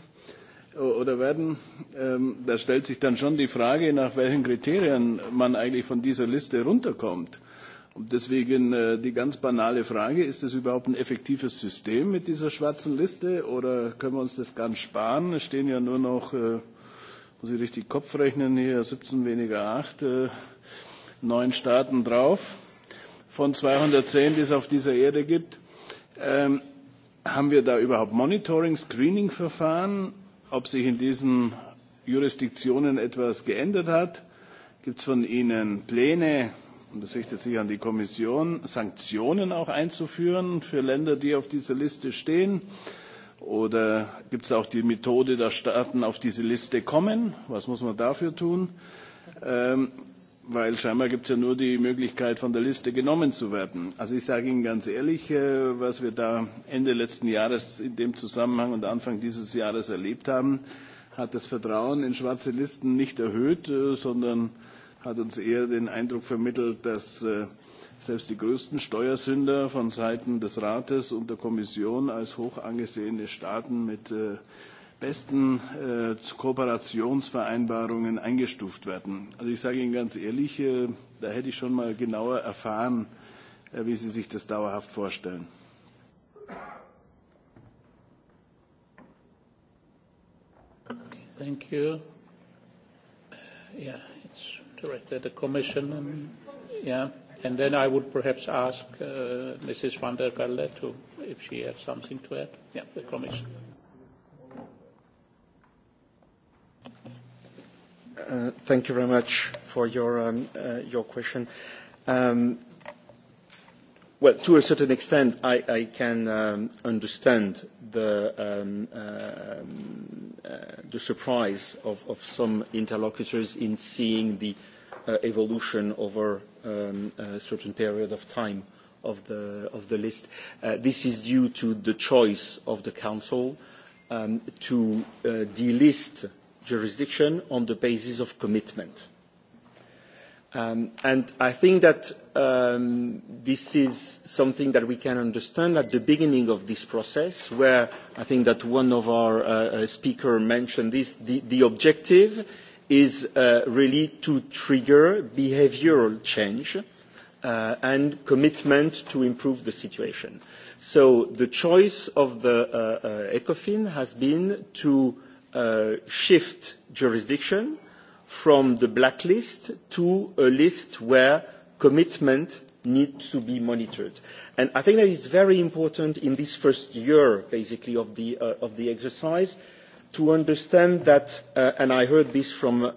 oder werden. Ähm, da stellt sich dann schon die Frage, nach welchen Kriterien man eigentlich von dieser Liste runterkommt. Und deswegen äh, die ganz banale Frage, ist das überhaupt ein effektives System mit dieser schwarzen Liste oder können wir uns das ganz sparen? Es stehen ja nur noch, äh, muss ich richtig Kopf rechnen hier, 17 weniger 8, äh, neun Staaten drauf von 210, die es auf dieser Erde gibt. Ähm, haben wir da überhaupt Monitoring, Screening-Verfahren, ob sich in diesen Jurisdiktionen etwas geändert hat? Gibt es von Ihnen Pläne, und das richtet sich an die Kommission, Sanktionen auch einzuführen für Länder, die auf dieser Liste stehen? Oder gibt es auch die Methode, dass Staaten auf diese Liste kommen? Was muss man dafür tun? Ähm, weil scheinbar gibt es ja nur die Möglichkeit, von der Liste genommen zu werden. Also ich sage Ihnen ganz ehrlich, äh, was wir da Ende letzten Jahres in dem Zusammenhang und Anfang dieses Jahres erlebt haben, hat das Vertrauen in schwarze Listen nicht erhöht, äh, sondern hat uns eher den Eindruck vermittelt, dass äh, selbst die größten Steuersünder von Seiten des Rates und der Kommission als hoch angesehene Staaten mit besten äh, Kooperationsvereinbarungen eingestuft werden. Also ich sage Ihnen ganz ehrlich, äh, da hätte ich schon mal genauer erfahren, äh, wie Sie sich das dauerhaft vorstellen. Thank you. Yeah, it's directed the Commission. And, yeah, and then I would perhaps ask uh, Mrs. van der Velde to, if she has something to add. Yeah, the Commission. Yeah. Uh, thank you very much for your, um, uh, your question. Um, well, to a certain extent, I, I can um, understand the, um, uh, uh, the surprise of, of some interlocutors in seeing the uh, evolution over um, a certain period of time of the, of the list. Uh, this is due to the choice of the Council um, to uh, delist jurisdiction on the basis of commitment. Um, and I think that um, this is something that we can understand at the beginning of this process, where I think that one of our uh, uh speaker mentioned this, the, the objective is uh, really to trigger behavioral change uh, and commitment to improve the situation. So the choice of the uh, uh, ECOFIN has been to uh, uh, shift jurisdiction from the blacklist to a list where commitment needs to be monitored. And I think that it's very important in this first year, basically, of the, uh, of the exercise to understand that, uh, and I heard this from uh,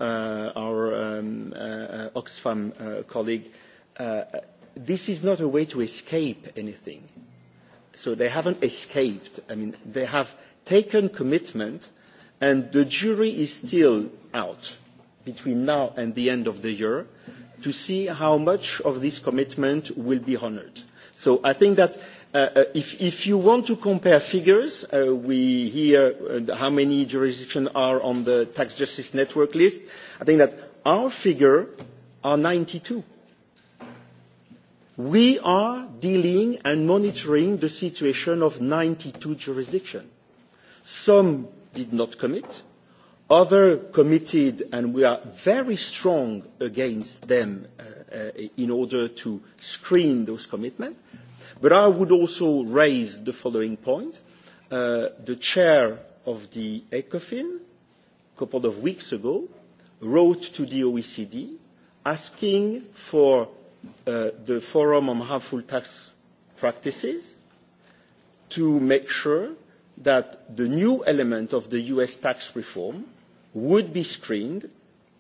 our um, uh, Oxfam uh, colleague, uh, this is not a way to escape anything. So they haven't escaped. I mean, they have taken commitment and the jury is still out between now and the end of the year to see how much of this commitment will be honoured. So I think that uh, uh, if, if you want to compare figures, uh, we hear uh, how many jurisdictions are on the tax justice network list. I think that our figure are 92. We are dealing and monitoring the situation of 92 jurisdictions. Some did not commit. Others committed, and we are very strong against them uh, uh, in order to screen those commitments. But I would also raise the following point. Uh, the chair of the ECOFIN, a couple of weeks ago, wrote to the OECD asking for uh, the Forum on Harmful Tax Practices to make sure that the new element of the US tax reform would be screened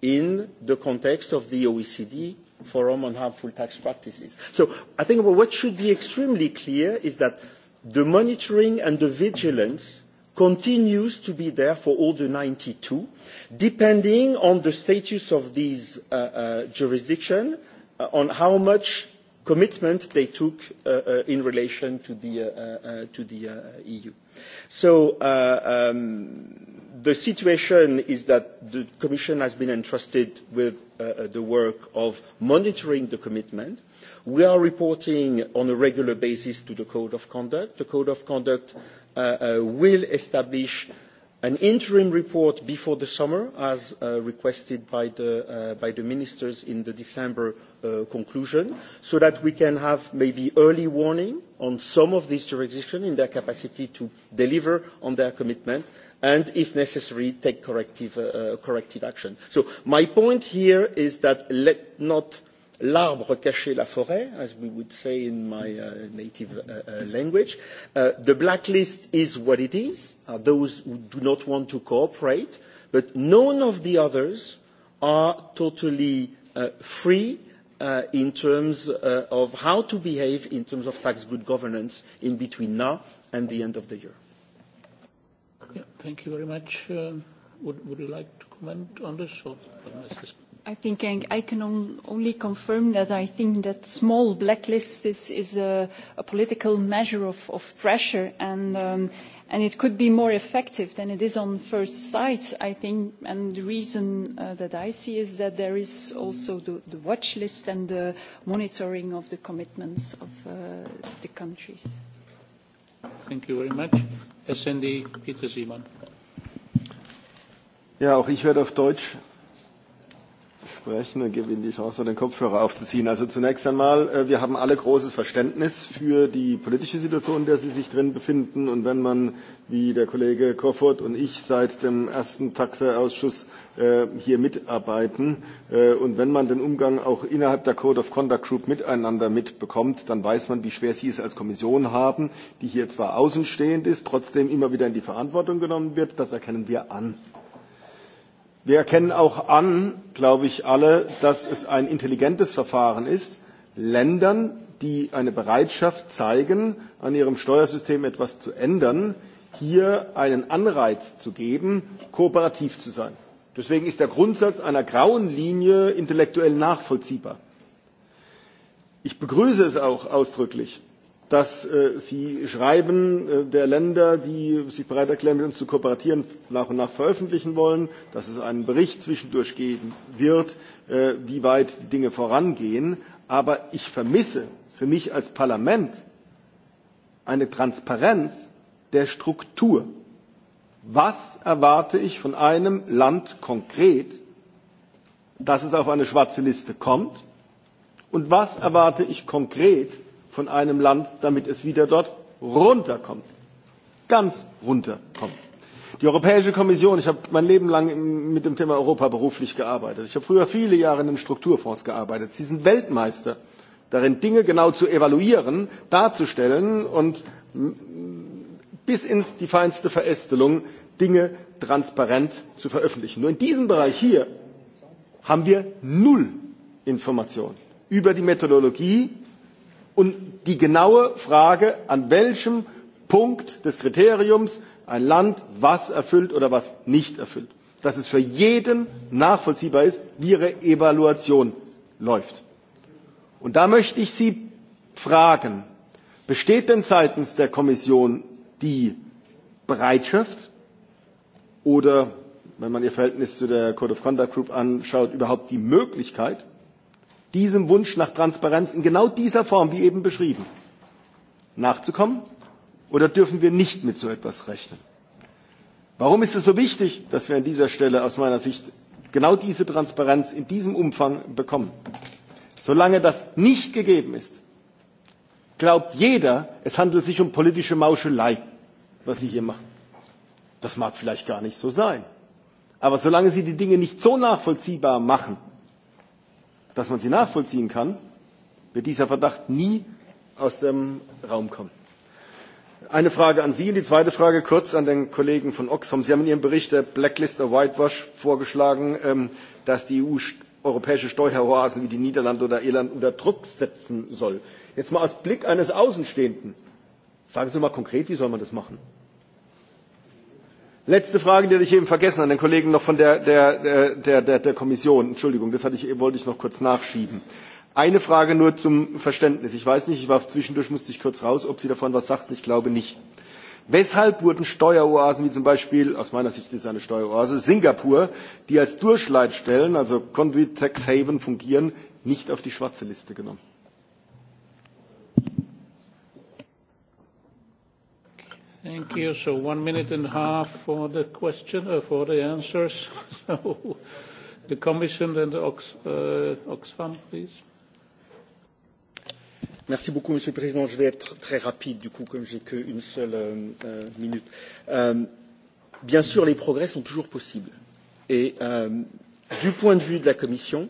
in the context of the OECD Forum on Harmful Tax Practices. So I think what should be extremely clear is that the monitoring and the vigilance continues to be there for all the 92, depending on the status of these uh, uh, jurisdiction, uh, on how much commitment they took uh, uh, in relation to the, uh, uh, uh to the uh, EU. Uh, So uh, um, the situation is that the Commission has been entrusted with uh, uh, the work of monitoring the commitment. We are reporting on a regular basis to the Code of Conduct. The Code of Conduct uh, uh, will establish uh, an interim report before the summer, as uh, requested by the, uh, by the ministers in the December uh, conclusion, so that we can have maybe early warning on some of these jurisdictions in their capacity to deliver on their commitment, and if necessary, take corrective, uh, uh corrective action. So my point here is that let not l'arbre cachait la forêt, as we would say in my uh, native uh, uh, language. Uh, the blacklist is what it is, are uh, those who do not want to cooperate, but none of the others are totally uh, free uh, in terms uh, of how to behave in terms of tax good governance in between now and the end of the year. Yeah, thank you very much. Uh, would, would you like to comment on this? Or, or I think I, I can on, only confirm that I think that small blacklist is, is a, a political measure of, of pressure and, um, and it could be more effective than it is on first sight, I think. And the reason uh, that I see is that there is also the, the watch list and the monitoring of the commitments of uh, the countries. Thank you very much. SND Peter Simon. Ja, auch ich werde auf Deutsch sprechen und gebe Ihnen die Chance, den Kopfhörer aufzuziehen. Also zunächst einmal, äh, wir haben alle großes Verständnis für die politische Situation, in der Sie sich drin befinden. Und wenn man, wie der Kollege Koffert und ich seit dem ersten Taxe-Ausschuss äh, hier mitarbeiten äh, und wenn man den Umgang auch innerhalb der Code of Conduct Group miteinander mitbekommt, dann weiß man, wie schwer Sie es als Kommission haben, die hier zwar außenstehend ist, trotzdem immer wieder in die Verantwortung genommen wird. Das erkennen wir an. Wir erkennen auch an, glaube ich alle, dass es ein intelligentes Verfahren ist, Ländern, die eine Bereitschaft zeigen, an ihrem Steuersystem etwas zu ändern, hier einen Anreiz zu geben, kooperativ zu sein. Deswegen ist der Grundsatz einer grauen Linie intellektuell nachvollziehbar. Ich begrüße es auch ausdrücklich, dass äh, Sie Schreiben äh, der Länder, die sich bereit erklären, mit uns zu kooperieren, nach und nach veröffentlichen wollen, dass es einen Bericht zwischendurch geben wird, äh, wie weit die Dinge vorangehen. Aber ich vermisse für mich als Parlament eine Transparenz der Struktur. Was erwarte ich von einem Land konkret, dass es auf eine schwarze Liste kommt? Und was erwarte ich konkret, von einem Land, damit es wieder dort runterkommt. Ganz runterkommt. Die Europäische Kommission, ich habe mein Leben lang mit dem Thema Europa beruflich gearbeitet. Ich habe früher viele Jahre in den Strukturfonds gearbeitet. Sie sind Weltmeister darin, Dinge genau zu evaluieren, darzustellen und bis ins die feinste Verästelung Dinge transparent zu veröffentlichen. Nur in diesem Bereich hier haben wir null Informationen über die Methodologie, und die genaue frage an welchem punkt des kriteriums ein land was erfüllt oder was nicht erfüllt dass es für jeden nachvollziehbar ist wie ihre evaluation läuft. und da möchte ich sie fragen besteht denn seitens der kommission die bereitschaft oder wenn man ihr verhältnis zu der code of conduct group anschaut überhaupt die möglichkeit diesem Wunsch nach Transparenz in genau dieser Form, wie eben beschrieben, nachzukommen? Oder dürfen wir nicht mit so etwas rechnen? Warum ist es so wichtig, dass wir an dieser Stelle aus meiner Sicht genau diese Transparenz in diesem Umfang bekommen? Solange das nicht gegeben ist, glaubt jeder, es handelt sich um politische Mauschelei, was Sie hier machen. Das mag vielleicht gar nicht so sein. Aber solange Sie die Dinge nicht so nachvollziehbar machen, dass man sie nachvollziehen kann, wird dieser Verdacht nie aus dem Raum kommen. Eine Frage an Sie und die zweite Frage kurz an den Kollegen von Oxfam. Sie haben in Ihrem Bericht der Blacklist of Whitewash vorgeschlagen, ähm, dass die EU europäische Steueroasen wie die Niederlande oder Irland unter Druck setzen soll. Jetzt mal aus Blick eines Außenstehenden. Sagen Sie mal konkret, wie soll man das machen? Letzte Frage, die hatte ich eben vergessen an den Kollegen noch von der, der, der, der, der Kommission. Entschuldigung, das hatte ich, wollte ich noch kurz nachschieben. Eine Frage nur zum Verständnis. Ich weiß nicht, ich war zwischendurch, musste ich kurz raus, ob Sie davon was sagten. Ich glaube nicht. Weshalb wurden Steueroasen wie zum Beispiel, aus meiner Sicht ist eine Steueroase, Singapur, die als Durchleitstellen, also Conduit Tax Haven fungieren, nicht auf die schwarze Liste genommen? Thank you. So one minute and a half for the question, uh, for the answers. (laughs) So the Commission and the Ox, uh, Oxfam, please. Merci beaucoup, Monsieur le Président. Je vais être très rapide, du coup, comme j'ai qu'une seule euh, euh, minute. Euh, bien sûr, les progrès sont toujours possibles. Et euh, du point de vue de la Commission,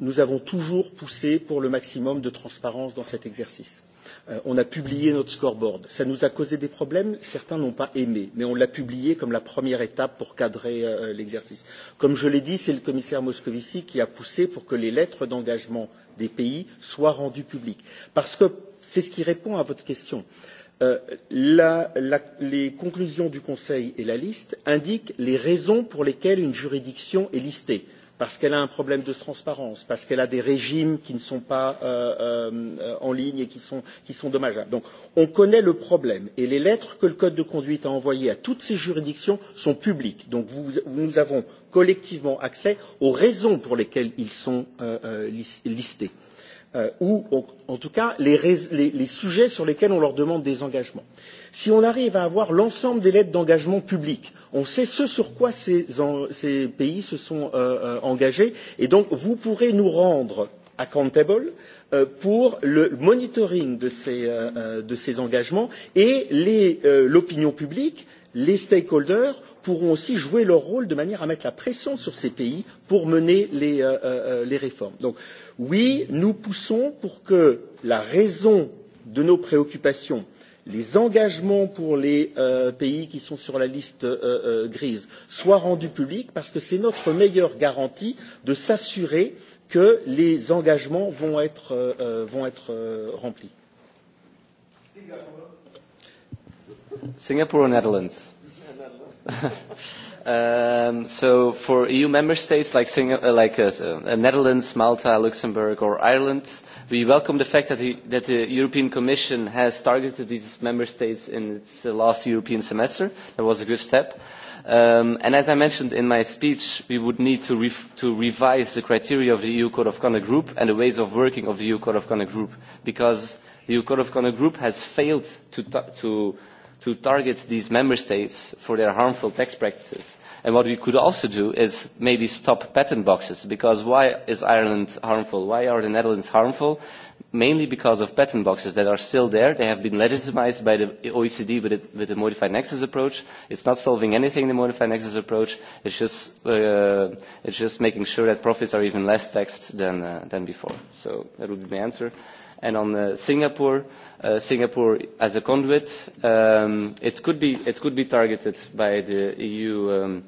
nous avons toujours poussé pour le maximum de transparence dans cet exercice. Euh, Euh, on a publié notre scoreboard. Ça nous a causé des problèmes, certains n'ont pas aimé, mais on l'a publié comme la première étape pour cadrer euh, euh, l'exercice. Comme je l'ai dit, c'est le commissaire Moscovici qui a poussé pour que les lettres d'engagement des pays soient rendues publiques. Parce que c'est ce qui répond à votre question. Euh, la, la, les conclusions du Conseil et la liste indiquent les raisons pour lesquelles une juridiction est listée parce qu'elle a un problème de transparence, parce qu'elle a des régimes qui ne sont pas euh, euh, en ligne et qui sont, qui sont dommageables. Donc on connaît le problème et les lettres que le Code de conduite a envoyées à toutes ces juridictions sont publiques. Donc vous, nous avons collectivement accès aux raisons pour lesquelles ils sont euh, euh listés euh, ou on, en tout cas les, les, les sujets sur lesquels on leur demande des engagements. Si on arrive à avoir l'ensemble des lettres d'engagement publiques, on sait ce sur quoi ces, en, ces pays se sont euh, euh, engagés et donc vous pourrez nous rendre accountable euh, pour le monitoring de ces, euh, euh de ces engagements et euh, l'opinion euh, publique, les stakeholders pourront aussi jouer leur rôle de manière à mettre la pression sur ces pays pour mener les, euh, euh, les réformes. Donc oui, nous poussons pour que la raison de nos préoccupations les engagements pour les euh, pays qui sont sur la liste euh, euh, grise soient rendus publics parce que c'est notre meilleure garantie de s'assurer que les engagements vont être, euh, euh vont être euh, remplis. Singapore, Singapore Netherlands. (laughs) Um, so for EU member states like, Sing uh, like uh, uh, Netherlands, Malta, Luxembourg or Ireland, we welcome the fact that the, that the European Commission has targeted these member states in its uh, last European semester. That was a good step. Um, and as I mentioned in my speech, we would need to, re to revise the criteria of the EU Code of Conduct Group and the ways of working of the EU Code of Conduct Group because the EU Code of Conduct Group has failed to, to to target these member states for their harmful tax practices. And what we could also do is maybe stop patent boxes, because why is Ireland harmful? Why are the Netherlands harmful? Mainly because of patent boxes that are still there. They have been legitimized by the OECD with, it, with the modified nexus approach. It's not solving anything, the modified nexus approach. It's just, uh, it's just making sure that profits are even less taxed than, uh, than before. So that would be my answer. Uh, and on uh, Singapore. Uh, Singapore as a conduit, um, it could be it could be targeted by the EU. Um,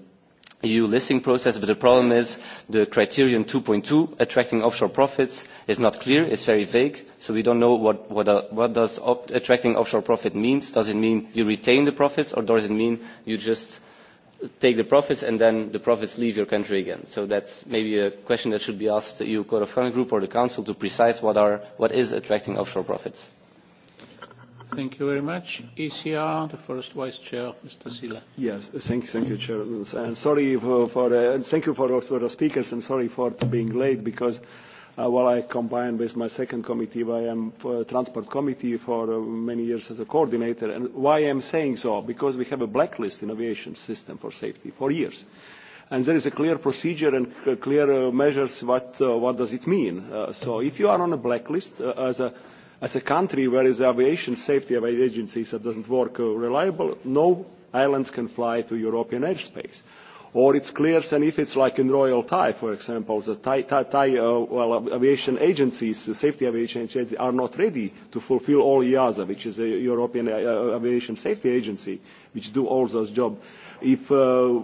EU listing process, but the problem is the criterion 2.2, attracting offshore profits, is not clear, it's very vague, so we don't know what, what, uh, what does op attracting offshore profit means. Does it mean you retain the profits, or does it mean you just take the profits and then the profits leave your country again. So that's maybe a question that should be asked the EU Code of Conduct Group or the Council to precise what, are, what is attracting offshore profits. Thank you very much. ECR, the first vice chair, Mr. Sila. Yes, thank you, thank you, Chair. And sorry for, for uh, and thank you for also the speakers and sorry for being late because uh, while I combined with my second committee, where I am uh, transport committee for uh, many years as a coordinator. And why I'm saying so? Because we have a blacklist in aviation system for safety for years. And there is a clear procedure and c- clear uh, measures what, uh, what does it mean. Uh, so if you are on a blacklist uh, as a as a country where the aviation safety of agencies that doesn't work uh, reliable, no islands can fly to European airspace. Uh, or it's clear and if it's like in Royal Thai, for example, the Thai, Thai, Thai uh, well, aviation agencies, the safety aviation agencies are not ready to fulfill all EASA, which is a European uh, uh, aviation safety agency, which do all those jobs. If uh,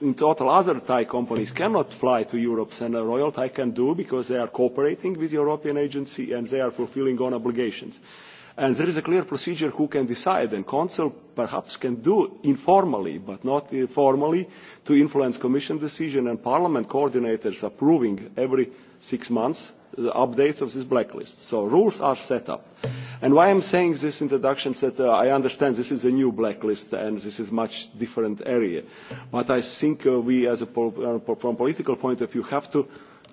in total other Thai companies cannot fly to Europe, then uh, Royal Thai can do because they are cooperating with European agency and they are fulfilling on obligations. Uh, And there is a clear procedure who can decide, and Council perhaps can do informally, but not formally, to influence Commission decision and Parliament coordinators approving every six months the updates of this blacklist. So rules are set up. And why I'm saying this introduction is that uh, I understand this is a new blacklist and this is much different area. But I think uh, we, as a pol- uh, from political point of view, have to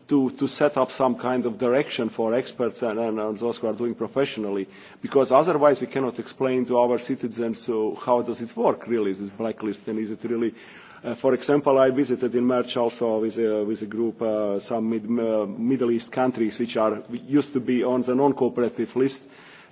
to, to set up some kind of direction for experts and, and, and those who are doing professionally, because otherwise we cannot explain to our citizens so uh, how does it work really, this blacklist, and is it really Uh, for example, I visited in March also with a, with a group uh, some mid, uh, Middle East countries which are used to be on the non-cooperative list,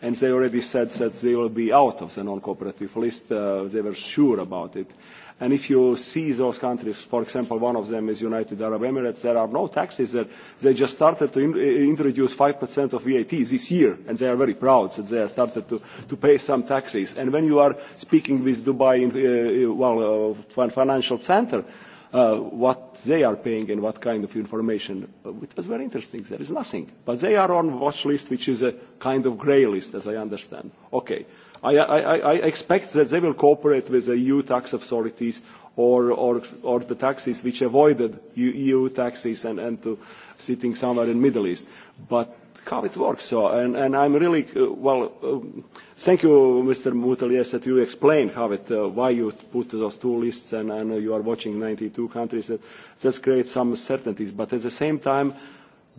and they already said that they will be out of the non-cooperative list. Uh, they were sure about it. Uh, And if you see those countries, for example, one of them is United Arab Emirates, there are no taxes there. They just started to in, uh, introduce 5% of VAT this year, and they are very proud that they have started to, to pay some taxes. And when you are speaking with Dubai, in, uh, well, uh, financial center, uh, what they are paying and what kind of information. Uh, it was very interesting. There is nothing. But they are on watch list, which is a kind of grey list, as I understand. Okay. Uh, I, I, I expect that they will cooperate with the EU tax authorities or, or, or the taxes which avoided EU e taxes and, and to sitting somewhere in Middle East. But how it works. So, and, and I'm really, uh, well, um, thank you, Mr. Mutalies, that you explained how it, uh, why you put those two lists and, and uh, you are watching 92 countries. That, that creates some certainties. But at the same time,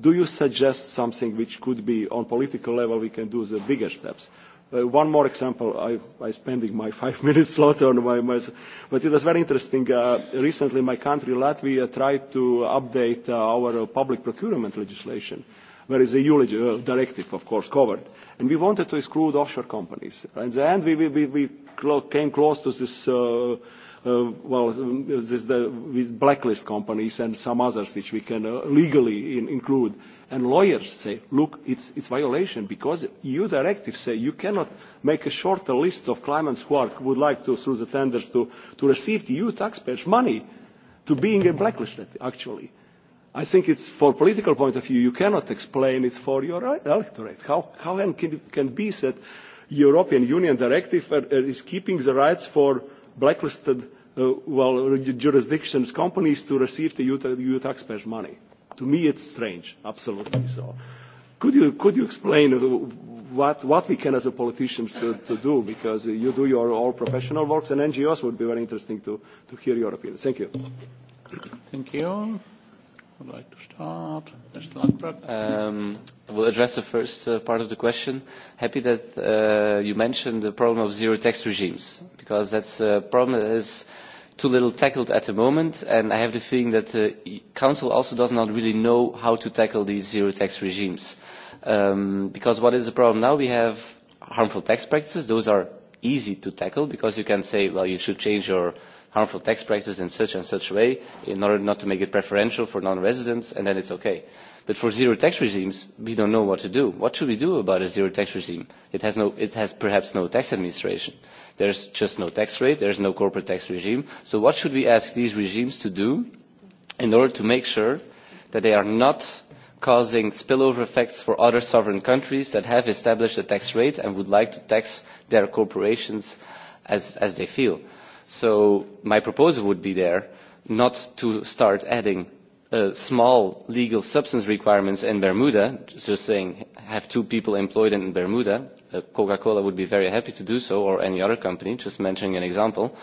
do you suggest something which could be on political level we can do the bigger steps? Uh, Uh, one more example, I, I'm spending my (laughs) five minutes slot on my, my, but it was very interesting. Uh, recently, my country, Latvia, tried to update uh, our uh, public procurement legislation, where is a EU leg- uh, directive, of course, covered. And we wanted to exclude offshore companies. Right? In the end, we, we, we, we cl- came close to this uh, Uh, well, this, the, with blacklist companies and some others which we can uh, legally in, include and lawyers say, look, it's, it's violation because EU directives say you cannot make a shorter list of clients who are, would like to, through the tenders, to, to receive the EU taxpayers' money to being blacklisted, actually. I think it's for political point of view, you cannot explain it's for your e-, electorate. How, how can, can be that European Union directive uh, uh, is keeping the rights for blacklisted uh, well, jurisdictions, companies to receive the EU, EU taxpayers' money? To me, it's strange, absolutely so. Could you, could you explain what, what we can as a politicians to, to do? Because you do your all professional works and NGOs would be very interesting to, to hear your opinion. Thank you. Thank you. Would like to start? Mr. Landberg? Um, we'll address the first uh, part of the question. Happy that uh, you mentioned the problem of zero tax regimes, because that's a problem that is uh, too little tackled at the moment, and I have the feeling that the Council also does not really know how to tackle these zero-tax regimes. Um, because what is the problem now? We have harmful tax practices. Those are easy to tackle because you can say, well, you should change your harmful tax practice in such and such way in order not to make it preferential for non-residents, and then it's okay. But for zero tax regimes, we don't know what to do. What should we do about a zero tax regime? It has, no, it has perhaps no tax administration. There's just no tax rate. There's no corporate tax regime. So what should we ask these regimes to do in order to make sure that they are not causing spillover effects for other sovereign countries that have established a tax rate and would like to tax their corporations as, as they feel? So my proposal would be there not to start adding uh, small legal substance requirements in Bermuda, just saying have two people employed in Bermuda. Uh, Coca-Cola would be very happy to do so, or any other company, just mentioning an example.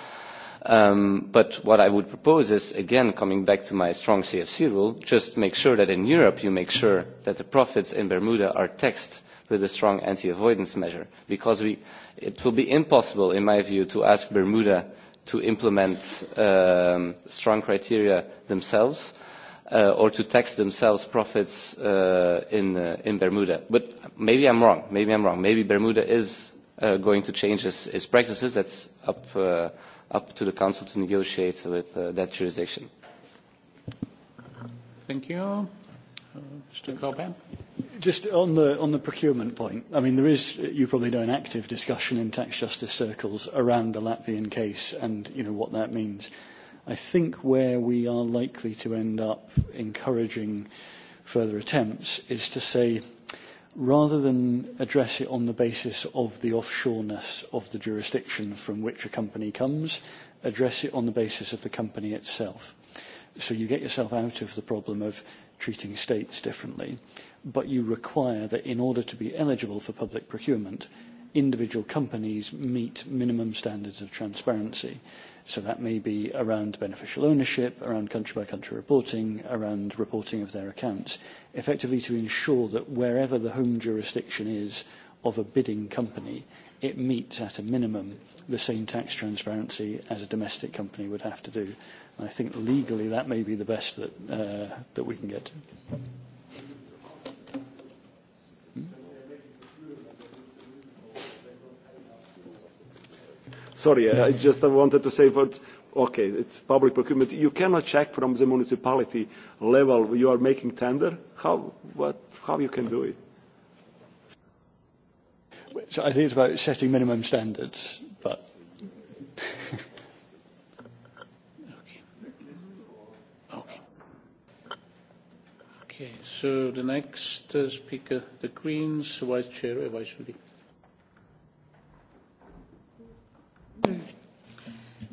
Um, but what I would propose is, again, coming back to my strong CFC rule, just make sure that in Europe you make sure that the profits in Bermuda are taxed with a strong anti-avoidance measure, because we, it will be impossible, in my view, to ask Bermuda to implement um, strong criteria themselves uh, or to tax themselves profits uh, in, uh, in Bermuda. But maybe I'm wrong. Maybe I'm wrong. Maybe Bermuda is uh, going to change its, its practices. That's up, uh, up to the Council to negotiate with uh, that jurisdiction. Thank you. Uh, Mr. Corbett. Just on the, on the procurement point, I mean, there is, you probably know, an active discussion in tax justice circles around the Latvian case and, you know, what that means. I think where we are likely to end up encouraging further attempts is to say, rather than address it on the basis of the offshoreness of the jurisdiction from which a company comes, address it on the basis of the company itself. So you get yourself out of the problem of treating states differently. Uh, but you require that in order to be eligible for public procurement, individual companies meet minimum standards of transparency. So that may be around beneficial ownership, around country by country reporting, around reporting of their accounts, effectively to ensure that wherever the home jurisdiction is of a bidding company, it meets at a minimum the same tax transparency as a domestic company would have to do. And I think legally that may be the best that, uh, that we can get to. Sorry, I just wanted to say that, okay, it's public procurement. You cannot check from the municipality level. You are making tender. How, what, how you can do it? So I think it's about setting minimum standards, but. okay. (laughs) Okay. Okay, so the next uh, speaker, the Greens, Vice Chair Eva Joly. Hmm.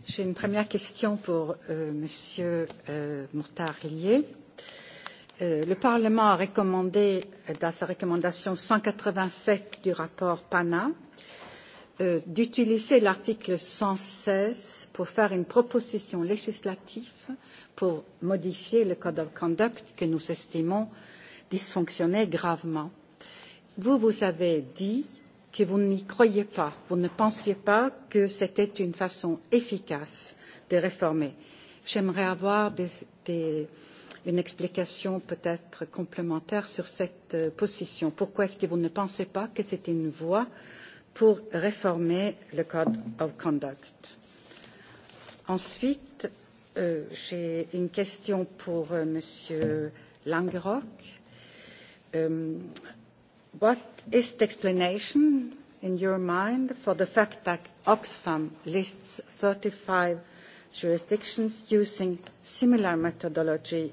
J'ai une première question pour euh, Monsieur euh, Mortarlier. Euh, le Parlement a recommandé, euh, dans sa recommandation 187 du rapport PANA, euh, d'utiliser l'article 116 pour faire une proposition législative pour modifier le code of conduct que nous estimons dysfonctionnait gravement. Vous, vous avez dit que vous n'y croyiez pas, vous ne pensiez pas que c'était une façon efficace de réformer. J'aimerais avoir des, des, une explication peut-être complémentaire sur cette euh, position. Pourquoi est-ce que vous ne pensez pas que c'était une voie pour réformer le Code of Conduct Ensuite, euh, j'ai une question pour euh, Monsieur Langerock. Euh, What is the explanation in your mind for the fact that Oxfam lists 35 jurisdictions using similar methodology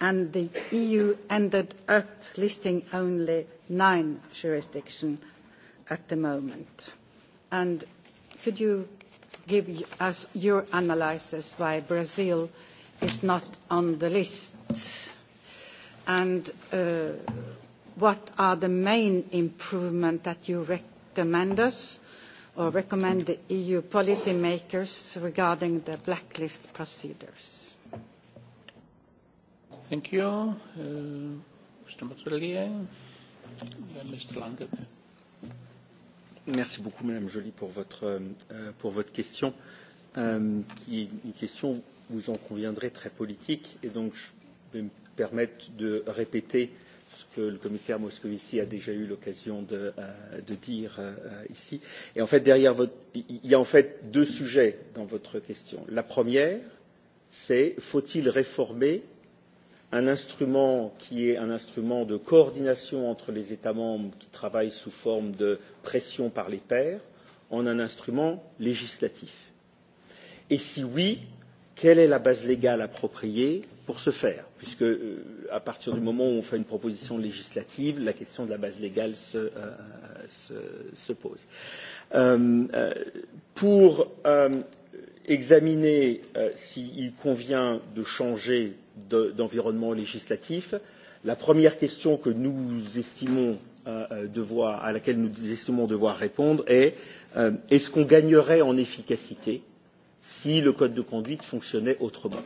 and the EU ended up listing only nine jurisdictions at the moment? And could you give us your analysis why Brazil is not on the list? And uh, what are the main improvement that you recommend us or recommend the EU policymakers regarding the blacklist procedures? Thank you. Uh, Mr. Mazzollier, Mr. Lange. Merci beaucoup, Madame Joly, pour votre, euh, pour votre question, euh, qui est une question, vous en conviendrez, très politique. Et donc, je vais me permettre de répéter euh, ce que le commissaire Moscovici a déjà eu l'occasion de, euh, de dire euh, ici. Et en fait, derrière votre, il y a en fait deux sujets dans votre question. La première, c'est faut-il réformer un instrument qui est un instrument de coordination entre les États membres qui travaillent sous forme de pression par les pairs en un instrument législatif Et si oui, quelle est la base légale appropriée pour ce faire puisque euh, à partir du moment où on fait une proposition législative, la question de la base légale se, euh, se, se pose. Euh, euh, pour euh, examiner euh, s'il convient de changer d'environnement de, législatif, la première question que nous estimons euh, euh, devoir, à laquelle nous estimons devoir répondre est euh, est-ce qu'on gagnerait en efficacité euh, si le code de conduite fonctionnait autrement.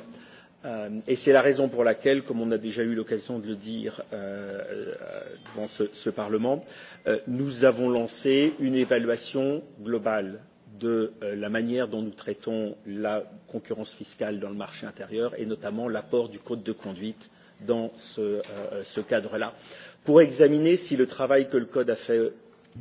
Euh, et c'est la raison pour laquelle, comme on a déjà eu l'occasion de le dire euh, euh, devant ce, ce Parlement, euh, nous avons lancé une évaluation globale de euh, la manière dont nous traitons la concurrence fiscale dans le marché intérieur et notamment l'apport du code de conduite dans ce, euh, ce cadre-là, pour examiner si le travail que le code a fait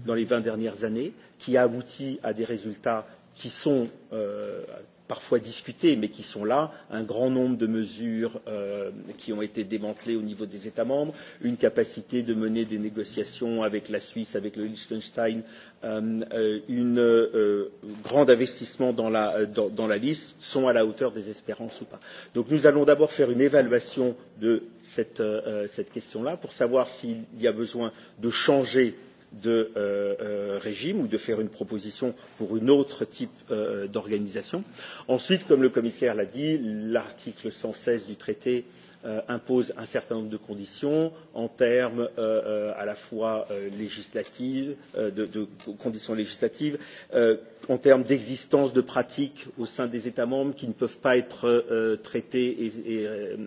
dans les 20 dernières années, qui a abouti à des résultats qui sont euh, parfois discutées, mais qui sont là, un grand nombre de mesures euh, qui ont été démantelées au niveau des États membres, une capacité de mener des négociations avec la Suisse, avec le Liechtenstein, euh, euh, un euh, grand investissement dans la, euh, dans, dans la liste, sont à la hauteur des espérances ou pas. Donc nous allons d'abord faire une évaluation de cette, euh, cette question-là pour savoir s'il y a besoin de changer euh, de euh, euh, régime ou de faire une proposition pour un autre type euh, d'organisation. Ensuite, comme le commissaire l'a dit, l'article 116 du traité euh, impose un certain nombre de conditions en termes euh, euh, à la fois euh, législatives, euh, de, de conditions législatives, euh, en termes d'existence de pratiques au sein des États membres qui ne peuvent pas être euh, traitées et, et euh,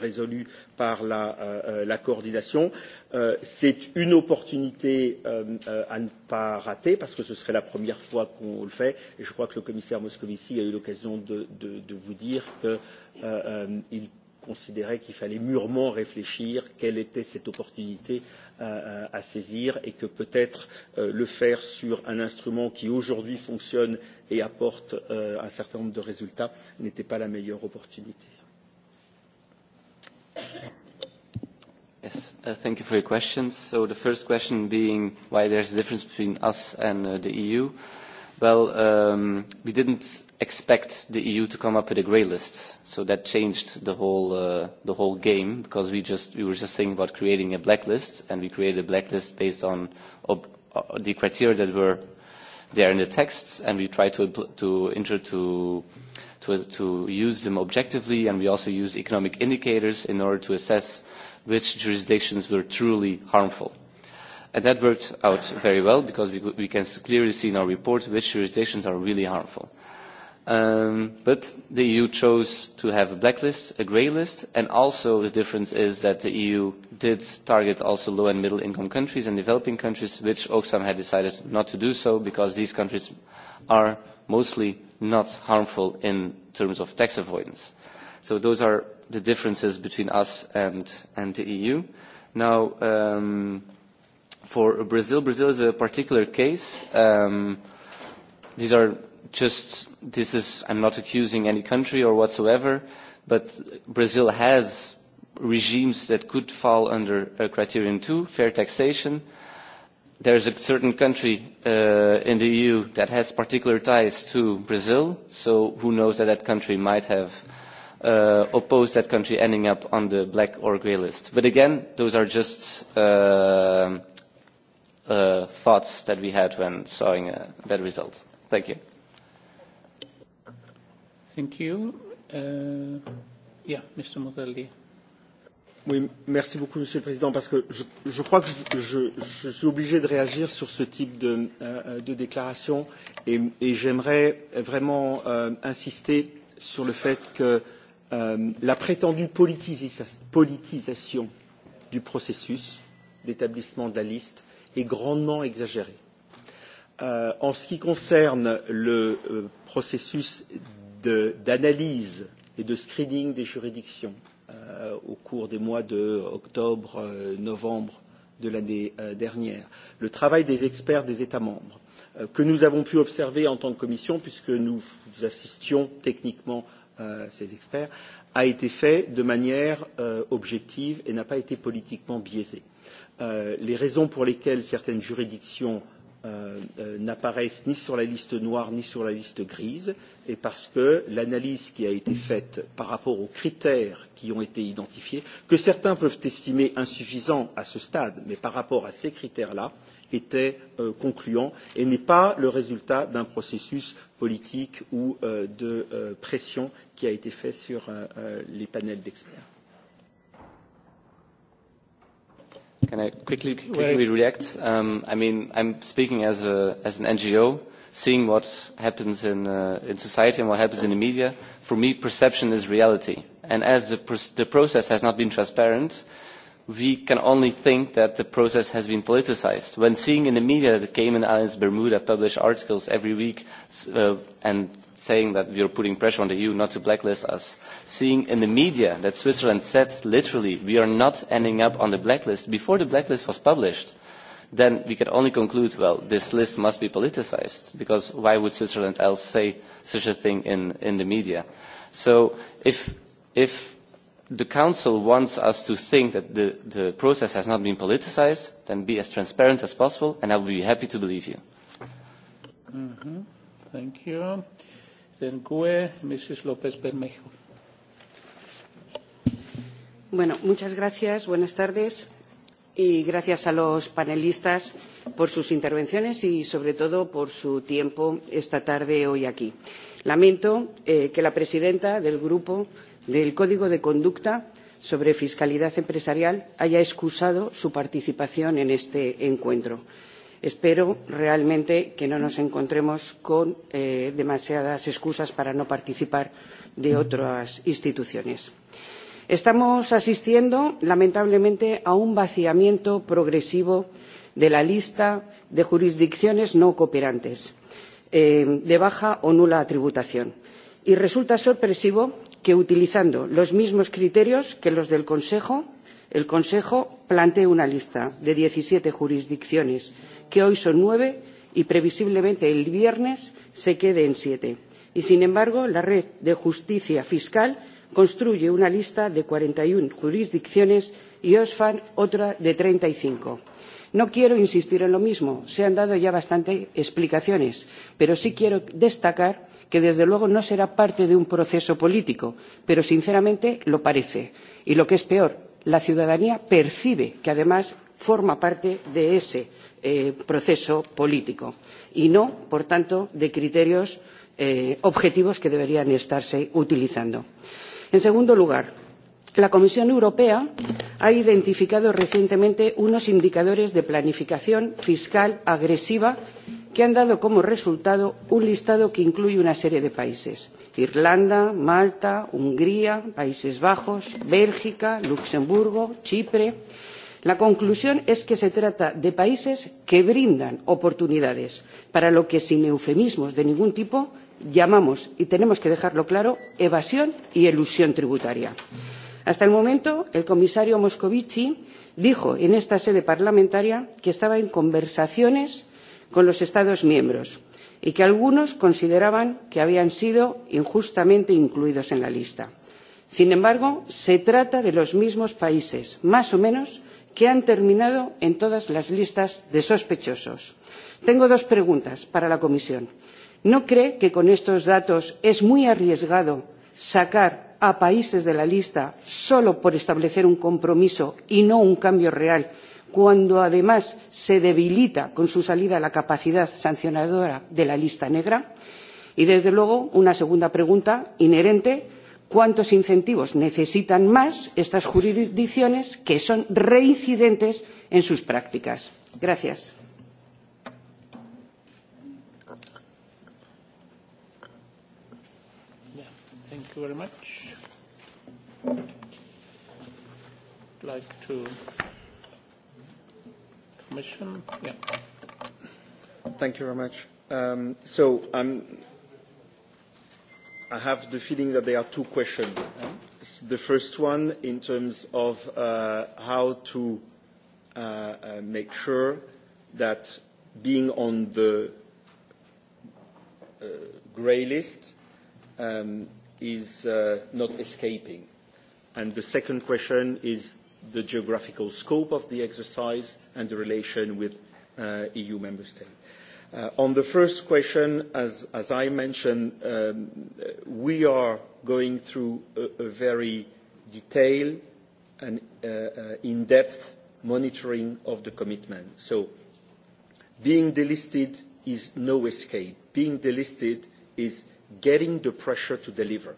résolues par la, euh, euh la coordination. Euh, Euh, c'est une opportunité euh, euh, à ne pas rater parce que ce serait la première fois qu'on le fait et je crois que le commissaire Moscovici a eu l'occasion de, de, de vous dire qu'il euh, euh, considérait qu'il fallait mûrement réfléchir quelle était cette opportunité euh, euh, à saisir et que peut-être euh, le faire sur un instrument qui aujourd'hui fonctionne et apporte euh, un certain nombre de résultats n'était pas la meilleure opportunité. Yes, uh, thank you for your questions. So the first question being why there's a difference between us and uh, the EU. Well, um, we didn't expect the EU to come up with a grey list, so that changed the whole uh, the whole game because we just we were just thinking about creating a blacklist, and we created a blacklist based on ob- uh, the criteria that were there in the texts, and we tried to to intro to to to use them objectively, and we also used economic indicators in order to assess uh, which jurisdictions were truly harmful. And that worked out very well because we, we can clearly see in our report which jurisdictions are really harmful. Um, but the EU chose to have a blacklist, a grey list, and also the difference is that the EU did target also low and middle income countries and developing countries, which Oxfam had decided not to do so because these countries are mostly not harmful in terms of tax avoidance. So those are the differences between us and, and the EU. Now, um, for Brazil, Brazil is a particular case. Um, these are just, this is, I'm not accusing any country or whatsoever, but Brazil has regimes that could fall under uh, criterion two, fair taxation. There is a certain country uh, in the EU that has particular ties to Brazil, so who knows that that country might have uh, uh, oppose that country ending up on the black or grey list. But again, those are just uh, uh, thoughts that we had when sawing uh, that result. Thank you. Thank you. Uh, yeah, Mr. Motelli. Oui, merci beaucoup, Monsieur le Président, parce que je, je crois que je, je, je suis obligé de réagir sur ce type de, euh, de déclaration et, et j'aimerais vraiment euh, insister sur le fait que euh, euh, la prétendue politisa politisation du processus d'établissement de la liste est grandement exagérée. Euh, en ce qui concerne le euh, processus d'analyse et de screening des juridictions euh, au cours des mois de octobre, euh, novembre de l'année euh, dernière, le travail des experts des États membres euh, que nous avons pu observer en tant que commission puisque nous assistions techniquement euh, ces experts, a été fait de manière euh, objective et n'a pas été politiquement biaisé. Euh, les raisons pour lesquelles certaines juridictions euh, euh, n'apparaissent ni sur la liste noire ni sur la liste grise est parce que l'analyse qui a été faite par rapport aux critères qui ont été identifiés, que certains peuvent estimer insuffisants à ce stade, mais par rapport à ces critères là, euh, était euh, concluant et n'est pas le résultat d'un processus politique ou euh, de euh, pression qui a été fait sur euh, euh les panels d'experts. Can I quickly, quickly react? Um, I mean, I'm speaking as, a, as an NGO, seeing what happens in, uh, in society and what happens in the media. For me, perception is reality. And as the, pr the process has not been transparent, uh, we can only think that the process has been politicized. When seeing in the media that the Cayman Islands, Bermuda publish articles every week uh, and saying that we are putting pressure on the EU not to blacklist us, seeing in the media that Switzerland said literally we are not ending up on the blacklist before the blacklist was published, then we can only conclude, well, this list must be politicized because why would Switzerland else say such a thing in, in the media? So if, if the Council wants us to think that the, the process has not been politicized, then be as transparent as possible, and I will be happy to believe you. Mm-hmm. Thank you. Then GUE, Mrs. López Bermejo. Bueno, muchas gracias. Buenas tardes. Y gracias a los panelistas por sus intervenciones y, sobre todo, por su tiempo esta tarde hoy aquí. Lamento eh, que la presidenta del grupo eh, del Código de Conducta sobre Fiscalidad Empresarial haya excusado su participación en este encuentro. Espero realmente que no nos encontremos con eh, demasiadas excusas para no participar de otras instituciones. Estamos asistiendo, lamentablemente, a un vaciamiento progresivo de la lista de jurisdicciones no cooperantes eh, de baja o nula tributación. Y resulta sorpresivo que utilizando los mismos criterios que los del Consejo, el Consejo plantee una lista de 17 jurisdicciones, que hoy son nueve y previsiblemente el viernes se quede en siete. Y sin embargo, la red de justicia fiscal construye una lista de 41 jurisdicciones y Oxfam otra de 35. No quiero insistir en lo mismo, se han dado ya bastantes explicaciones, pero sí quiero destacar que desde luego no será parte de un proceso político pero sinceramente lo parece y lo que es peor la ciudadanía percibe que además forma parte de ese eh, proceso político y no por tanto de criterios eh, objetivos que deberían estarse utilizando. en segundo lugar la comisión europea ha identificado recientemente unos indicadores de planificación fiscal agresiva que han dado como resultado un listado que incluye una serie de países Irlanda, Malta, Hungría, Países Bajos, Bélgica, Luxemburgo, Chipre. La conclusión es que se trata de países que brindan oportunidades para lo que, sin eufemismos de ningún tipo, llamamos y tenemos que dejarlo claro evasión y elusión tributaria. Hasta el momento, el comisario Moscovici dijo en esta sede parlamentaria que estaba en conversaciones con los Estados miembros y que algunos consideraban que habían sido injustamente incluidos en la lista. Sin embargo, se trata de los mismos países, más o menos, que han terminado en todas las listas de sospechosos. Tengo dos preguntas para la Comisión. ¿No cree que con estos datos es muy arriesgado sacar a países de la lista solo por establecer un compromiso y no un cambio real cuando además se debilita con su salida la capacidad sancionadora de la lista negra? Y desde luego, una segunda pregunta inherente cuántos incentivos necesitan más estas jurisdicciones que son reincidentes en sus prácticas. Gracias. Thank you very much. I'd like to Commission. Yeah. Thank you very much. Um, so um, I have the feeling that there are two questions. The first one in terms of uh, how to uh, uh, make sure that being on the uh, grey list um, is uh, not escaping. And the second question is the geographical scope of the exercise and the relation with uh, EU member states. Uh, on the first question, as, as I mentioned, um, we are going through a, a very detailed and uh, uh, in-depth monitoring of the commitment. So being delisted is no escape. Being delisted is getting the pressure to deliver.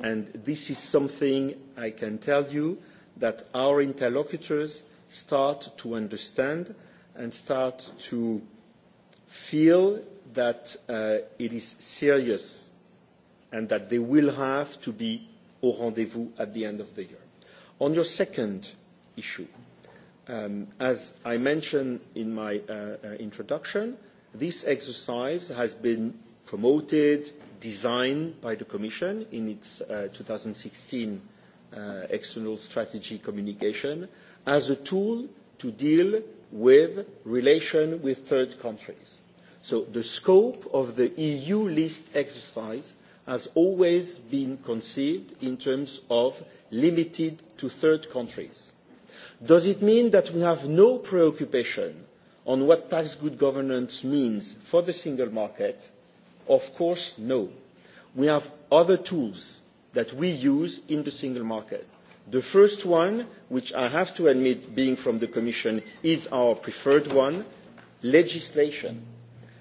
And this is something I can tell you uh, that our interlocutors start to understand and start to feel that uh, it is serious and that they will have to be au rendezvous at the end of the year. On your second issue, um, as I mentioned in my uh, uh, introduction, this exercise has been promoted, designed by the Commission in its uh, 2016 uh, external strategy communication as a tool to deal with relation with third countries. So the scope of the EU list exercise has always been conceived in terms of limited to third countries. Does it mean that we have no preoccupation on what tax good governance means for the single market? Of course, no. We have other tools that we use in the single market. The first one, which I have to admit, being from the Commission, is our preferred one, legislation.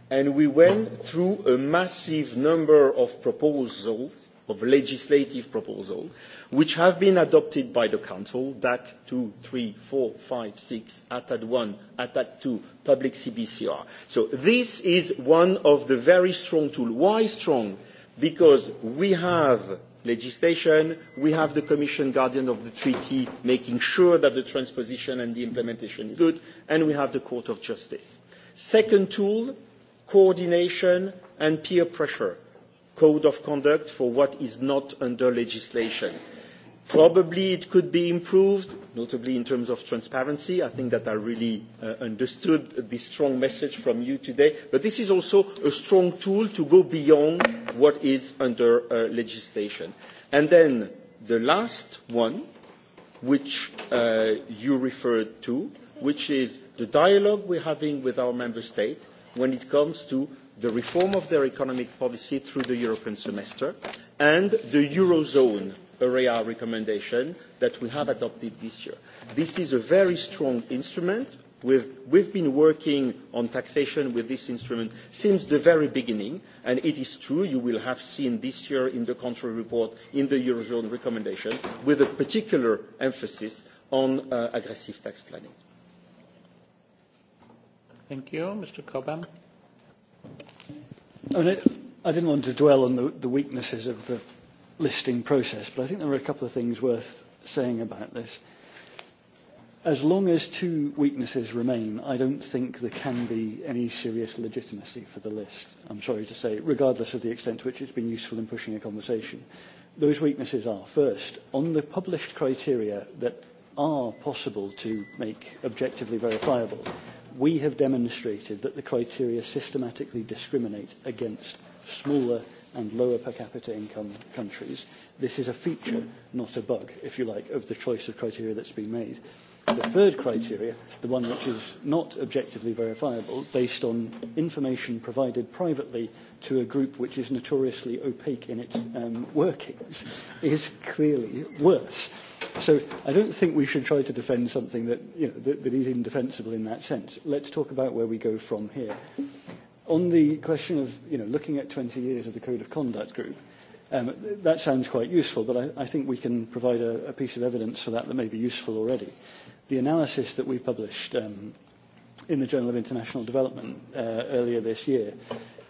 And we went through a massive number of proposals, of legislative proposals, which have been adopted by the Council, DAC 2, 3, 4, 5, 6, ATAD 1, ATAD 2, public CBCR. So this is one of the very strong tools. Why strong? Because we have legislation. We have the Commission guardian of the treaty making sure that the transposition and the implementation is good, and we have the Court of Justice. Second tool, coordination and peer pressure, code of conduct for what is not under legislation. Probably it could be improved, notably in terms of transparency. I think that I really uh, understood the strong message from you today. But this is also a strong tool to go beyond what is under uh, legislation. And then the last one, which uh, you referred to, which is the dialogue we're having with our member state when it comes to the reform of their economic policy through the European semester and the Eurozone area recommendation that we have adopted this year. This is a very strong instrument. We've, we've been working on taxation with this instrument since the very beginning, and it is true, you will have seen this year in the country report, in the Eurozone recommendation, with a particular emphasis on uh, aggressive tax planning. Thank you. Mr. Cobham? I, mean, I didn't want to dwell on the, the weaknesses of the listing process, but I think there are a couple of things worth saying about this. As long as two weaknesses remain, I don't think there can be any serious legitimacy for the list, I'm sorry to say, regardless of the extent to which it's been useful in pushing a conversation. Those weaknesses are, first, on the published criteria that are possible to make objectively verifiable, we have demonstrated that the criteria systematically discriminate against smaller and lower per capita income countries. This is a feature, not a bug, if you like, of the choice of criteria that's been made. The third criteria, the one which is not objectively verifiable, based on information provided privately to a group which is notoriously opaque in its um, workings, (laughs) is clearly worse. So I don't think we should try to defend something that, you know, that, that is indefensible in that sense. Let's talk about where we go from here. On the question of you know, looking at 20 years of the Code of Conduct Group, um, that sounds quite useful, but I, I think we can provide a, a piece of evidence for that that may be useful already. The analysis that we published um, in the Journal of International Development uh, earlier this year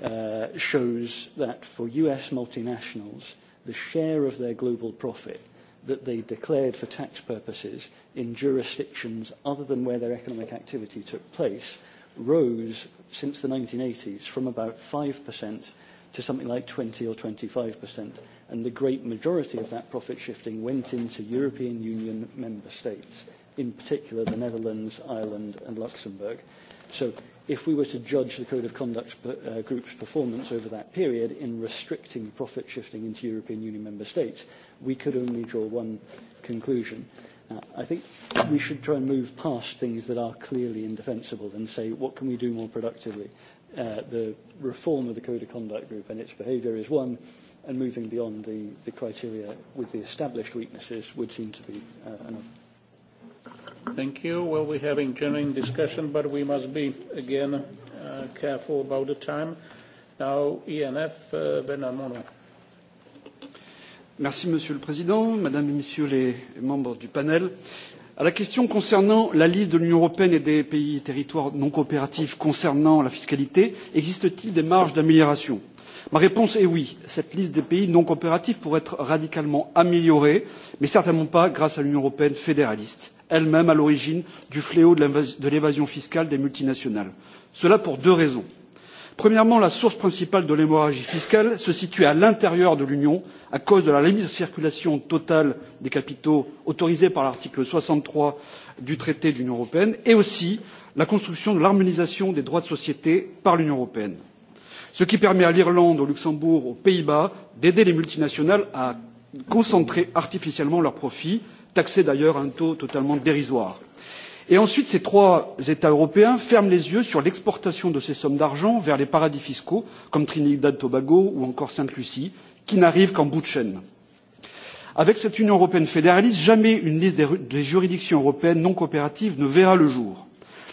uh, shows that for US multinationals, the share of their global profit that they declared for tax purposes in jurisdictions other than where their economic activity took place rose since the 1980s from about 5% to something like 20 or 25%, and the great majority of that profit shifting went into European Union member states, in particular the Netherlands, Ireland, and Luxembourg. So if we were to judge the Code of Conduct uh, Group's performance over that period in restricting profit shifting into European Union member states, we could only draw one conclusion. Uh, I think we should try and move past things that are clearly indefensible and say, what can we do more productively? Uh, the reform of the Code of Conduct Group and its behaviour is one, and moving beyond the, the criteria with the established weaknesses would seem to be uh, another. Thank you. Well, we're having genuine discussion, but we must be, again, uh, careful about the time. Now, ENF, uh, Bernard Monod. Merci, Monsieur le Président, Madame et Messieurs les membres du panel. À la question concernant la liste de l'Union européenne et des pays et territoires non coopératifs concernant la fiscalité, existe-t-il des marges d'amélioration Ma réponse est oui. Cette liste des pays non coopératifs pourrait être radicalement améliorée, mais certainement pas grâce à l'Union européenne fédéraliste, elle-même à l'origine du fléau de l'évasion fiscale des multinationales. Cela pour deux raisons premièrement la source principale de l'hémorragie fiscale se situe à l'intérieur de l'union à cause de la libre circulation totale des capitaux autorisée par l'article soixante trois du traité sur l'union européenne et aussi la construction de l'harmonisation des droits de société par l'union européenne ce qui permet à l'irlande au luxembourg aux pays bas d'aider les multinationales à concentrer artificiellement leurs profits taxés d'ailleurs à un taux totalement dérisoire. Et ensuite, ces trois États européens ferment les yeux sur l'exportation de ces sommes d'argent vers les paradis fiscaux, comme Trinidad Tobago ou encore Sainte Lucie, qui n'arrivent qu'en bout de chaîne. Avec cette Union européenne fédéraliste, jamais une liste des, des juridictions européennes non coopératives ne verra le jour.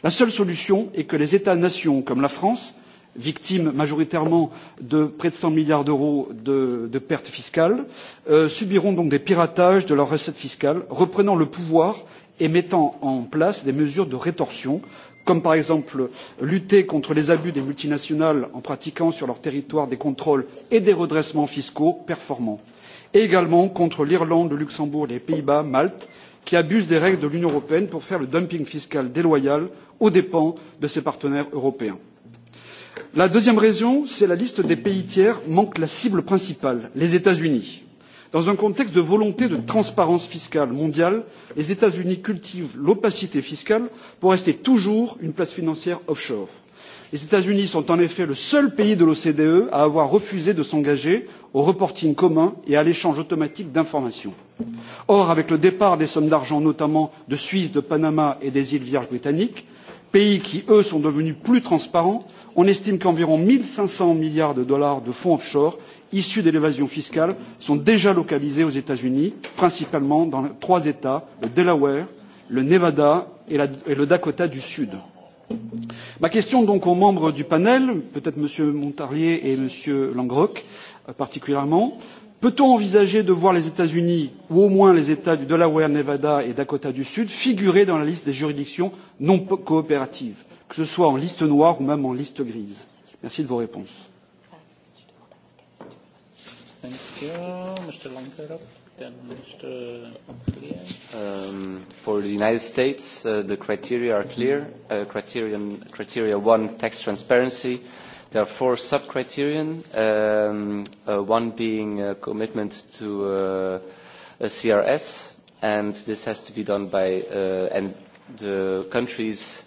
La seule solution est que les États nations comme la France, victime majoritairement de près de 100 milliards d'euros de, de pertes fiscales, euh, subiront donc des piratages de leurs recettes fiscales, reprenant le pouvoir et mettant en place des mesures de rétorsion comme par exemple lutter contre les abus des multinationales en pratiquant sur leur territoire des contrôles et des redressements fiscaux performants et également contre l'irlande le luxembourg les pays bas malte qui abusent des règles de l'union européenne pour faire le dumping fiscal déloyal aux dépens de ses partenaires européens. la deuxième raison c'est que la liste des pays tiers manque la cible principale les états unis dans un contexte de volonté de transparence fiscale mondiale les états unis cultivent l'opacité fiscale pour rester toujours une place financière offshore. les états unis sont en effet le seul pays de l'ocde à avoir refusé de s'engager au reporting commun et à l'échange automatique d'informations. or avec le départ des sommes d'argent notamment de suisse de panama et des îles vierges britanniques pays qui eux sont devenus plus transparents on estime qu'environ un cinq cents milliards de dollars de fonds offshore issus de l'évasion fiscale sont déjà localisés aux États Unis, principalement dans trois États le Delaware, le Nevada et, la, et le Dakota du Sud. Ma question donc aux membres du panel, peut-être Monsieur Montarlier et Monsieur Langrock euh, particulièrement, peut-on envisager de voir les États-Unis ou au moins les États du Delaware, Nevada et Dakota du Sud figurer dans la liste des juridictions non coopératives, que ce soit en liste noire ou même en liste grise Merci de vos réponses. Thank you, Mr. Lankerop. Then Mr. Um, for the United States, uh, the criteria are clear. Uh, criterion, criteria one, tax transparency. There are four sub-criterion, um, uh, one being a commitment to uh, a CRS, and this has to be done by, uh, and the countries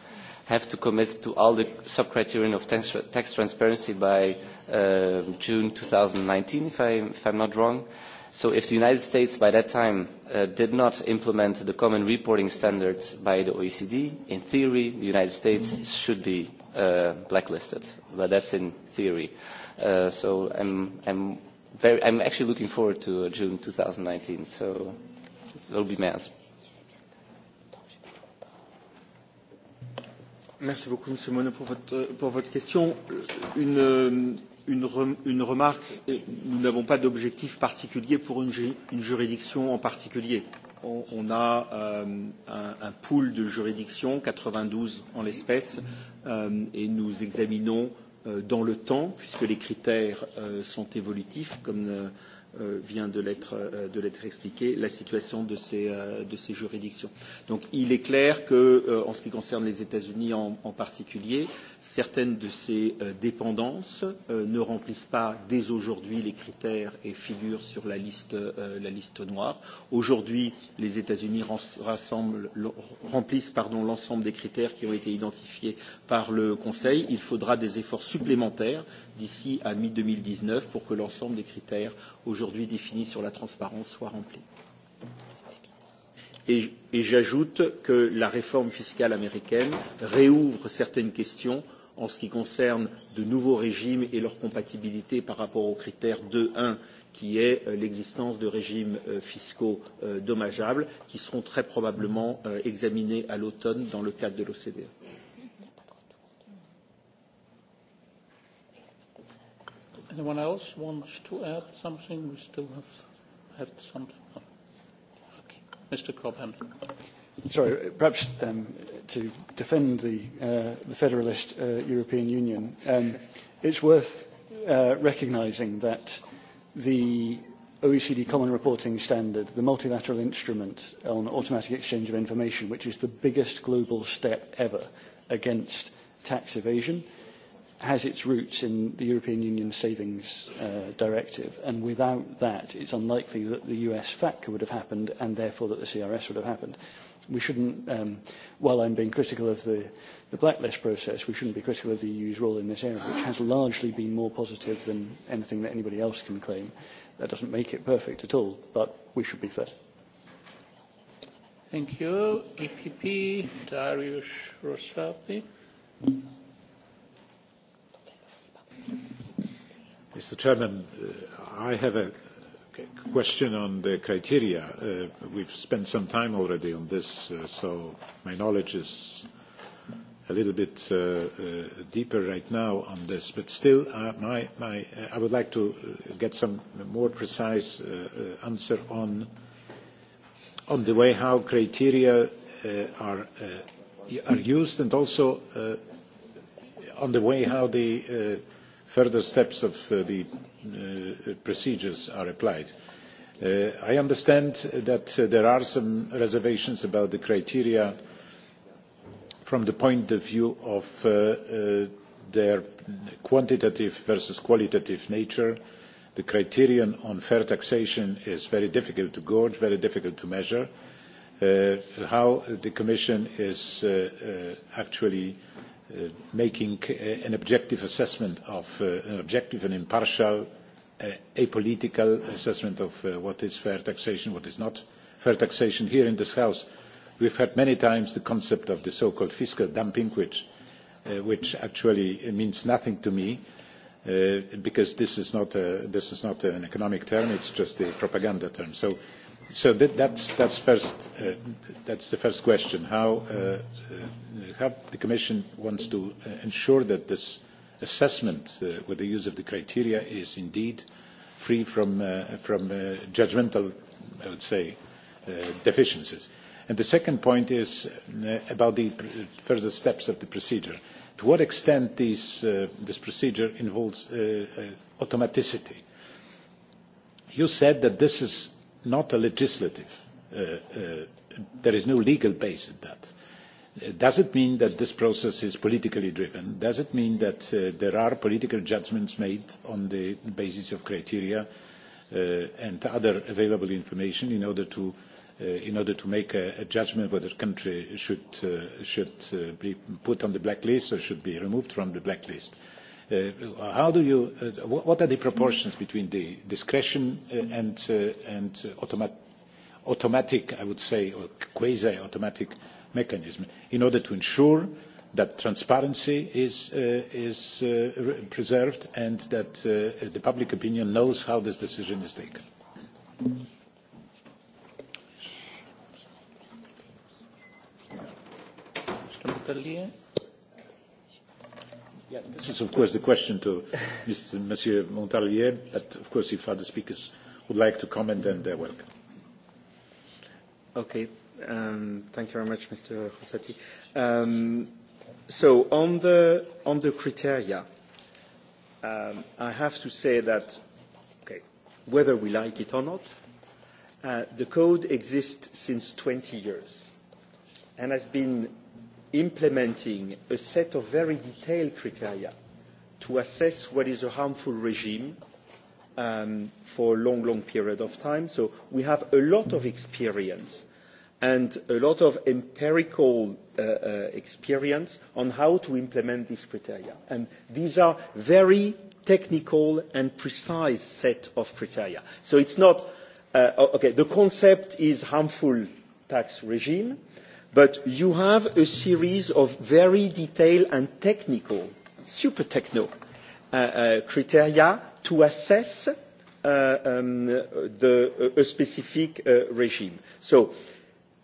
have to commit to all the sub-criterion of tax, tax transparency by uh, uh, June 2019, if, I, if I'm not wrong. So if the United States by that time uh, did not implement the common reporting standards by the OECD, in theory, the United States should be uh, blacklisted, but that's in theory. Uh, so I'm, I'm, very, I'm actually looking forward to uh, June 2019, so that'll be my answer. Merci beaucoup, Monsieur Monod, pour votre, pour votre question. Une, euh, une, rem, une remarque. Nous n'avons pas d'objectif particulier pour une, une juridiction en particulier. On, on a euh, un, un pool de juridictions, 92 en l'espèce, euh, et nous examinons euh, dans le temps, puisque les critères euh, sont évolutifs, comme euh, euh, vient de l'être euh, de l'être expliqué, la situation de ces euh, de ces juridictions. Donc, il est clair que, euh, en ce qui concerne les États-Unis en, en particulier, euh, certaines de ces euh, dépendances euh, ne remplissent pas dès aujourd'hui les critères et figurent sur la liste, euh, la liste noire. Aujourd'hui, les États-Unis remplissent l'ensemble des critères qui ont été identifiés par le Conseil. Il faudra des efforts supplémentaires d'ici à mi-2019 pour que l'ensemble des critères aujourd'hui définis sur la transparence soient remplis. Et, et j'ajoute que la réforme fiscale américaine réouvre certaines questions en ce qui concerne de nouveaux régimes et leur compatibilité par rapport au critère 2.1 qui est euh, l'existence de régimes euh, fiscaux euh, dommageables qui seront très probablement examinés à l'automne dans le cadre de l'OCDE. Anyone else wants to add something? We still have, have something. Okay. Mr. Cobham sorry, perhaps um, to defend the, uh, the Federalist uh, European Union, um, it's worth uh, recognising that the OECD Common Reporting Standard, the multilateral instrument on automatic exchange of information, which is the biggest global step ever against tax evasion, has its roots in the European Union Savings uh, Directive. And without that, it's unlikely that the US FATCA would have happened and therefore that the CRS would have happened. Uh, we shouldn't, um, while I'm being critical of the, the blacklist process, we shouldn't be critical of the EU's role in this area, which has largely been more positive than anything that anybody else can claim. That doesn't make it perfect at all, but we should be fair. Thank you. EPP, Darius Rosati. Mr. Chairman, uh, I have a question on the criteria. Uh, we've spent some time already on this, uh, so my knowledge is a little bit uh, uh, deeper right now on this. But still, uh, my, my, uh, I would like to uh, get some more precise uh, uh, answer on, on the way how criteria uh, are, uh, are used and also uh, on the way how the uh, further steps of uh, the uh, procedures are applied. Uh, I understand that uh, there are some reservations about the criteria from the point of view of uh, uh, their quantitative versus qualitative nature. The criterion on fair taxation is very difficult to gauge, very difficult to measure. Uh, how the Commission is uh, uh, actually uh, Uh, making uh, an objective assessment of uh, an objective and impartial apolitical assessment of what is fair taxation, what is not fair taxation. Here in this House, we've heard many times the concept of the so-called fiscal dumping, which, uh, which actually means nothing to me, uh, because this is, not a, this is not an economic term, it's just a propaganda term. So So that, that's, that's, first, uh, that's the first question, how, uh, uh how the Commission wants to uh, ensure that this assessment uh, with the use of the criteria is indeed free from, uh, from judgmental, I would say, deficiencies. And the second point is about the further steps of the procedure. To what extent these, this procedure involves automaticity? You said that this is not a legislative. Uh, uh, there is no legal base in that. Uh, does it mean that this process is politically driven? Does it mean that uh, there are political judgments made on the basis of criteria uh, and other available information in order to uh, in order to make a, a judgment whether a country should uh, should uh, be put on the blacklist or should be removed from the blacklist? Uh, how do you, uh, what are the proportions between the discretion uh, and, uh, and automat automatic, I would say, or quasi-automatic mechanism in order to ensure that transparency is, uh, is uh, preserved and that uh, the public opinion knows how this decision is taken? Mr. Montpellier? Yeah, this is, of course, the question to Mr. Monsieur Montalier, but of course, if other speakers would like to comment, then they're welcome. Okay. Um, thank you very much, Mr. Fossati. Um, so on the, on the criteria, um, I have to say that, okay, whether we like it or not, uh, the code exists since 20 years and has been implementing a set of very detailed criteria to assess what is a harmful regime um, for a long, long period of time. So we have a lot of experience and a lot of empirical uh, uh, experience on how to implement these criteria. And these are very technical and precise set of criteria. So it's not, uh, okay, the concept is harmful tax regime. Uh, But you have a series of very detailed and technical, super techno, uh, uh, criteria to assess uh, um, the, uh, a specific uh, regime. So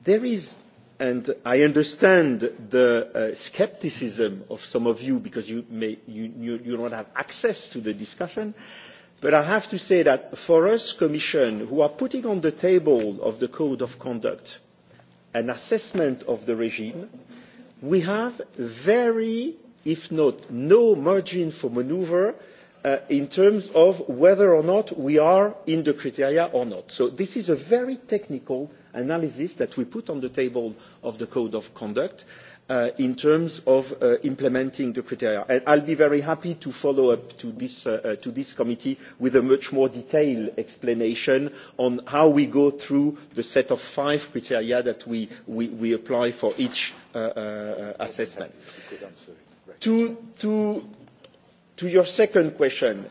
there is and I understand the uh, skepticism of some of you because you, may, you, you, you don't have access to the discussion. But I have to say that for us, Commission, who are putting on the table of the Code of Conduct an assessment of the regime, we have very, if not no margin for maneuver uh, in terms of whether or not we are in the criteria or not. So this is a very technical analysis that we put on the table of the code of conduct. Uh, uh, in terms of uh, implementing the criteria. And I'll be very happy to follow up to this, uh, uh, to this committee with a much more detailed explanation on how we go through the set of five criteria that we, we, we apply for each uh, uh, assessment. Good answer. Right. To, to, to your second question,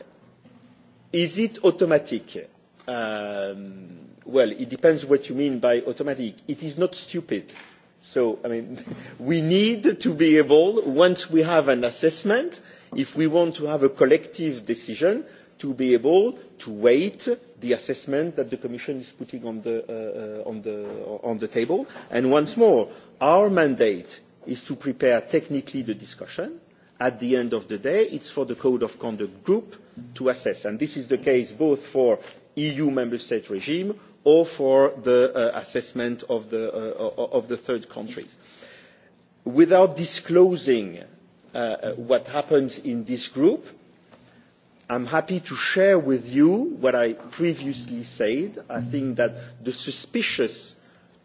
is it automatic? Um, well, it depends what you mean by automatic. It is not stupid. Uh, So, I mean, (laughs) we need to be able, once we have an assessment, if we want to have a collective decision, to be able to weight the assessment that the Commission is putting on the, uh, uh, on the, on the table. And once more, our mandate is to prepare technically the discussion. At the end of the day, it's for the Code of Conduct Group to assess. And this is the case both for EU member state regime or for the uh, assessment of the, uh, of the third countries. Without disclosing uh, uh, what happens in this group, I'm happy to share with you what I previously said. I think that the suspicious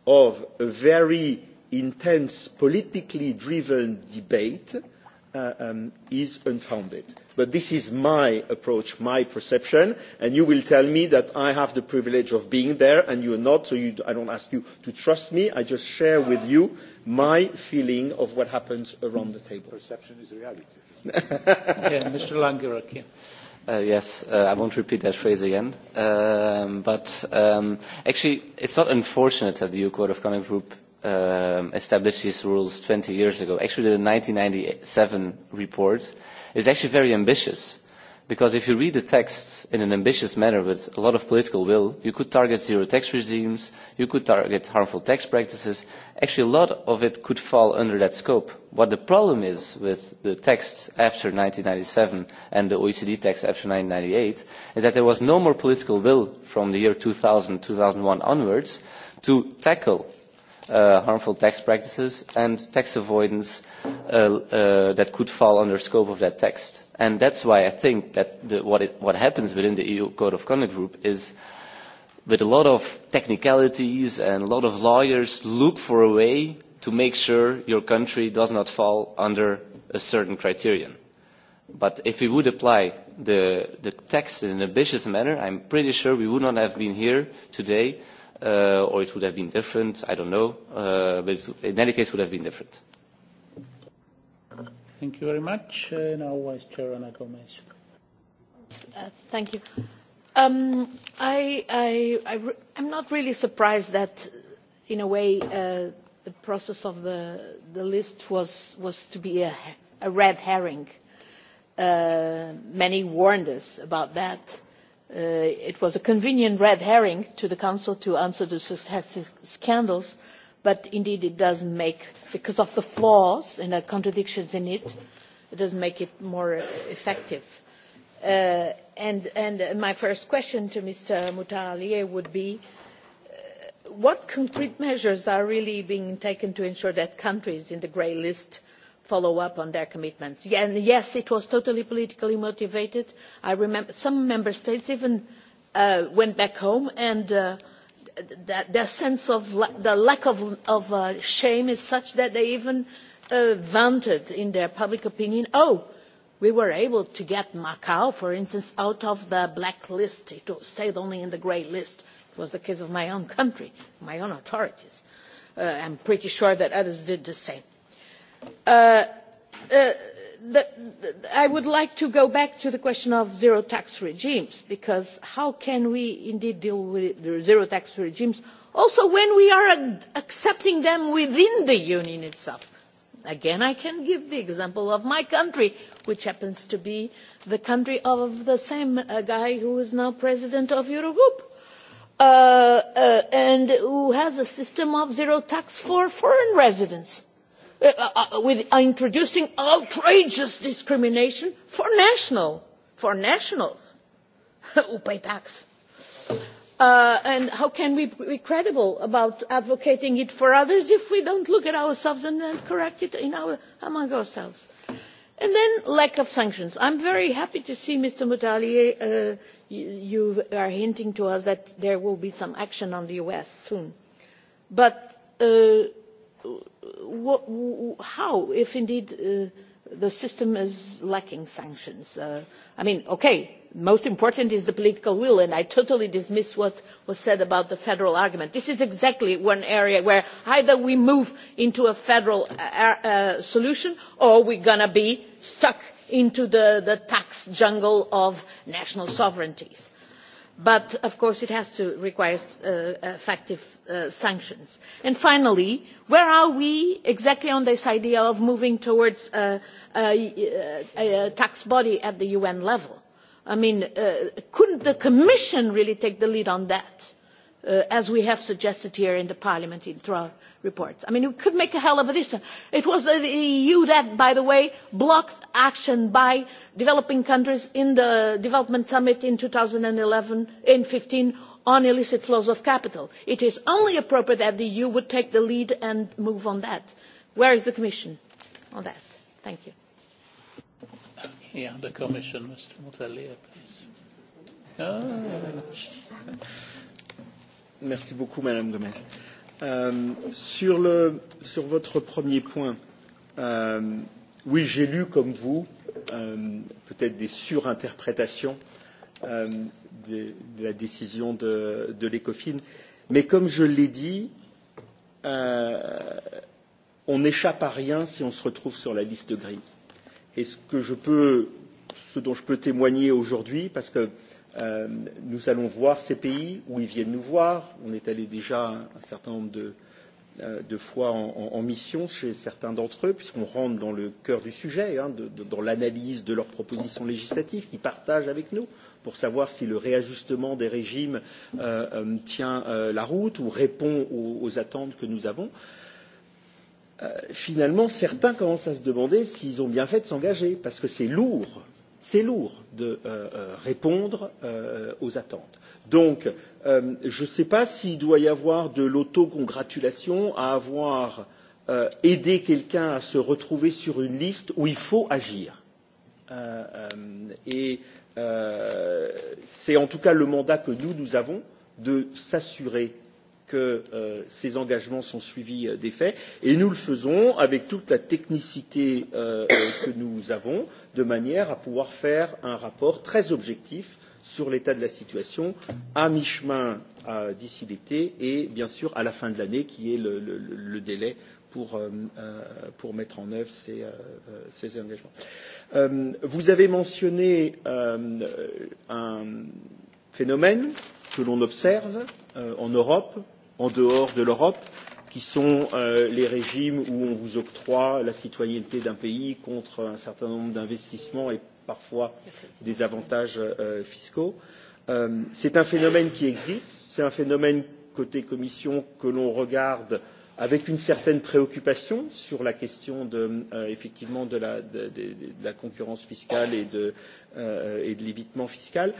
of a very intense politically driven debate uh, um, is unfounded but this is my approach, my perception, and you will tell me that I have the privilege of being there and you're not, so you, I don't ask you to trust me, I just share with you my feeling of what happens around the table. Perception is reality. (laughs) yeah, Mr. Langerak, yeah. Uh, yes, uh, I won't repeat that phrase again. Um, but um, actually, it's not unfortunate that the EU Code of Conduct Group um, established these rules 20 years ago. Actually, the 1997 report uh, is actually very ambitious because if you read the text in an ambitious manner with a lot of political will, you could target zero tax regimes, you could target harmful tax practices. Actually, a lot of it could fall under that scope. What the problem is with the text after 1997 and the OECD text after 1998 is that there was no more political will from the year 2000, 2001 onwards to tackle uh, harmful tax practices and tax avoidance uh, uh, that could fall under scope of that text. And that's why I think that the, what, it, what happens within the EU Code of Conduct Group is with a lot of technicalities and a lot of lawyers look for a way to make sure your country does not fall under a certain criterion. But if we would apply the, the text in an ambitious manner, I'm pretty sure we would not have been here today uh, or it would have been different. I don't know, uh, but it, in any case, would have been different. Thank you very much. Uh, now, Vice Chair Ana Gomez. Uh, thank you. Um, I, I, I re- I'm not really surprised that, in a way, uh, the process of the, the list was, was to be a, a red herring. Uh, many warned us about that uh, it was a convenient red herring to the council to answer the successive scandals but indeed it doesn't make because of the flaws and the contradictions in it it doesn't make it more effective uh, and and my first question to mr mutaalie would be uh, what concrete measures are really being taken to ensure that countries in the grey list uh, follow up on their commitments. Yeah, and yes, it was totally politically motivated. I remember some member states even uh, went back home and uh, that their sense of la the lack of, of uh, shame is such that they even uh, vaunted in their public opinion, oh, we were able to get Macau, for instance, out of the black list. It stayed only in the grey list. It was the case of my own country, my own authorities. Uh, I'm pretty sure that others did the same. Uh, uh, the, the, I would like to go back to the question of zero tax regimes, because how can we indeed deal with zero tax regimes, also when we are accepting them within the Union itself? Again, I can give the example of my country, which happens to be the country of the same uh, guy who is now president of Eurogroup. Uh, uh, and who has a system of zero tax for foreign residents Uh, uh, uh, with introducing outrageous discrimination for national for nationals (laughs) who pay tax. Uh, and how can we be credible about advocating it for others if we don't look at ourselves and, and correct it in our, among ourselves? And then lack of sanctions. I'm very happy to see, Mr. Mutalier, uh, you, you are hinting to us that there will be some action on the US soon. But uh, what, how, if indeed uh, the system is lacking sanctions? Uh, I mean, okay, most important is the political will, and I totally dismiss what was said about the federal argument. This is exactly one area where either we move into a federal uh, uh, solution or we're going to be stuck into the, the tax jungle of national sovereignties but of course it has to require uh, effective uh, sanctions. And finally where are we exactly on this idea of moving towards a, a, a, a tax body at the un level? i mean uh, couldn't the commission really take the lead on that? uh, as we have suggested here in the parliament in, through our reports. I mean, we could make a hell of a distance. It was the EU e that, by the way, blocked action by developing countries in the development summit in 2011 and 15 on illicit flows of capital. It is only appropriate that the EU would take the lead and move on that. Where is the Commission on that? Thank you. Yeah, the Commission, Mr. Montalier, please. Oh. Merci beaucoup, Madame Gomez. Euh, sur, le, sur votre premier point, euh, oui, j'ai lu comme vous euh, peut-être des surinterprétations euh, de, de la décision de, de l'ECOFIN, mais comme je l'ai dit, euh, on n'échappe à rien si on se retrouve sur la liste grise. Et ce que je peux, ce dont je peux témoigner aujourd'hui, parce que euh, Euh, nous allons voir ces pays où ils viennent nous voir. On est allé déjà un certain nombre de, euh, de fois en, en, en mission chez certains d'entre eux, puisqu'on rentre dans le cœur du sujet, hein, de, de, dans l'analyse de leurs propositions législatives qu'ils partagent avec nous pour savoir si le réajustement des régimes euh, euh, tient euh, la route ou répond aux, aux attentes que nous avons. Euh, finalement, certains commencent à se demander s'ils ont bien fait de s'engager, parce que c'est lourd c'est lourd de euh, euh répondre euh, euh, aux attentes. Donc, euh, je ne sais pas s'il doit y avoir de l'autocongratulation à avoir euh, aidé quelqu'un à se retrouver sur une liste où il faut agir. Euh, euh, et euh, c'est en tout cas le mandat que nous, nous avons de s'assurer que euh, ces engagements sont suivis euh, des faits et nous le faisons avec toute la technicité euh, euh, que nous avons de manière à pouvoir faire un rapport très objectif sur l'état de la situation à mi chemin euh, d'ici l'été et bien sûr à la fin de l'année qui est le, le, le délai pour, euh, euh pour mettre en œuvre ces, euh, ces engagements. Euh, vous avez mentionné euh, un phénomène que l'on observe euh, en Europe en dehors de l'Europe, qui sont euh, les régimes où on vous octroie la citoyenneté d'un pays contre un certain nombre d'investissements et parfois des avantages euh, fiscaux. Euh, c'est un phénomène qui existe, c'est un phénomène côté Commission que l'on regarde avec une certaine préoccupation sur la question de, euh, effectivement de la, de, de, de la concurrence fiscale et de, euh, et de l'évitement fiscal.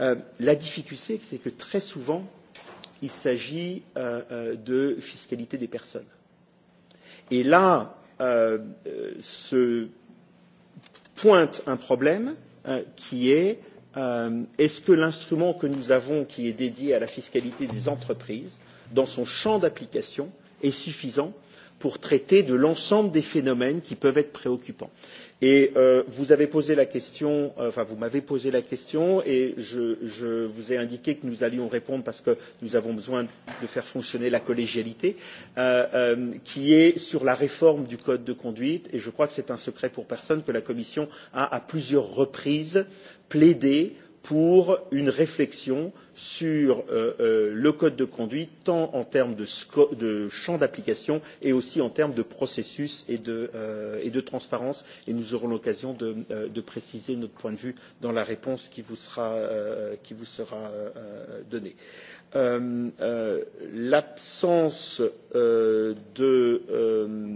Euh, la difficulté, c'est que très souvent, euh, il s'agit euh, euh, de fiscalité des personnes. Et là, euh, se pointe un problème euh, qui est euh, est-ce que l'instrument que nous avons, qui est dédié à la fiscalité des entreprises, dans son champ d'application, est suffisant pour traiter de l'ensemble des phénomènes qui peuvent être préoccupants. Et euh, vous avez posé la question, euh, enfin vous m'avez posé la question et je, je vous ai indiqué que nous allions répondre parce que nous avons besoin de faire fonctionner la collégialité, euh, euh, qui est sur la réforme du code de conduite. Et je crois que c'est un secret pour personne que la Commission a à plusieurs reprises plaidé pour une réflexion euh, sur euh, euh, le code de conduite, tant en termes de, de champ d'application et aussi en termes de processus et de, euh, et de transparence. Et nous aurons l'occasion de, euh, de préciser notre point de vue dans la réponse qui vous sera, euh, qui vous sera euh, donnée. Euh, euh, L'absence euh, de euh,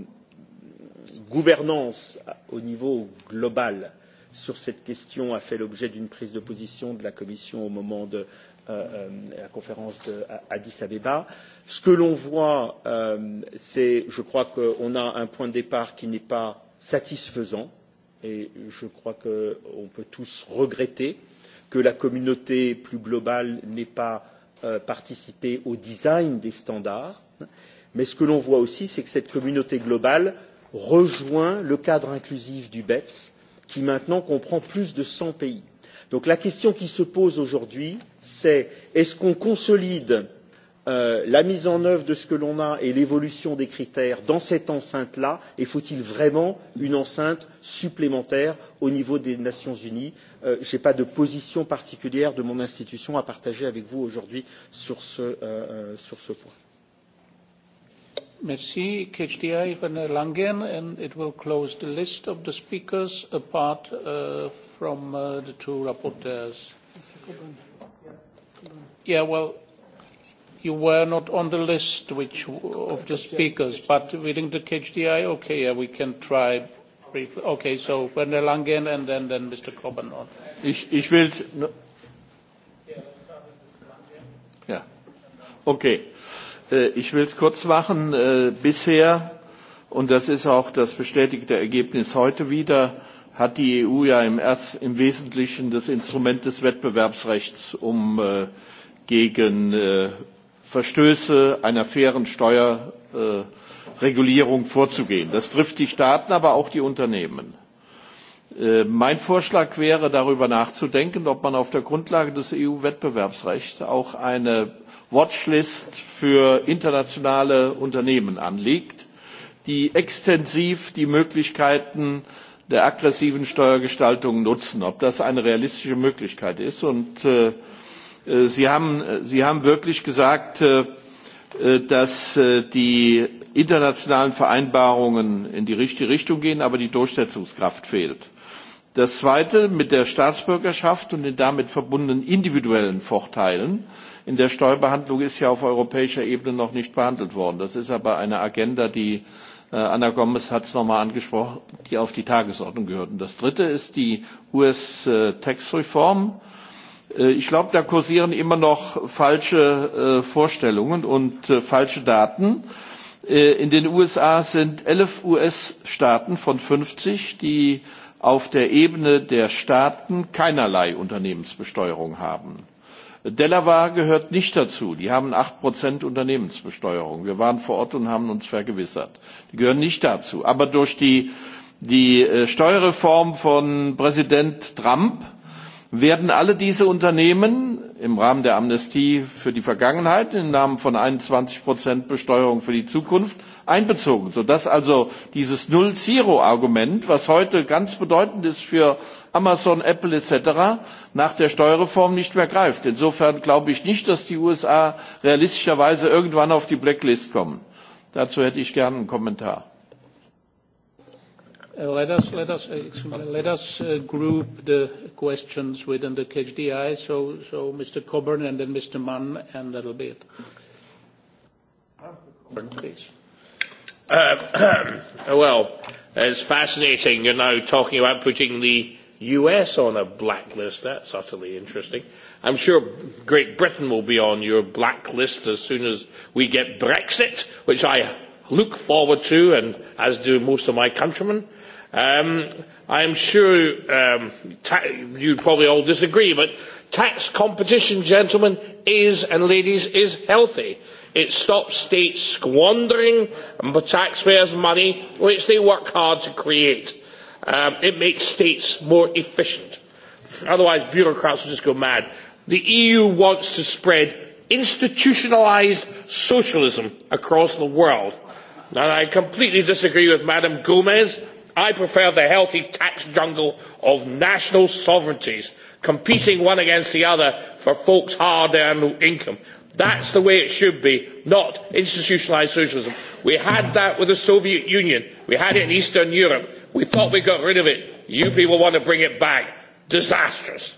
gouvernance au niveau global euh, sur cette question a fait l'objet d'une prise de position de la Commission au moment de Euh, euh, la conférence de Addis Abeba. Ce que l'on voit, euh, c'est, je crois qu'on a un point de départ qui n'est pas satisfaisant, et je crois qu'on peut tous regretter que la communauté plus globale n'ait pas euh, participé au design des standards. Mais ce que l'on voit aussi, c'est que cette communauté globale rejoint le cadre inclusif du BEPS, qui maintenant comprend plus de 100 pays Donc la question qui se pose aujourd'hui, c'est est-ce qu'on consolide euh, la mise en œuvre de ce que l'on a et l'évolution des critères dans cette enceinte-là et faut-il vraiment une enceinte supplémentaire au niveau des Nations Unies euh, Je n'ai pas de position particulière de mon institution à partager avec vous aujourd'hui sur, ce, euh, euh sur ce point. Merci. KHDI van Langen, and it will close the list of the speakers apart uh, from uh, the two rapporteurs. Yeah, well, you were not on the list which of the speakers, but within the KHDI, okay, yeah, we can try briefly. Okay, so van der Langen and then, then Mr. Cobban on. Ich, ich will's... No. Ja. Okay. Äh, ich will es kurz machen. Äh, bisher, und das ist auch das bestätigte Ergebnis heute wieder, hat die EU ja im, Erst, im Wesentlichen das Instrument des Wettbewerbsrechts, um äh, gegen äh, Verstöße einer fairen Steuerregulierung äh, vorzugehen. Das trifft die Staaten, aber auch die Unternehmen. Äh, mein Vorschlag wäre, darüber nachzudenken, ob man auf der Grundlage des EU-Wettbewerbsrechts auch eine Watchlist für internationale Unternehmen anlegt, die extensiv die Möglichkeiten der aggressiven Steuergestaltung nutzen, ob das eine realistische Möglichkeit ist. Und äh, äh Sie, haben, Sie haben wirklich gesagt, äh, äh, dass äh, die internationalen Vereinbarungen in die richtige Richtung gehen, aber die Durchsetzungskraft fehlt. Das Zweite mit der Staatsbürgerschaft und den damit verbundenen individuellen Vorteilen in der Steuerbehandlung ist ja auf europäischer Ebene noch nicht behandelt worden. Das ist aber eine Agenda, die äh, Anna Gomez hat es nochmal angesprochen, die auf die Tagesordnung gehört. Und das Dritte ist die US-Tax-Reform. Äh, äh, ich glaube, da kursieren immer noch falsche äh, Vorstellungen und äh, falsche Daten. Äh, in den USA sind elf US-Staaten von 50, die auf der Ebene der Staaten keinerlei Unternehmensbesteuerung haben Delaware gehört nicht dazu. Die haben 8% Unternehmensbesteuerung. Wir waren vor Ort und haben uns vergewissert. Die gehören nicht dazu. Aber durch die, die äh, Steuerreform von Präsident Trump werden alle diese Unternehmen im Rahmen der Amnestie für die Vergangenheit im Namen von 21% Besteuerung für die Zukunft einbezogen sodass also dieses null zero argument was heute ganz bedeutend ist für amazon apple etc. nach der steuerreform nicht mehr greift. insofern glaube ich nicht dass die usa realistischerweise irgendwann auf die blacklist kommen. dazu hätte ich gern einen kommentar. Uh, let us let us uh, let us uh, group the questions within the catch the eye. So so Mr. Coburn and then Mr. Mann, and that'll be it. Coburn, please. Uh, (clears throat) well, it's fascinating. You're now talking about putting the US on a blacklist. That's utterly interesting. I'm sure Great Britain will be on your blacklist as soon as we get Brexit, which I look forward to, and as do most of my countrymen. Um, I'm sure um, ta- you probably all disagree, but tax competition, gentlemen, is and ladies, is healthy It stops states squandering taxpayers' money, which they work hard to create. Um, it makes states more efficient. Otherwise, bureaucrats will just go mad. The EU wants to spread institutionalised socialism across the world. And I completely disagree with Madam Gomez. I prefer the healthy tax jungle of national sovereignties, competing one against the other for folks' hard earned income. That's the way it should be, not institutionalised socialism. We had that with the Soviet Union. We had it in Eastern Europe. We thought we got rid of it. You people want to bring it back. Disastrous.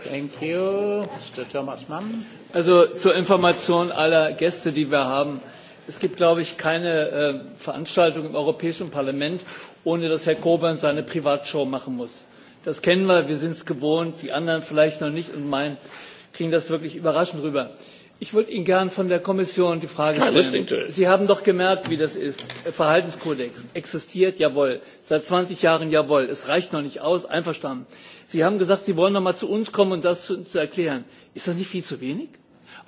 Thank you. Mr. Thomas Mann. Also zur Information aller Gäste, die wir haben. Es gibt, glaube ich, keine äh, Veranstaltung im Europäischen Parlament, ohne dass Herr Coburn seine Privatshow machen muss. Das kennen wir, wir sind es gewohnt, die anderen vielleicht noch nicht. Und mein klingen das wirklich überraschend rüber. Ich wollte Ihnen gern von der Kommission die Frage stellen. Sie haben doch gemerkt, wie das ist. Verhaltenskodex existiert, jawohl. Seit 20 Jahren, jawohl. Es reicht noch nicht aus, einverstanden. Sie haben gesagt, Sie wollen noch mal zu uns kommen, um das zu, zu erklären. Ist das nicht viel zu wenig?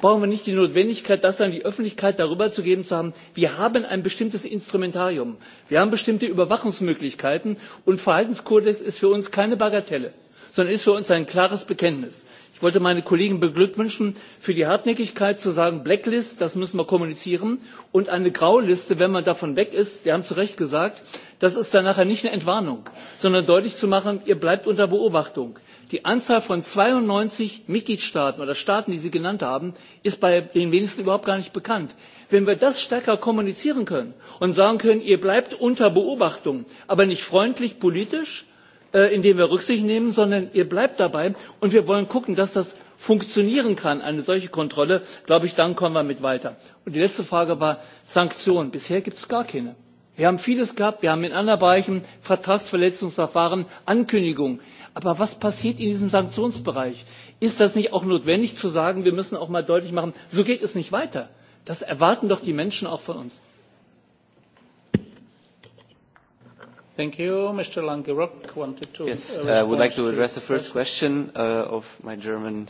Brauchen wir nicht die Notwendigkeit, das an die Öffentlichkeit darüber zu geben zu haben, wir haben ein bestimmtes Instrumentarium, wir haben bestimmte Überwachungsmöglichkeiten und Verhaltenskodex ist für uns keine Bagatelle, sondern ist für uns ein klares Bekenntnis ich wollte meine kollegen beglückwünschen für die hartnäckigkeit zu sagen blacklist das müssen wir kommunizieren und eine grauliste wenn man davon weg ist sie haben zu recht gesagt das ist dann nachher nicht eine entwarnung sondern deutlich zu machen ihr bleibt unter beobachtung. die anzahl von zweiundneunzig mitgliedstaaten oder staaten die sie genannt haben ist bei den wenigsten überhaupt gar nicht bekannt. wenn wir das stärker kommunizieren können und sagen können ihr bleibt unter beobachtung aber nicht freundlich politisch Äh, indem wir rücksicht nehmen sondern ihr bleibt dabei und wir wollen gucken dass das funktionieren kann eine solche kontrolle glaube ich dann kommen wir mit weiter. und die letzte frage war sanktionen bisher gibt es gar keine. wir haben vieles gehabt wir haben in anderen bereichen vertragsverletzungsverfahren ankündigungen aber was passiert in diesem sanktionsbereich? ist das nicht auch notwendig zu sagen wir müssen auch mal deutlich machen so geht es nicht weiter? das erwarten doch die menschen auch von uns. Thank you. Mr. Langerock wanted to. Yes, uh, I uh, would like to address the first question uh, of my German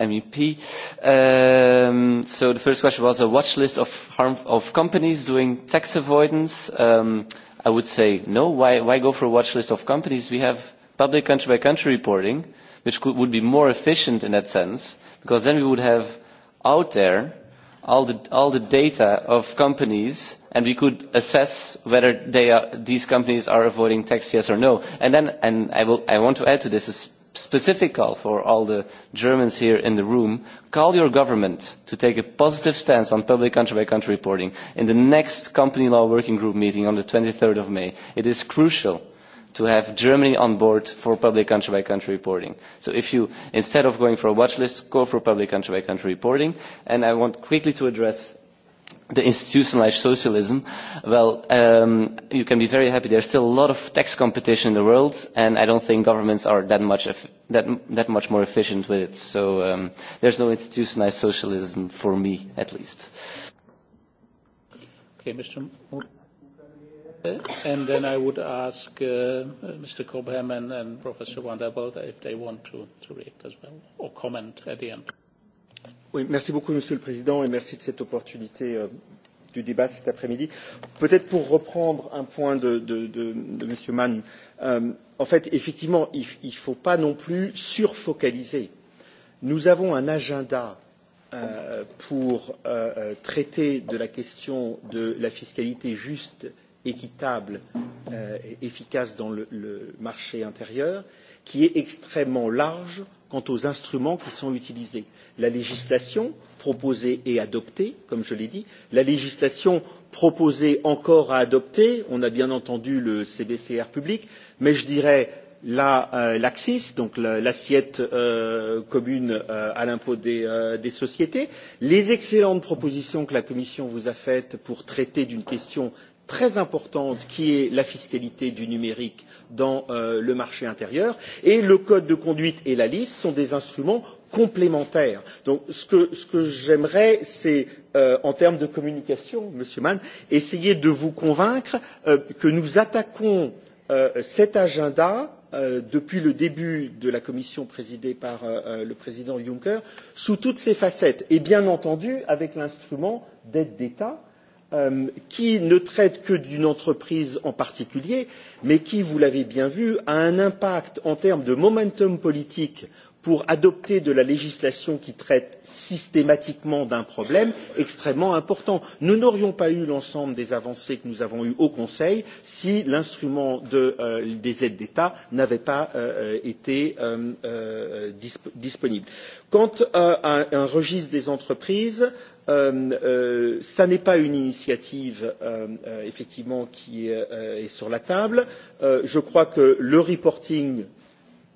MEP. Um, so the first question was a watch list of, harm, of companies doing tax avoidance. Um, I would say no. Why, why go for a watch list of companies? We have public country by country reporting, which could, would be more efficient in that sense, because then we would have out there uh, all the, all the data of companies and we could assess whether they are, these companies are avoiding tax, yes or no. And then, and I, will, I want to add to this a specific call for all the Germans here in the room, call your government to take a positive stance on public country-by-country -country reporting in the next company law working group meeting on the 23rd of May. It is crucial to have Germany on board for public country-by-country country reporting. So if you, instead of going for a watch list, go for public country-by-country country reporting. And I want quickly to address the institutionalized socialism, well, um, you can be very happy. There's still a lot of tax competition in the world, and I don't think governments are that much that that much more efficient with it. So um, there's no institutionalized socialism for me, at least. Okay, Mr. Moore. And then I would ask uh, Mr. Cobham and, and Professor Wanderbilt if they want to, to react as well or comment at the end. Oui, merci beaucoup, Monsieur le Président, et merci de cette opportunité euh, du débat cet après-midi. Peut-être pour reprendre un point de, de, de, de M. Mann, euh, en fait, effectivement, il ne faut pas non plus surfocaliser. Nous avons un agenda euh, pour euh, euh traiter de la question de la fiscalité juste équitable, euh, efficace dans le, le marché intérieur, qui est extrêmement large quant aux instruments qui sont utilisés. La législation proposée et adoptée, comme je l'ai dit, la législation proposée encore à adopter, on a bien entendu le CBCR public, mais je dirais l'ACCIS, la, euh, donc l'assiette euh, commune euh, à l'impôt des, euh, des sociétés, les excellentes propositions que la Commission vous a faites pour traiter d'une question très importante qui est la fiscalité du numérique dans euh, le marché intérieur et le code de conduite et la liste sont des instruments complémentaires. Donc ce que, ce que j'aimerais, c'est euh, en termes de communication, Monsieur Mann, essayer de vous convaincre euh, que nous attaquons euh, cet agenda euh, depuis le début de la commission présidée par euh, euh le président Juncker sous toutes ses facettes et bien entendu avec l'instrument d'aide d'État euh, qui ne traite que d'une entreprise en particulier, mais qui, vous l'avez bien vu, a un impact en termes de momentum politique pour adopter de la législation qui traite systématiquement d'un problème extrêmement important. Nous n'aurions pas eu l'ensemble des avancées que nous avons eues au Conseil si l'instrument de, euh, des aides d'État n'avait pas euh, euh été euh, euh, disp disponible. Quant euh, à un registre des entreprises, Euh, euh, ça n'est pas une initiative euh, euh, effectivement qui est, euh, est sur la table. Euh, je crois que le reporting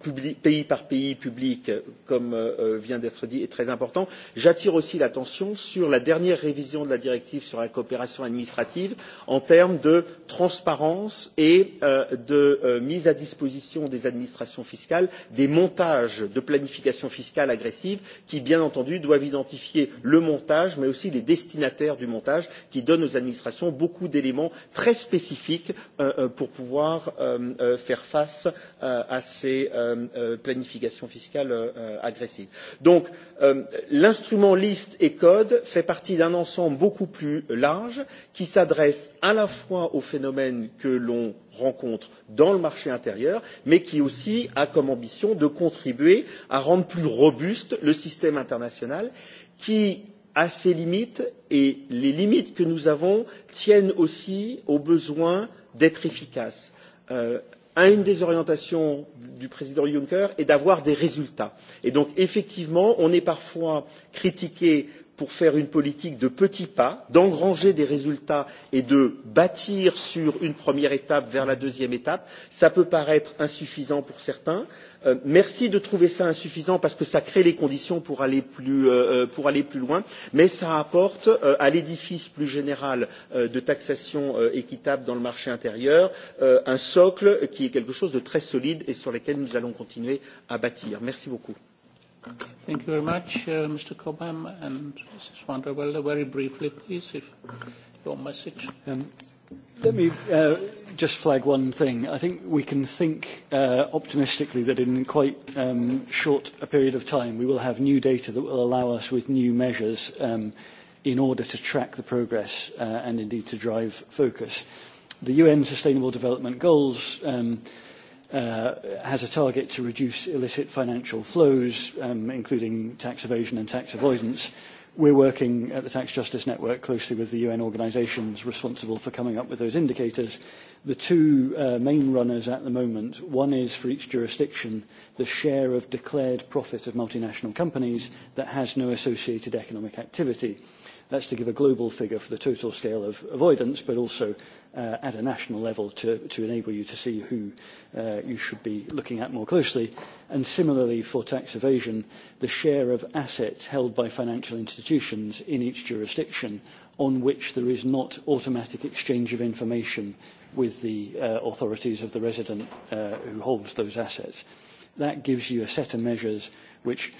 public, pays par pays, public, euh, comme euh, euh, vient d'être dit, est très important. J'attire aussi l'attention sur la dernière révision de la directive sur la coopération administrative en termes de transparence et euh, de euh, mise à disposition des administrations fiscales des montages de planification fiscale agressive qui, bien entendu, doivent identifier le montage, mais aussi les destinataires du montage, qui donnent aux administrations beaucoup d'éléments très spécifiques euh, euh pour pouvoir euh, faire face euh, à ces euh, Euh, euh, planification fiscale euh, agressive. Donc euh, l'instrument liste et code fait partie d'un ensemble beaucoup plus large qui s'adresse à la fois aux phénomènes que l'on rencontre dans le marché intérieur, mais qui aussi a comme ambition de contribuer à rendre plus robuste le système international qui à ses limites et les limites que nous avons tiennent aussi au besoin d'être efficaces. Euh, à une des orientations du président juncker est d'avoir des résultats et donc effectivement on est parfois critiqué pour faire une politique de petits pas d'engranger des résultats et de bâtir sur une première étape vers la deuxième étape cela peut paraître insuffisant pour certains mais Euh, merci de trouver ça insuffisant parce que ça crée les conditions pour aller plus, euh, euh, pour aller plus loin, mais ça apporte euh, à l'édifice plus général euh, de taxation euh, équitable dans le marché intérieur euh, un socle qui est quelque chose de très solide et sur lequel nous allons continuer à bâtir. Merci beaucoup. Thank you very much, uh, Mr. Cobham and Mrs. Vanderwelle. Very briefly, please, if your message. Um, Let me uh, just flag one thing. I think we can think uh, optimistically that in quite um, short a period of time, we will have new data that will allow us with new measures um, in order to track the progress uh, and indeed to drive focus. The UN Sustainable Development Goals um, uh, has a target to reduce illicit financial flows, um, including tax evasion and tax avoidance. Mm-hmm We're working at the Tax Justice Network closely with the UN organisations responsible for coming up with those indicators. The two uh, main runners at the moment, one is for each jurisdiction, the share of declared profit of multinational companies that has no associated economic activity. That's to give a global figure for the total scale of avoidance, but also uh, at a national level to, to enable you to see who uh, you should be looking at more closely. And similarly, for tax evasion, the share of assets held by financial institutions in each jurisdiction on which there is not automatic exchange of information with the uh, authorities of the resident uh, who holds those assets. That gives you a set of measures which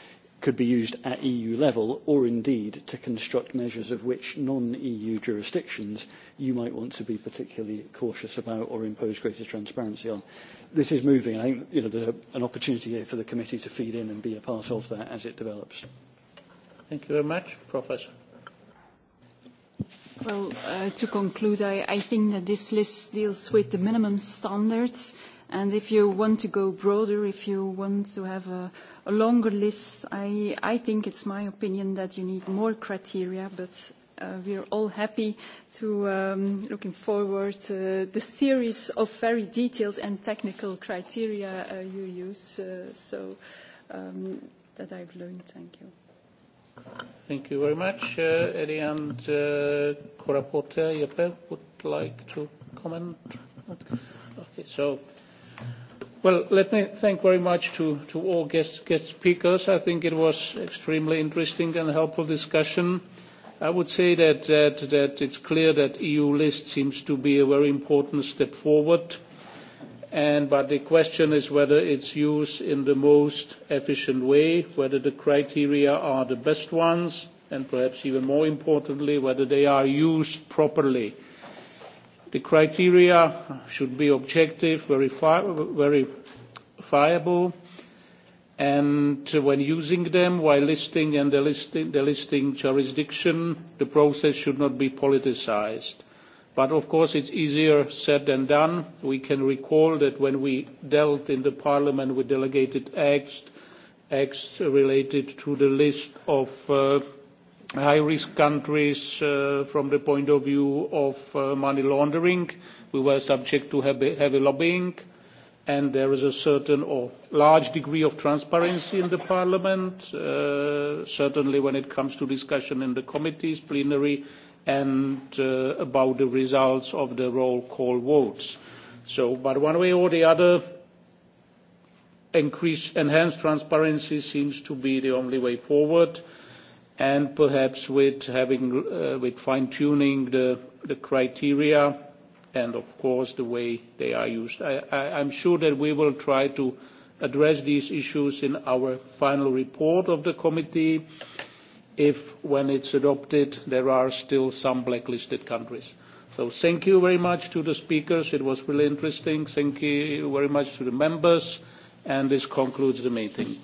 could be used at EU level or indeed to construct measures of which non-EU jurisdictions you might want to be particularly cautious about or impose greater transparency on. This is moving. I think you know, there's a, an opportunity here for the committee to feed in and be a part of that as it develops. Thank you very much. Professor. Well, uh, to conclude, I, I think that this list deals with the minimum standards. And if you want to go broader, if you want to have a, a longer list. I, I think it's my opinion that you need more criteria, but uh, we're all happy to um, looking forward to uh, the series of very detailed and technical criteria uh, you use. Uh, so um, that I've learned. Thank you. Thank you very much. Uh, Eddie and uh, Cora Porter, Jeppe, would like to comment? Okay, so Well, let me thank very much to, to all guest, guest speakers. I think it was extremely interesting and helpful discussion. I would say that, that, that it's clear that EU list seems to be a very important step forward. And, but the question is whether it's used in the most efficient way, whether the criteria are the best ones, and perhaps even more importantly, whether they are used properly The criteria should be objective, verifi verifiable, and when using them while listing and delisting, delisting jurisdiction, the process should not be politicized. But of course, it's easier said than done. We can recall that when we dealt in the parliament with delegated acts, acts related to the list of uh, high-risk countries uh, from the point of view of uh, money laundering. We were subject to heavy, heavy lobbying, and there is a certain or large degree of transparency in the parliament, uh, certainly when it comes to discussion in the committees, plenary, and uh, about the results of the roll call votes. So, one way or the other, increase, enhanced transparency seems to be the only way forward and perhaps with having uh, with fine-tuning the, the criteria and of course the way they are used. I, I, I'm sure that we will try to address these issues in our final report of the committee if when it's adopted there are still some blacklisted countries. So thank you very much to the speakers. It was really interesting. Thank you very much to the members. And this concludes the meeting.